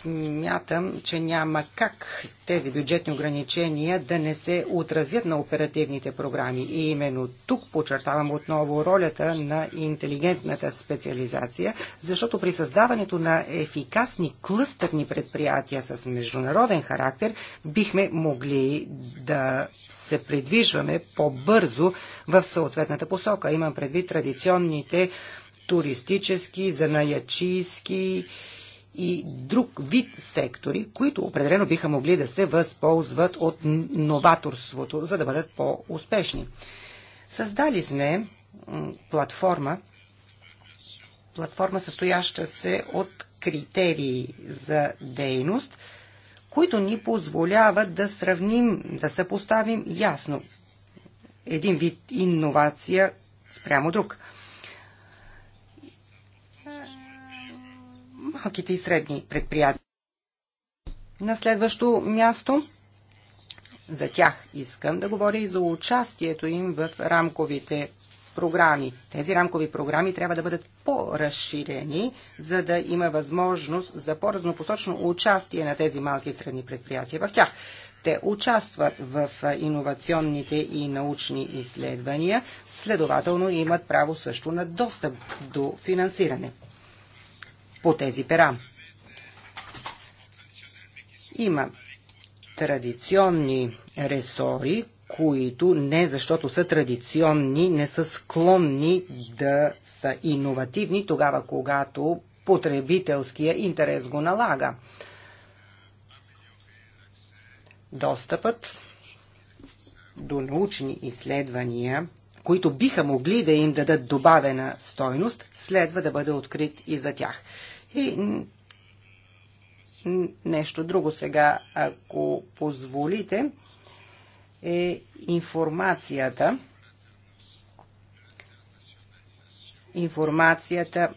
смятам, че няма как тези бюджетни ограничения да не се отразят на оперативните програми. И именно тук подчертавам отново ролята на интелигентната специализация, защото при създаването на ефикасни клъстърни предприятия с международен характер бихме могли да се придвижваме по-бързо в съответната посока. Имам предвид традиционните туристически, занаячийски, и друг вид сектори, които определено биха могли да се възползват от новаторството, за да бъдат по-успешни. Създали сме платформа, платформа състояща се от критерии за дейност, които ни позволяват да сравним, да съпоставим ясно един вид иновация спрямо друг. малките и средни предприятия. На следващо място за тях искам да говоря и за участието им в рамковите програми. Тези рамкови програми трябва да бъдат по-разширени, за да има възможност за по-разнопосочно участие на тези малки и средни предприятия в тях. Те участват в иновационните и научни изследвания, следователно имат право също на достъп до финансиране по тези пера. Има традиционни ресори, които не защото са традиционни, не са склонни да са иновативни тогава, когато потребителския интерес го налага. Достъпът до научни изследвания които биха могли да им дадат добавена стойност, следва да бъде открит и за тях. И нещо друго сега, ако позволите, е информацията. Информацията,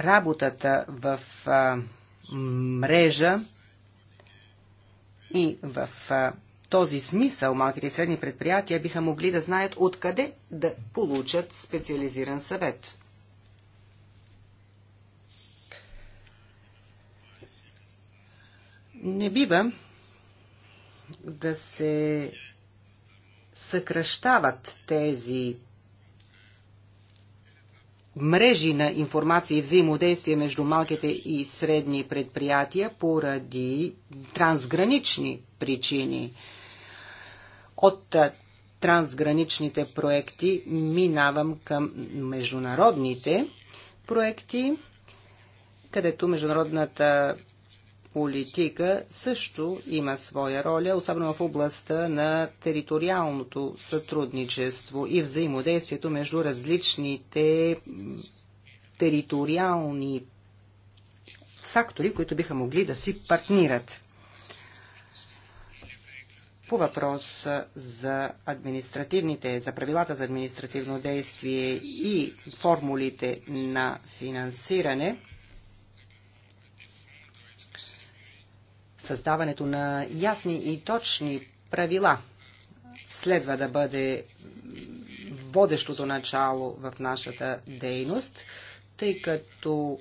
работата в мрежа и в този смисъл малките и средни предприятия биха могли да знаят откъде да получат специализиран съвет. Не бива да се съкръщават тези мрежи на информация и взаимодействие между малките и средни предприятия поради трансгранични причини – от трансграничните проекти минавам към международните проекти, където международната политика също има своя роля, особено в областта на териториалното сътрудничество и взаимодействието между различните териториални фактори, които биха могли да си партнират по въпроса за административните, за правилата за административно действие и формулите на финансиране, създаването на ясни и точни правила следва да бъде водещото начало в нашата дейност, тъй като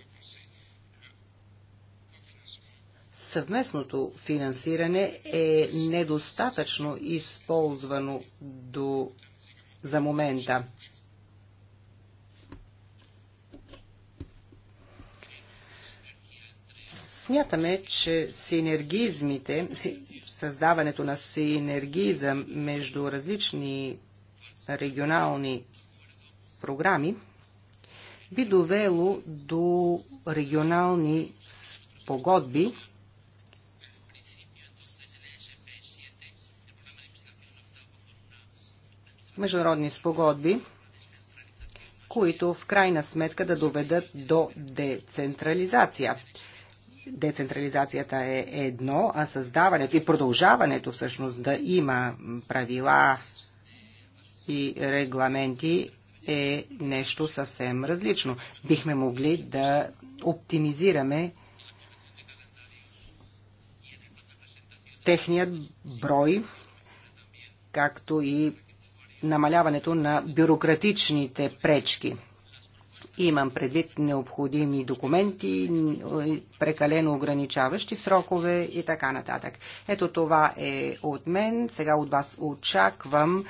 съвместното финансиране е недостатъчно използвано до, за момента. Смятаме, че синергизмите, създаването на синергизъм между различни регионални програми би довело до регионални спогодби международни спогодби, които в крайна сметка да доведат до децентрализация. Децентрализацията е едно, а създаването и продължаването всъщност да има правила и регламенти е нещо съвсем различно. Бихме могли да оптимизираме техният брой, както и намаляването на бюрократичните пречки. Имам предвид необходими документи, прекалено ограничаващи срокове и така нататък. Ето това е от мен. Сега от вас очаквам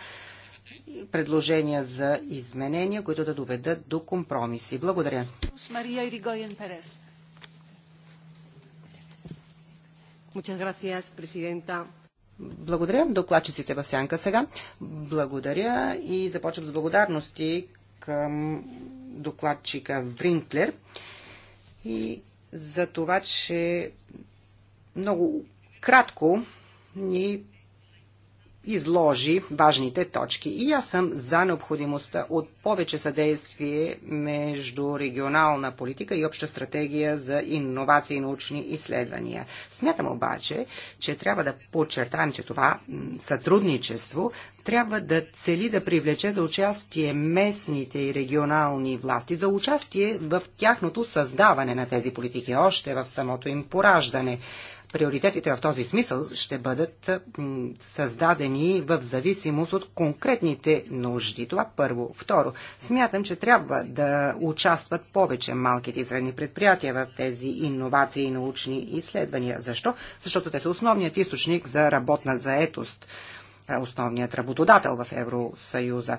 предложения за изменения, които да доведат до компромиси. Благодаря. Muchas gracias, Presidenta. Благодаря. Докладчиците в сянка сега. Благодаря и започвам с благодарности към докладчика Вринклер и за това, че много кратко ни изложи важните точки. И аз съм за необходимостта от повече съдействие между регионална политика и обща стратегия за инновации и научни изследвания. Смятам обаче, че трябва да подчертаем, че това сътрудничество трябва да цели да привлече за участие местните и регионални власти, за участие в тяхното създаване на тези политики, още в самото им пораждане. Приоритетите в този смисъл ще бъдат създадени в зависимост от конкретните нужди. Това първо. Второ, смятам, че трябва да участват повече малките и средни предприятия в тези иновации и научни изследвания. Защо? Защото те са основният източник за работна заетост е основният работодател в Евросъюза.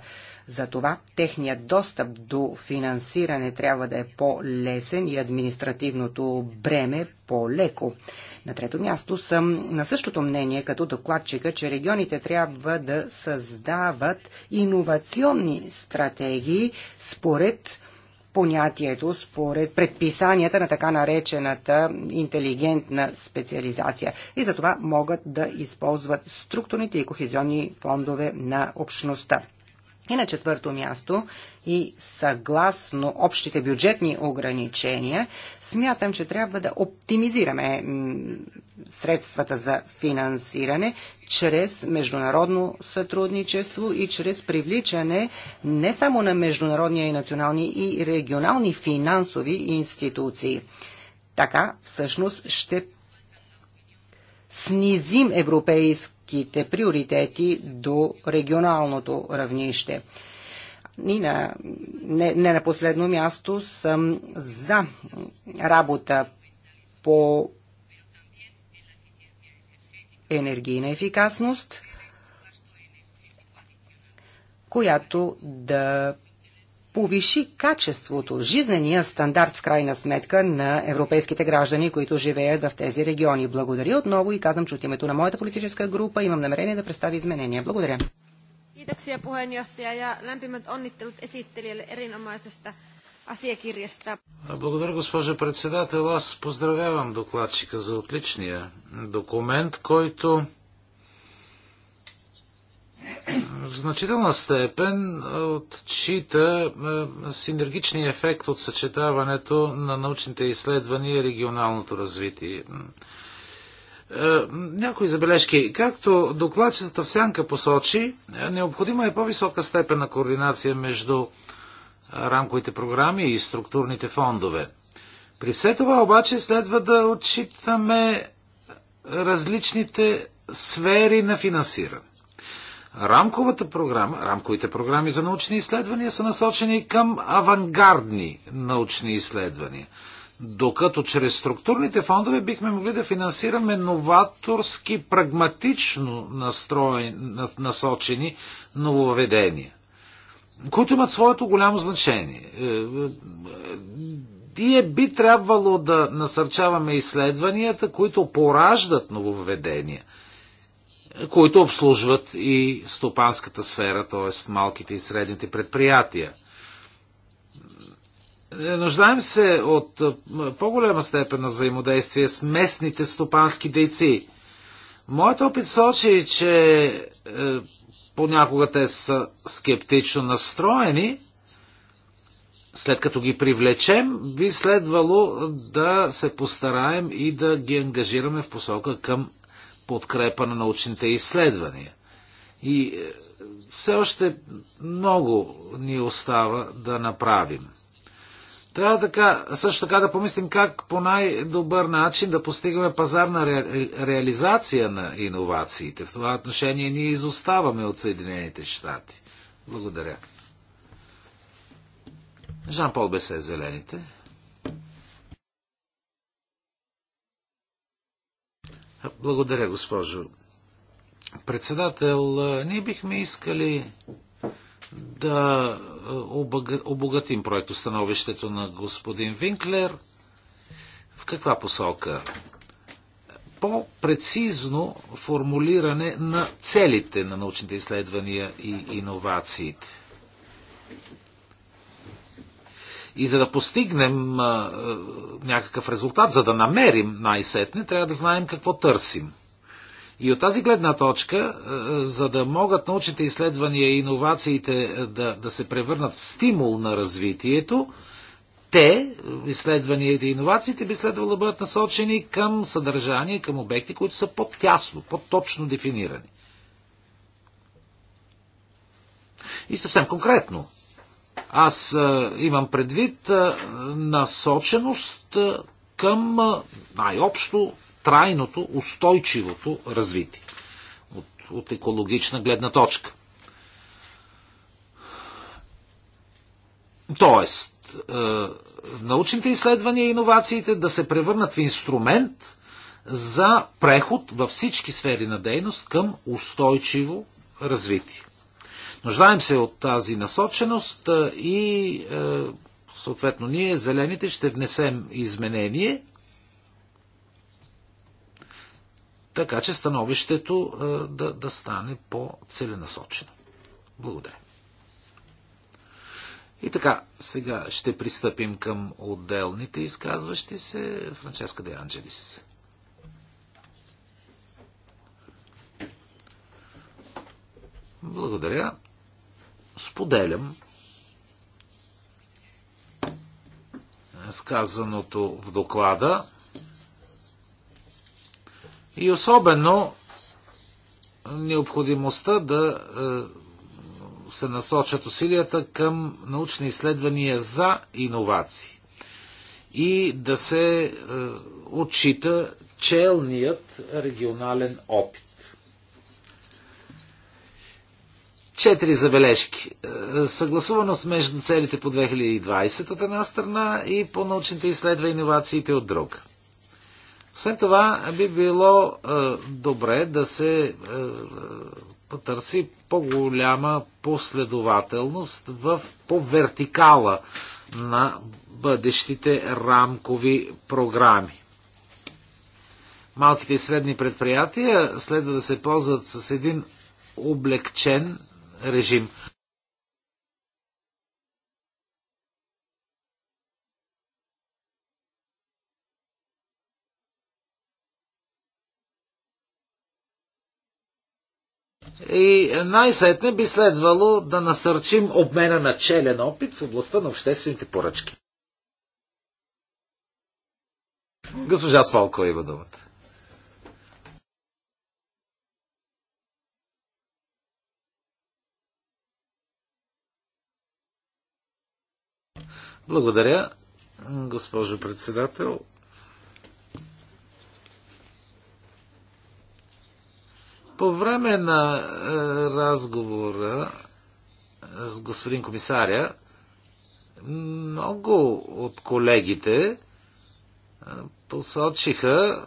Затова техният достъп до финансиране трябва да е по-лесен и административното бреме по-леко. На трето място съм на същото мнение като докладчика, че регионите трябва да създават иновационни стратегии според понятието според предписанията на така наречената интелигентна специализация и за това могат да използват структурните и кохезионни фондове на общността. И на четвърто място, и съгласно общите бюджетни ограничения, смятам, че трябва да оптимизираме средствата за финансиране чрез международно сътрудничество и чрез привличане не само на международни и национални и регионални финансови институции. Така всъщност ще снизим европейските приоритети до регионалното равнище. И на, не, не на последно място съм за работа по енергийна ефикасност, която да повиши качеството, жизнения стандарт в крайна сметка на европейските граждани, които живеят в тези региони. Благодаря отново и казвам, че от името на моята политическа група имам намерение да представя изменения. Благодаря. Kiitoksia puheenjohtaja ja lämpimät onnittelut esittelijälle erinomaisesta asiakirjasta. Благодаря, госпожа председател. Аз поздравявам докладчика за отличния документ, който в значителна степен отчита е, синергичния ефект от съчетаването на научните изследвания и регионалното развитие. Е, някои забележки. Както докладчицата в сянка посочи, е, необходима е по-висока степен на координация между рамковите програми и структурните фондове. При все това обаче следва да отчитаме различните сфери на финансиране. Рамковата програма, рамковите програми за научни изследвания са насочени към авангардни научни изследвания. Докато чрез структурните фондове бихме могли да финансираме новаторски, прагматично настроени, насочени нововведения които имат своето голямо значение. Ие би трябвало да насърчаваме изследванията, които пораждат нововведения, които обслужват и стопанската сфера, т.е. малките и средните предприятия. Нуждаем се от по-голяма степен на взаимодействие с местните стопански дейци. Моят опит сочи, че понякога те са скептично настроени, след като ги привлечем, би следвало да се постараем и да ги ангажираме в посока към подкрепа на научните изследвания. И е, все още много ни остава да направим. Трябва така, също така да помислим как по най-добър начин да постигаме пазарна ре, реализация на иновациите. В това отношение ние изоставаме от Съединените щати. Благодаря. Жан-Пол Бесе, Зелените. Благодаря, госпожо председател. Ние бихме искали да обогатим проектостановището на господин Винклер. В каква посока? По-прецизно формулиране на целите на научните изследвания и иновациите. И за да постигнем а, някакъв резултат, за да намерим най-сетне, трябва да знаем какво търсим. И от тази гледна точка, е, за да могат научните изследвания и иновациите е, да, да се превърнат в стимул на развитието, те, изследванията и иновациите, би следвало да бъдат насочени към съдържание, към обекти, които са по-тясно, по-точно дефинирани. И съвсем конкретно, аз а, е, имам предвид а, насоченост а, към най-общо трайното, устойчивото развитие от, от екологична гледна точка. Тоест, е, научните изследвания и иновациите да се превърнат в инструмент за преход във всички сфери на дейност към устойчиво развитие. Нуждаем се от тази насоченост е, и е, съответно ние, зелените, ще внесем изменение така че становището е, да, да стане по-целенасочено. Благодаря. И така, сега ще пристъпим към отделните изказващи се. Франческа Де Анджелис. Благодаря. Споделям е, сказаното в доклада. И особено необходимостта да е, се насочат усилията към научни изследвания за иновации и да се е, отчита челният регионален опит. четири забележки. Е, съгласуваност между целите по 2020 от една страна и по научните изследвания и иновациите от друга. След това би било е, добре да се е, потърси по-голяма последователност в по-вертикала на бъдещите рамкови програми. Малките и средни предприятия следва да се ползват с един облегчен режим – И най-сетне би следвало да насърчим обмена на челен опит в областта на обществените поръчки. Госпожа Свалкова има думата. Благодаря, госпожо председател. По време на е, разговора с господин комисаря, много от колегите е, посочиха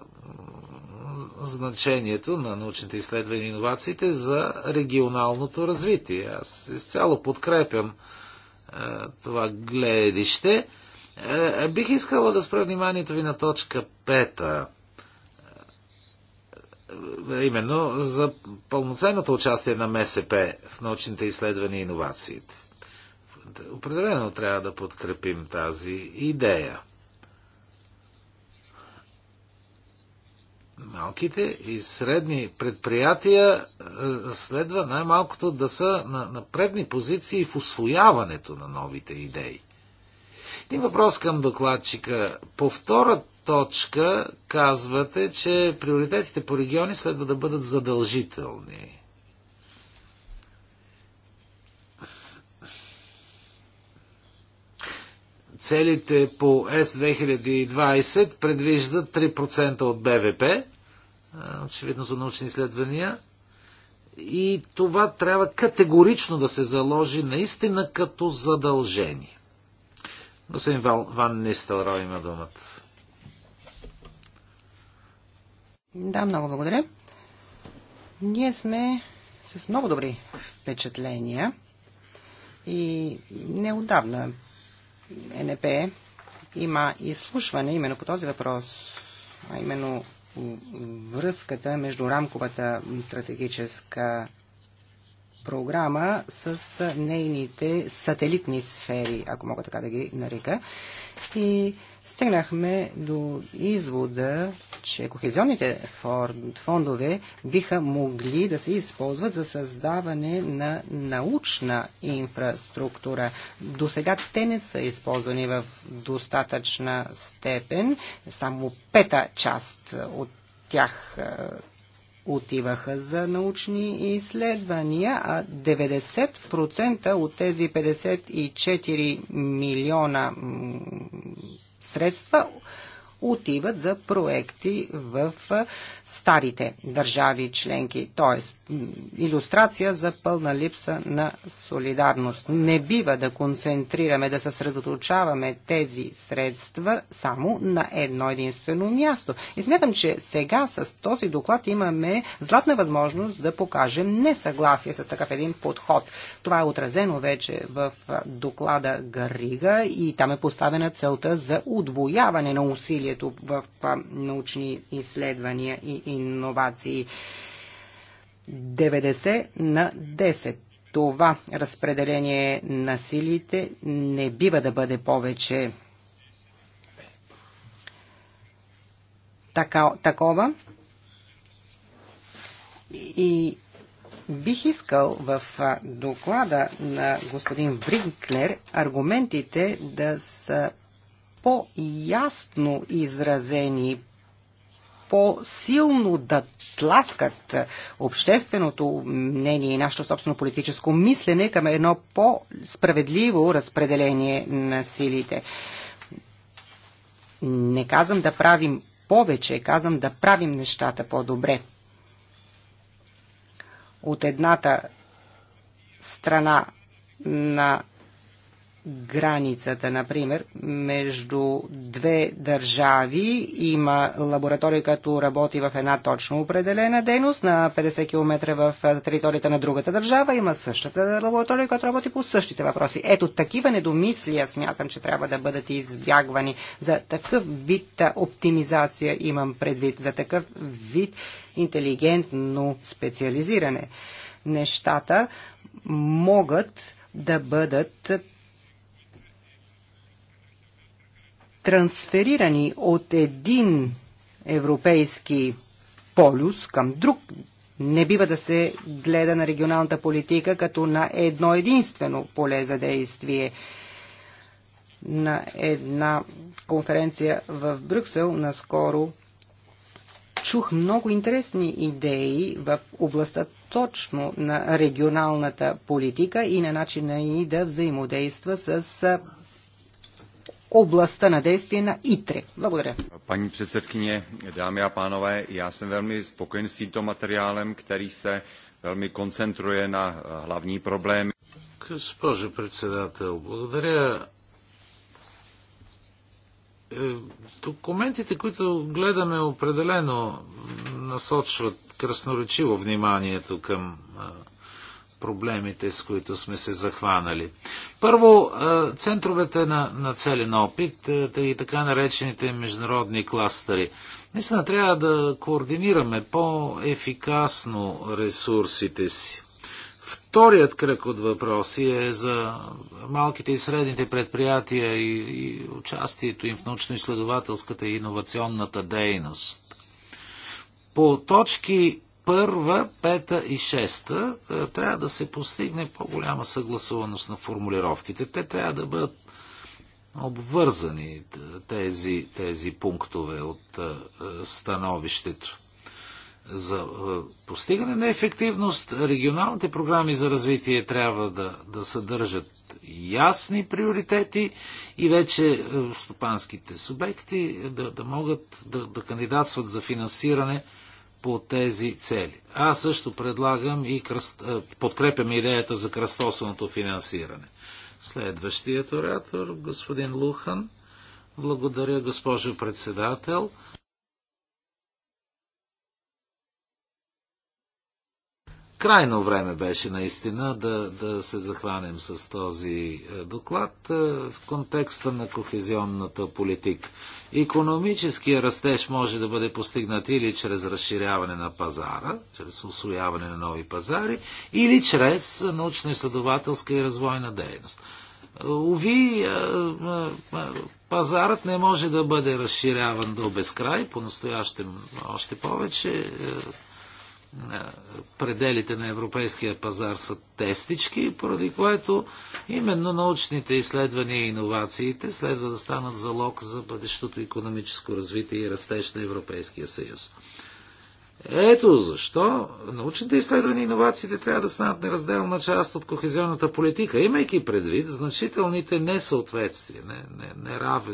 значението на научните изследвания и иновациите за регионалното развитие. Аз изцяло подкрепям е, това гледище. Е, бих искала да спра вниманието ви на точка 5 именно за пълноценното участие на МСП в научните изследвания и иновациите. Определено трябва да подкрепим тази идея. малките и средни предприятия е, следва най-малкото да са на, на предни позиции в освояването на новите идеи. Един въпрос към докладчика. По втората точка казвате, че приоритетите по региони следва да бъдат задължителни. Целите по С-2020 предвиждат 3% от БВП, очевидно за научни изследвания, и това трябва категорично да се заложи наистина като задължение. Господин Ван Нистелро има думата. Да, много благодаря. Ние сме с много добри впечатления и неодавна НП има изслушване именно по този въпрос, а именно връзката между рамковата стратегическа програма с нейните сателитни сфери, ако мога така да ги нарека. И стигнахме до извода, че кохезионните фондове биха могли да се използват за създаване на научна инфраструктура. До сега те не са използвани в достатъчна степен. Само пета част от тях е, отиваха за научни изследвания, а 90% от тези 54 милиона средства отиват за проекти в старите държави членки. Т.е. иллюстрация за пълна липса на солидарност. Не бива да концентрираме, да съсредоточаваме тези средства само на едно единствено място. И смятам, че сега с този доклад имаме златна възможност да покажем несъгласие с такъв един подход. Това е отразено вече в доклада Гарига и там е поставена целта за удвояване на усилието в научни изследвания и иновации. 90 на 10 това разпределение на силите не бива да бъде повече такова. И бих искал в доклада на господин Бринклер аргументите да са по-ясно изразени, по-силно да тласкат общественото мнение и нашето собствено политическо мислене към едно по-справедливо разпределение на силите. Не казвам да правим повече, казвам да правим нещата по-добре. От едната страна на границата, например, между две държави има лаборатория, която работи в една точно определена дейност на 50 км в територията на другата държава, има същата лаборатория, която работи по същите въпроси. Ето такива недомислия смятам, че трябва да бъдат избягвани. За такъв вид оптимизация имам предвид, за такъв вид интелигентно специализиране. Нещата могат да бъдат трансферирани от един европейски полюс към друг. Не бива да се гледа на регионалната политика като на едно единствено поле за действие. На една конференция в Брюксел наскоро чух много интересни идеи в областта точно на регионалната политика и на начина и да взаимодейства с областта на действие на ИТРЕ. Благодаря. Пани председкиня, дами и панове, я съм velmi спокоен с tímto материалом, který се velmi концентруе на главни проблеми. Госпожо председател, благодаря. Е, документите, които гледаме определено насочват красноречиво вниманието към проблемите, с които сме се захванали. Първо, центровете на, на целен опит и така наречените международни кластери. Наистина трябва да координираме по-ефикасно ресурсите си. Вторият кръг от въпроси е за малките и средните предприятия и, и участието им в научно-изследователската и иновационната дейност. По точки първа, пета и шеста е, трябва да се постигне по-голяма съгласуваност на формулировките. Те трябва да бъдат обвързани е, тези, тези пунктове от е, становището. За постигане на ефективност регионалните програми за развитие трябва да, да съдържат ясни приоритети и вече стопанските субекти да, да могат да, да кандидатстват за финансиране по тези цели. Аз също предлагам и кръст... Е, подкрепям идеята за кръстосаното финансиране. Следващият оратор, господин Лухан. Благодаря, госпожо председател. Крайно време беше наистина да, да се захванем с този е, доклад е, в контекста на кохезионната политика. Економическия растеж може да бъде постигнат или чрез разширяване на пазара, чрез освояване на нови пазари, или чрез научно-изследователска и развойна дейност. Ови, е, пазарът не може да бъде разширяван до безкрай, по-настоящем още повече пределите на европейския пазар са тестички, поради което именно научните изследвания и иновациите следва да станат залог за бъдещото економическо развитие и растеж на Европейския съюз. Ето защо научните изследвания и иновациите трябва да станат неразделна част от кохезионната политика, имайки предвид значителните несъответствия,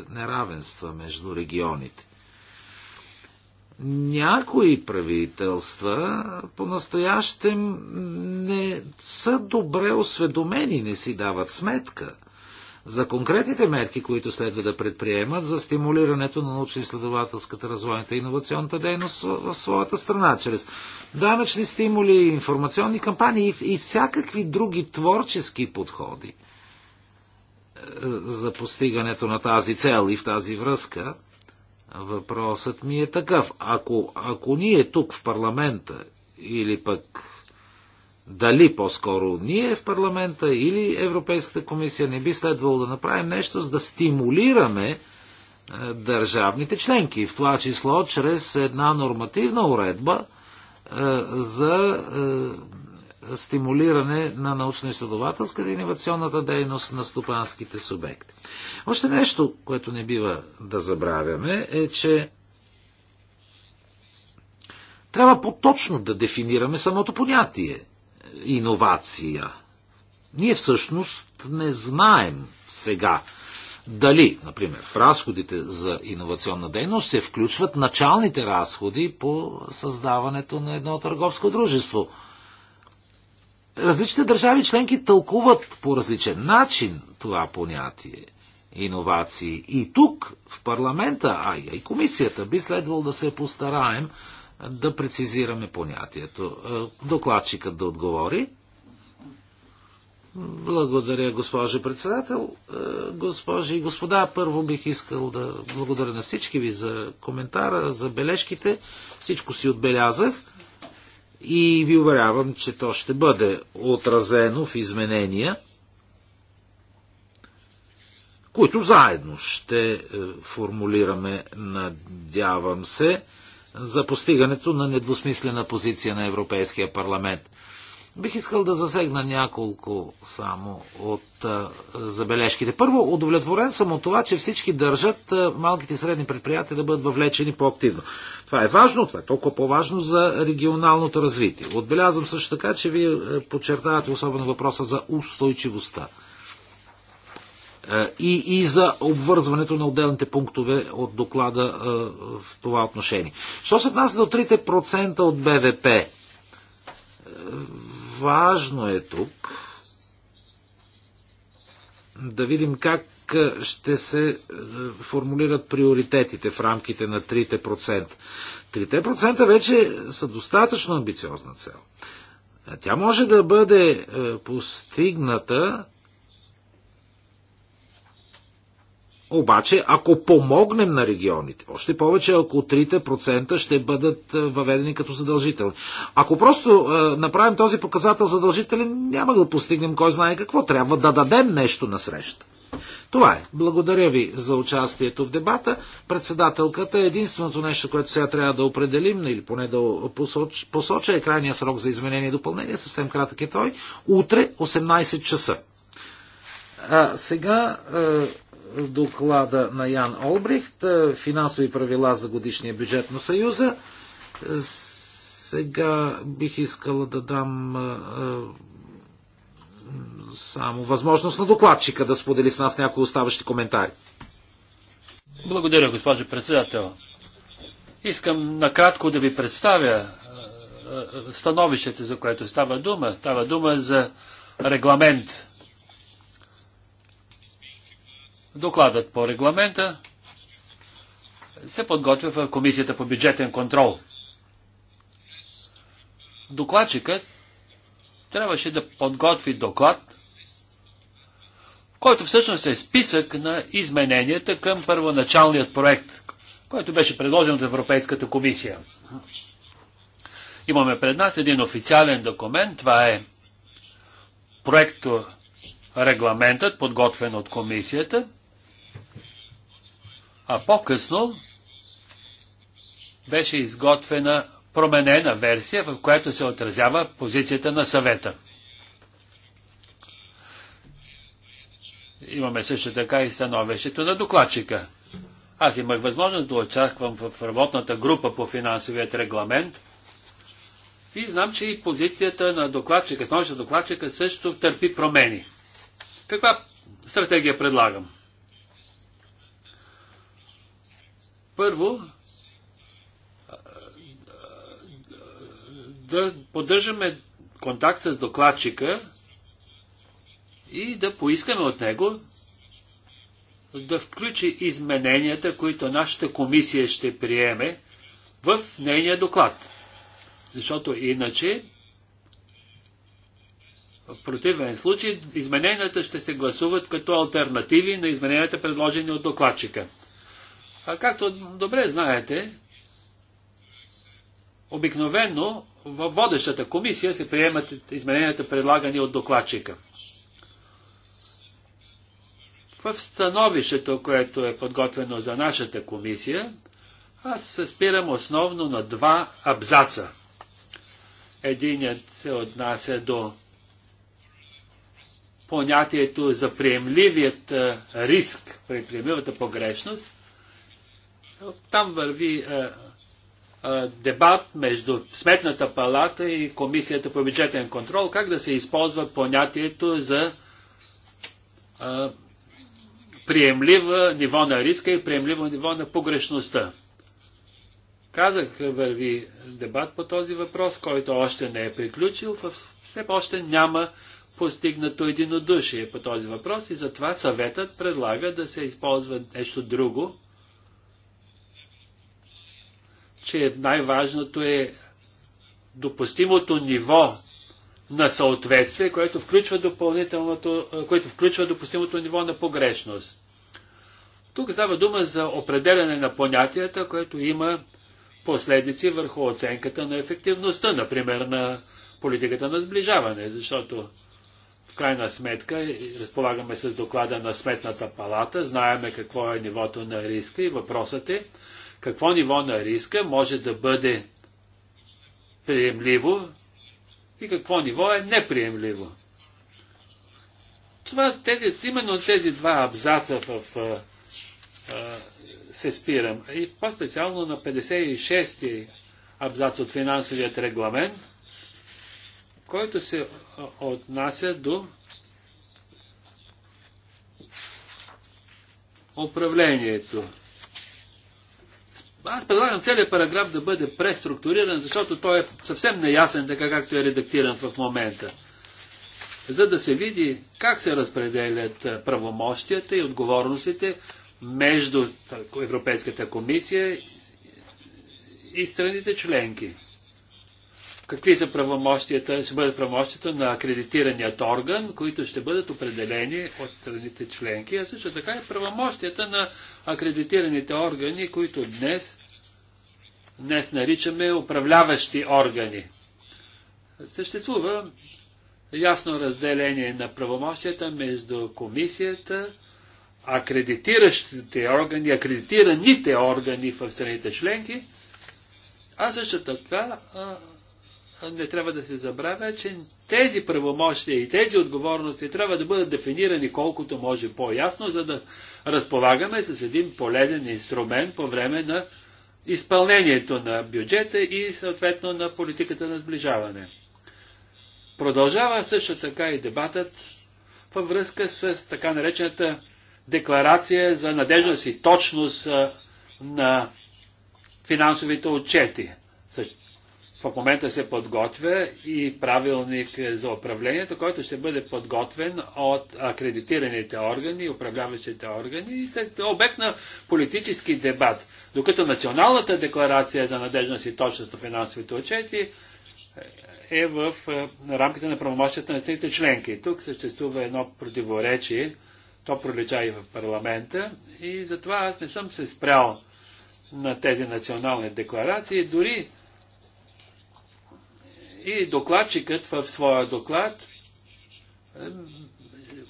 неравенства между регионите някои правителства по-настоящем не са добре осведомени, не си дават сметка за конкретните мерки, които следва да предприемат за стимулирането на научно-изследователската, развойната и иновационната дейност в своята страна, чрез данъчни стимули, информационни кампании и всякакви други творчески подходи е, за постигането на тази цел и в тази връзка – Въпросът ми е такъв. Ако, ако ние тук в парламента или пък дали по-скоро ние в парламента или Европейската комисия не би следвало да направим нещо, за да стимулираме е, държавните членки, в това число чрез една нормативна уредба е, за е, стимулиране на научно-изследователската и инновационната дейност на стопанските субекти. Още нещо, което не бива да забравяме, е, че трябва по-точно да дефинираме самото понятие иновация. Ние всъщност не знаем сега дали, например, в разходите за иновационна дейност се включват началните разходи по създаването на едно търговско дружество – Различните държави членки тълкуват по различен начин това понятие иновации. И тук, в парламента, а и комисията, би следвало да се постараем да прецизираме понятието. Е, докладчикът да отговори. Благодаря, госпожо председател. Е, госпожи и господа, първо бих искал да благодаря на всички ви за коментара, за бележките. Всичко си отбелязах и ви уверявам, че то ще бъде отразено в изменения, които заедно ще е, формулираме, надявам се, за постигането на недвусмислена позиция на Европейския парламент. Бих искал да засегна няколко само от а, забележките. Първо, удовлетворен съм от това, че всички държат а, малките и средни предприятия да бъдат въвлечени по-активно. Това е важно, това е толкова по-важно за регионалното развитие. Отбелязвам също така, че вие подчертавате особено въпроса за устойчивостта и, и за обвързването на отделните пунктове от доклада а, в това отношение. Що се отнася до 3% от БВП? Важно е тук да видим как е, ще се е, формулират приоритетите в рамките на 3%. 3% вече са достатъчно амбициозна цел. Тя може да бъде е, постигната Обаче, ако помогнем на регионите, още повече ако 3% ще бъдат въведени като задължителни. Ако просто е, направим този показател задължителен, няма да постигнем кой знае какво. Трябва да дадем нещо на среща. Това е. Благодаря ви за участието в дебата. Председателката е единственото нещо, което сега трябва да определим, или поне да посоч, посоча, е крайния срок за изменение и допълнение. Съвсем кратък е той. Утре, 18 часа. А, сега. Е доклада на Ян Олбрихт, е, финансови правила за годишния бюджет на Съюза. Сега бих искала да дам е, е, само възможност на докладчика да сподели с нас някои оставащи коментари. Благодаря, госпожо председател. Искам накратко да ви представя становището, за което става дума. Става дума за регламент Докладът по регламента се подготвя в Комисията по бюджетен контрол. Докладчикът трябваше да подготви доклад, който всъщност е списък на измененията към първоначалният проект, който беше предложен от Европейската комисия. Имаме пред нас един официален документ, това е проекто регламентът, подготвен от комисията – а по-късно беше изготвена променена версия, в която се отразява позицията на съвета. Имаме също така и становището на докладчика. Аз имах възможност да очаквам в работната група по финансовият регламент и знам, че и позицията на докладчика, становището на докладчика също търпи промени. Каква стратегия предлагам? Първо, да поддържаме контакт с докладчика и да поискаме от него да включи измененията, които нашата комисия ще приеме в нейния доклад. Защото иначе, в противен случай, измененията ще се гласуват като альтернативи на измененията, предложени от докладчика. А както добре знаете, обикновено във водещата комисия се приемат измененията предлагани от докладчика. В становището, което е подготвено за нашата комисия, аз се спирам основно на два абзаца. Единият се отнася до понятието за приемливият риск при приемливата погрешност, там върви е, е, дебат между Сметната палата и Комисията по бюджетен контрол, как да се използва понятието за е, приемлива ниво на риска и приемливо ниво на погрешността. Казах, върви дебат по този въпрос, който още не е приключил, все още няма постигнато единодушие по този въпрос и затова съветът предлага да се използва нещо друго, че най-важното е допустимото ниво на съответствие, което включва, допълнителното, което включва допустимото ниво на погрешност. Тук става дума за определене на понятията, което има последици върху оценката на ефективността, например на политиката на сближаване, защото в крайна сметка разполагаме с доклада на Сметната палата, знаеме какво е нивото на риска и въпросът е какво ниво на риска може да бъде приемливо и какво ниво е неприемливо. Това, тези, именно тези два абзаца в, а, а, се спирам. И по-специално на 56-ти абзац от финансовият регламент, който се отнася до управлението. Аз предлагам целият параграф да бъде преструктуриран, защото той е съвсем неясен, така както е редактиран в момента. За да се види как се разпределят правомощията и отговорностите между Европейската комисия и страните членки какви са правомощията, ще бъдат правомощията на акредитираният орган, които ще бъдат определени от страните членки, а също така и правомощията на акредитираните органи, които днес, днес наричаме управляващи органи. Съществува ясно разделение на правомощията между комисията, акредитиращите органи, акредитираните органи в страните членки, а също така не трябва да се забравя, че тези правомощия и тези отговорности трябва да бъдат дефинирани колкото може по-ясно, за да разполагаме с един полезен инструмент по време на изпълнението на бюджета и съответно на политиката на сближаване. Продължава също така и дебатът във връзка с така наречената декларация за надежност и точност на финансовите отчети. Също в момента се подготвя и правилник за управлението, който ще бъде подготвен от акредитираните органи, управляващите органи и след обект на политически дебат. Докато националната декларация за надежност и точност на финансовите отчети е в е, рамките на правомощията на страните членки. Тук съществува едно противоречие, то пролича и в парламента и затова аз не съм се спрял на тези национални декларации, дори и докладчикът в своя доклад е,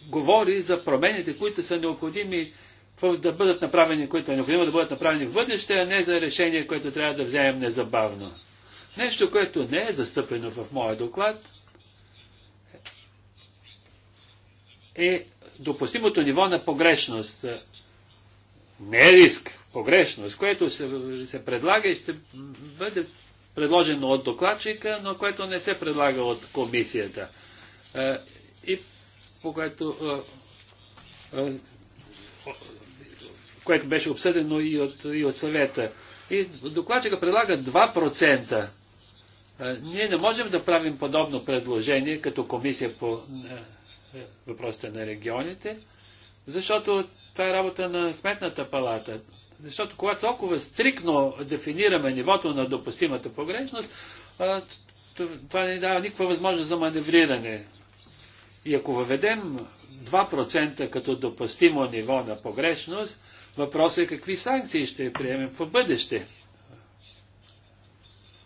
говори за промените, които са необходими да бъдат направени, които е необходимо да бъдат направени в бъдеще, а не за решение, което трябва да вземем незабавно. Нещо, което не е застъпено в моя доклад, е допустимото ниво на погрешност. Не е риск, погрешност, което се, се предлага и ще бъде предложено от докладчика, но което не се предлага от комисията. Е, и по което, е, е, което беше обсъдено и от, и от съвета. И докладчика предлага 2%. Ние не можем да правим подобно предложение като комисия по въпросите на регионите, защото това е работа на Сметната палата. Защото когато толкова стрикно дефинираме нивото на допустимата погрешност, това не дава никаква възможност за маневриране. И ако въведем 2% като допустимо ниво на погрешност, въпросът е какви санкции ще приемем в бъдеще.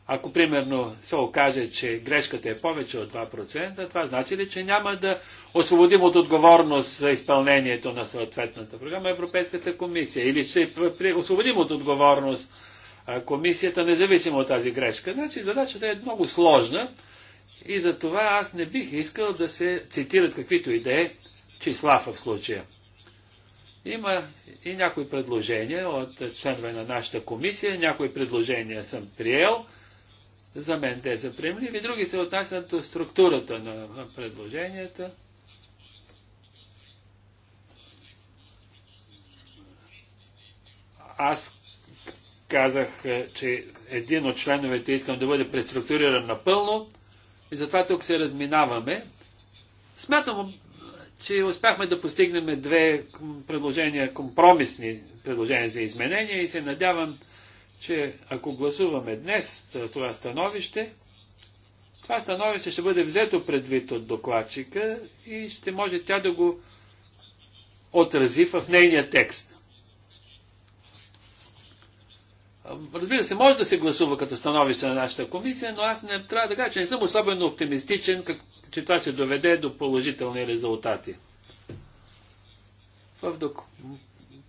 Ако примерно се окаже, че грешката е повече от 2%, това значи ли, че няма да освободим от отговорност за изпълнението на съответната програма Европейската комисия? Или ще освободим от отговорност комисията, независимо от тази грешка? Значи задачата е много сложна и за това аз не бих искал да се цитират каквито идеи е числа в случая. Има и някои предложения от членове на нашата комисия, някои предложения съм приел – за мен те са приемливи. Други се отнасят до структурата на предложенията. Аз казах, е, че един от членовете искам да бъде преструктуриран напълно и затова тук се разминаваме. Смятам, че успяхме да постигнем две предложения, компромисни предложения за изменения и се надявам че ако гласуваме днес за това становище, това становище ще бъде взето предвид от докладчика и ще може тя да го отрази в нейния текст. Разбира се, може да се гласува като становище на нашата комисия, но аз не трябва да кажа, че не съм особено оптимистичен, как, че това ще доведе до положителни резултати. В док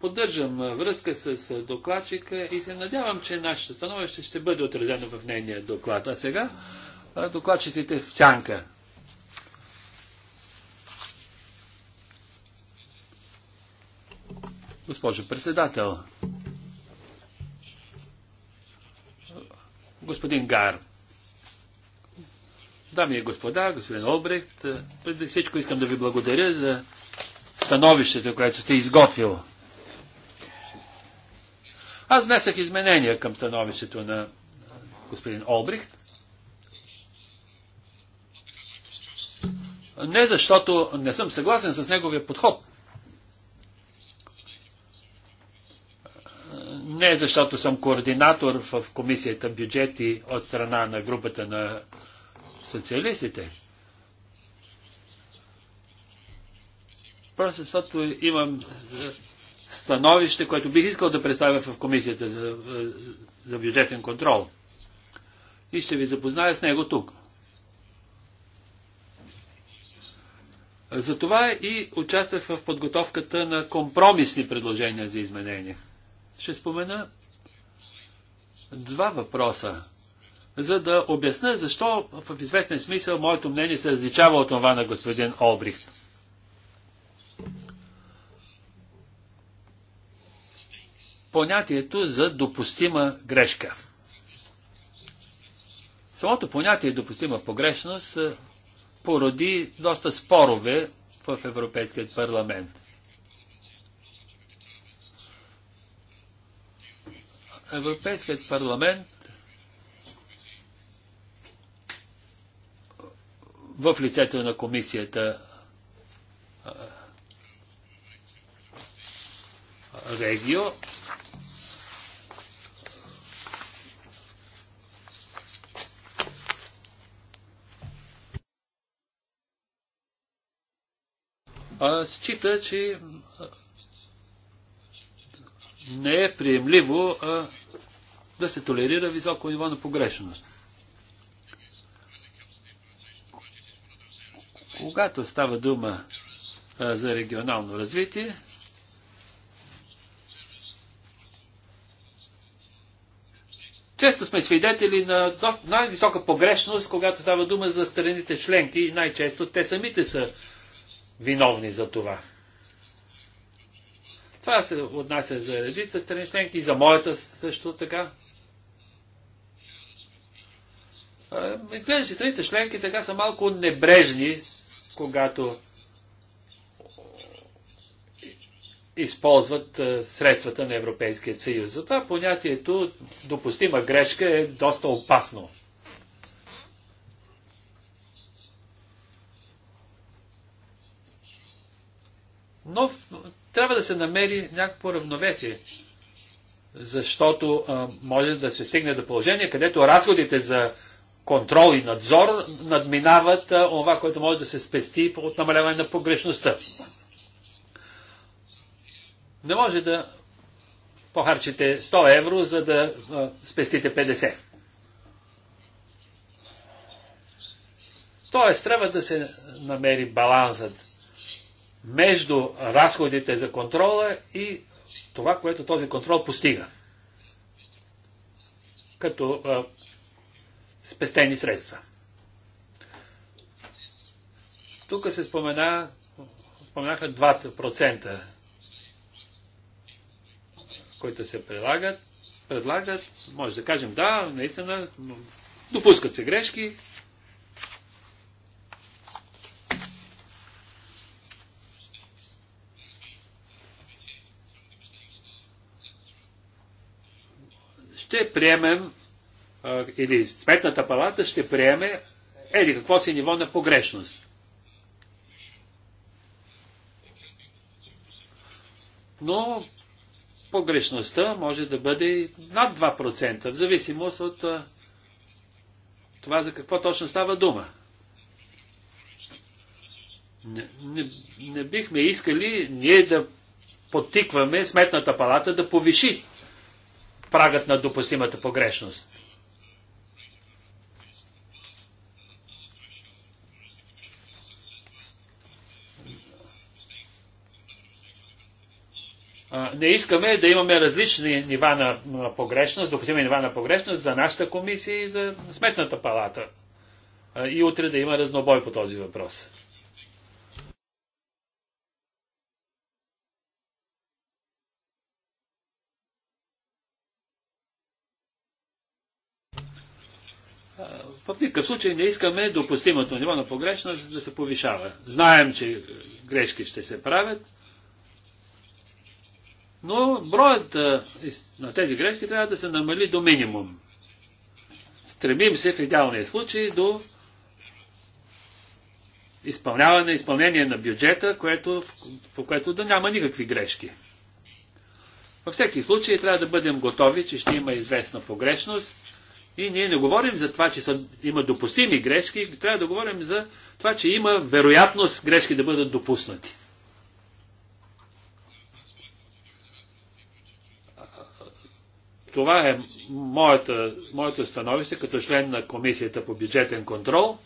поддържам връзка с докладчика и се надявам, че нашето становище ще бъде отразено в нейния доклад. А сега докладчиците в сянка. Госпожо председател, господин Гар, дами и господа, господин Обрехт, преди всичко искам да ви благодаря за становището, което сте изготвил. Аз внесах изменения към становището на господин Олбрихт. Не защото не съм съгласен с неговия подход. Не защото съм координатор в комисията бюджети от страна на групата на социалистите. Просто защото имам становище, което бих искал да представя в Комисията за, за бюджетен контрол. И ще ви запозная с него тук. Затова и участвах в подготовката на компромисни предложения за изменение. Ще спомена два въпроса, за да обясня защо в известен смисъл моето мнение се различава от това на господин Олбрихт. понятието за допустима грешка. Самото понятие допустима погрешност е, породи доста спорове в Европейският парламент. Европейският парламент в лицето на комисията е, е, Регио счита, че не е приемливо а, да се толерира високо ниво на погрешност. Когато става дума а, за регионално развитие, често сме свидетели на най-висока погрешност, когато става дума за страните членки и най-често те самите са виновни за това. Това се отнася за редица страни членки, и за моята също така. Изглежда, че страните членки така са малко небрежни, когато използват средствата на Европейския съюз. Затова понятието допустима грешка е доста опасно. Но трябва да се намери някакво равновесие, защото а, може да се стигне до положение, където разходите за контрол и надзор надминават а, това, което може да се спести от намаляване на погрешността. Не може да похарчите 100 евро, за да а, спестите 50. Тоест, трябва да се намери балансът между разходите за контрола и това, което този контрол постига. Като а, спестени средства. Тук се спомена, споменаха 2%, които се прилагат, предлагат. Може да кажем, да, наистина, допускат се грешки, ще приемем или Сметната палата ще приеме еди какво си ниво на погрешност. Но погрешността може да бъде над 2%, в зависимост от това за какво точно става дума. Не, не, не бихме искали ние да подтикваме Сметната палата да повиши прагът на допустимата погрешност. не искаме да имаме различни нива на, погрешност, допустими нива на погрешност за нашата комисия и за сметната палата. И утре да има разнобой по този въпрос. В никакъв случай не искаме допустимото ниво на погрешност да се повишава. Знаем, че е, грешки ще се правят, но броят е, на тези грешки трябва да се намали до минимум. Стремим се в идеалния случай до изпълняване, изпълнение на бюджета, което, по което да няма никакви грешки. Във всеки случай трябва да бъдем готови, че ще има известна погрешност и ние не говорим за това, че са, има допустими грешки, трябва да говорим за това, че има вероятност грешки да бъдат допуснати. Това е моята, моето становище като член на Комисията по бюджетен контрол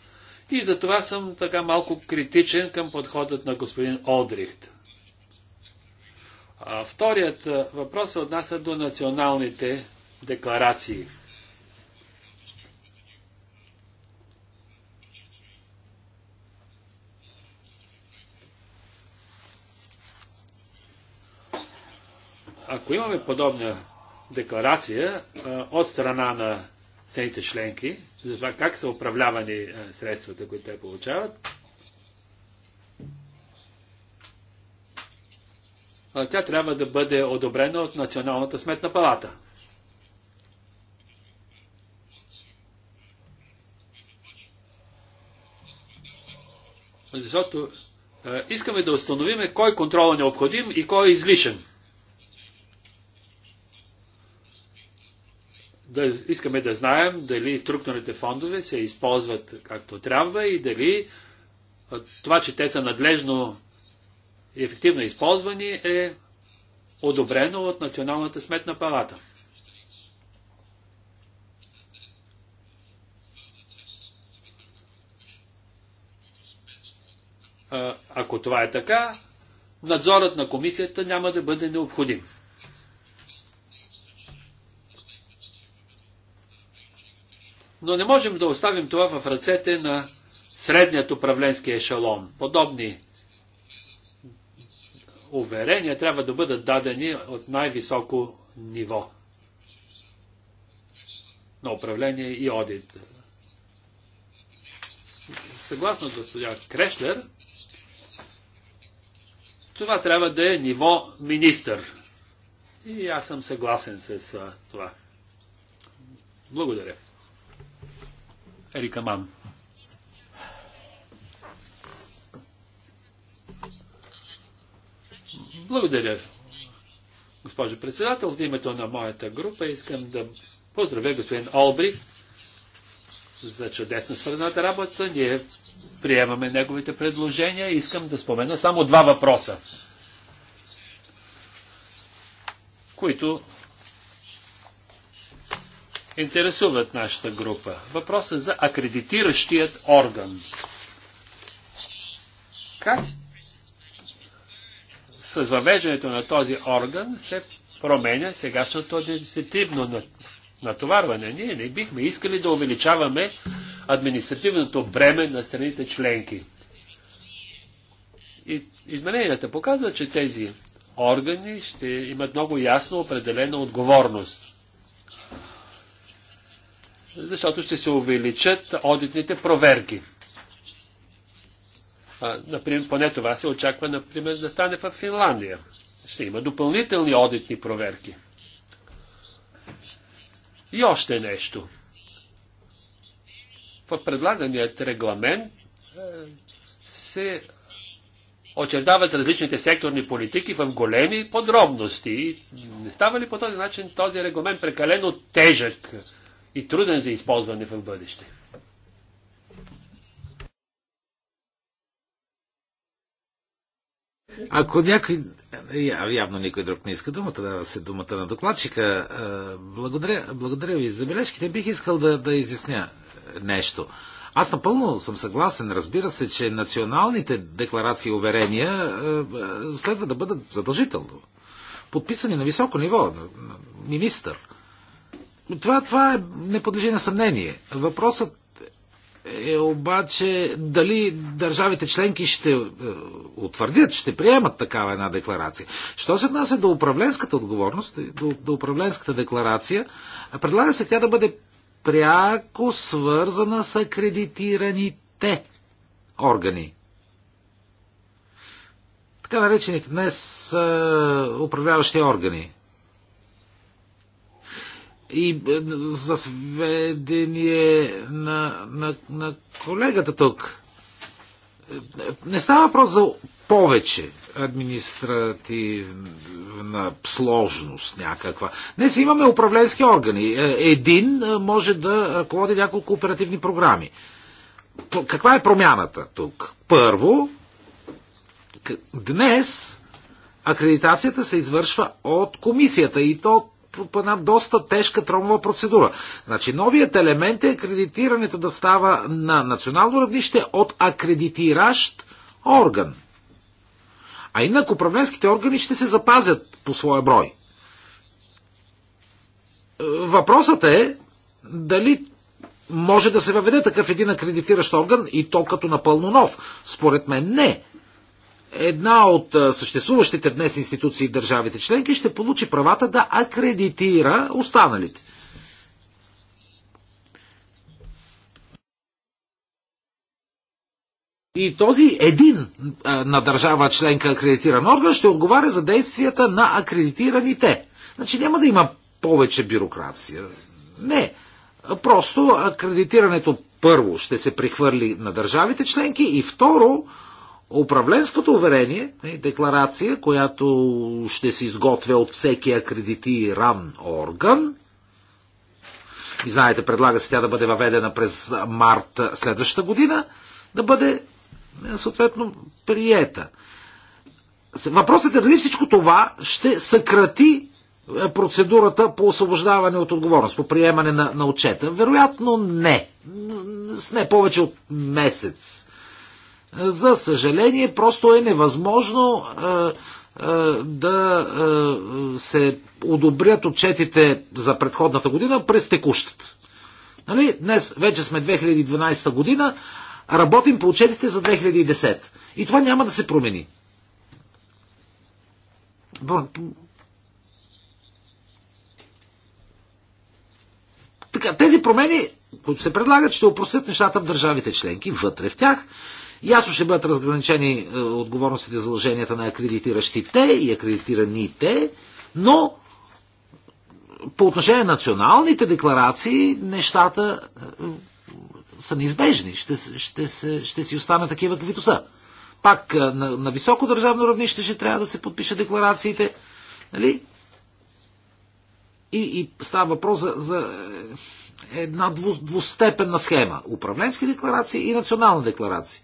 и за това съм така малко критичен към подходът на господин Олдрихт. А, вторият въпрос се отнася до националните декларации. ако имаме подобна декларация а, от страна на страните членки, за това как са управлявани а, средствата, които те получават, а, тя трябва да бъде одобрена от Националната сметна палата. Защото искаме да установиме кой контрол е необходим и кой е излишен. да искаме да знаем дали структурните фондове се използват както трябва и дали това, че те са надлежно и ефективно използвани, е одобрено от Националната сметна палата. Ако това е така, надзорът на комисията няма да бъде необходим. Но не можем да оставим това в ръцете на средният управленски ешелон. Подобни уверения трябва да бъдат дадени от най-високо ниво на управление и одит. Съгласно господин Крешлер, това трябва да е ниво министър. И аз съм съгласен с това. Благодаря. Ерика Ман. Благодаря, госпожо председател. В името на моята група искам да поздравя господин Олбри за чудесно свързаната работа. Ние приемаме неговите предложения. Искам да спомена само два въпроса, които интересуват нашата група. Въпросът за акредитиращият орган. Как с въвеждането на този орган се променя сегашното административно натоварване. Ние не бихме искали да увеличаваме административното бреме на страните членки. И измененията показват, че тези органи ще имат много ясно определена отговорност защото ще се увеличат одитните проверки. А, например, поне това се очаква, например, да стане в Финландия. Ще има допълнителни одитни проверки. И още нещо. В предлаганият регламент е, се очертават различните секторни политики в големи подробности. не става ли по този начин този регламент прекалено тежък и труден за използване в бъдеще. Ако някой... Явно никой друг не иска думата, да се думата на докладчика. Благодаря, благодаря ви за бележките. Бих искал да, да изясня нещо. Аз напълно съм съгласен. Разбира се, че националните декларации и уверения следва да бъдат задължително. Подписани на високо ниво, на министър. Това, това е, не подлежи на съмнение. Въпросът е обаче дали държавите членки ще е, утвърдят, ще приемат такава една декларация. Що се отнася до управленската отговорност, до, до управленската декларация, предлага се тя да бъде пряко свързана с акредитираните органи. Така наречените днес е, управляващи органи. И е, за сведение на, на, на колегата тук, не става въпрос за повече административна сложност някаква. Днес имаме управленски органи. Е, един е, може да ръководи няколко оперативни програми. Каква е промяната тук? Първо, днес акредитацията се извършва от комисията и то по една доста тежка тромова процедура. Значи новият елемент е акредитирането да става на национално равнище от акредитиращ орган. А инак управленските органи ще се запазят по своя брой. Въпросът е дали може да се въведе такъв един акредитиращ орган и то като напълно нов. Според мен не една от съществуващите днес институции в държавите членки ще получи правата да акредитира останалите. И този един на държава членка акредитиран орган ще отговаря за действията на акредитираните. Значи няма да има повече бюрокрация. Не. Просто акредитирането първо ще се прехвърли на държавите членки и второ управленското уверение, декларация, която ще се изготвя от всеки акредитиран орган, и знаете, предлага се тя да бъде въведена през март следващата година, да бъде е, съответно приета. Въпросът е дали всичко това ще съкрати е, процедурата по освобождаване от отговорност, по приемане на, на отчета. Вероятно не. С не повече от месец за съжаление, просто е невъзможно е, е, да е, се одобрят отчетите за предходната година през текущата. Нали? Днес вече сме 2012 година, работим по отчетите за 2010. И това няма да се промени. Така, тези промени, които се предлагат, ще опростят нещата в държавите членки, вътре в тях Ясно ще бъдат разграничени е, отговорностите и задълженията на акредитиращите и акредитираните, но по отношение на националните декларации нещата е, са неизбежни. Ще, ще, се, ще си останат такива, каквито са. Пак е, на, на високо държавно равнище ще трябва да се подпиша декларациите. Нали? И, и става въпрос за, за една дву, двустепенна схема. Управленски декларации и национални декларации.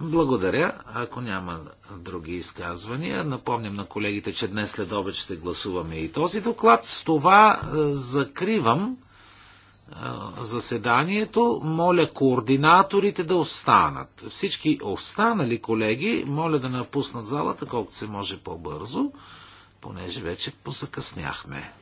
Благодаря. Ако няма други изказвания, напомням на колегите, че днес след обед ще гласуваме и този доклад. С това е, закривам е, заседанието. Моля координаторите да останат. Всички останали колеги, моля да напуснат залата колкото се може по-бързо, понеже вече позакъсняхме.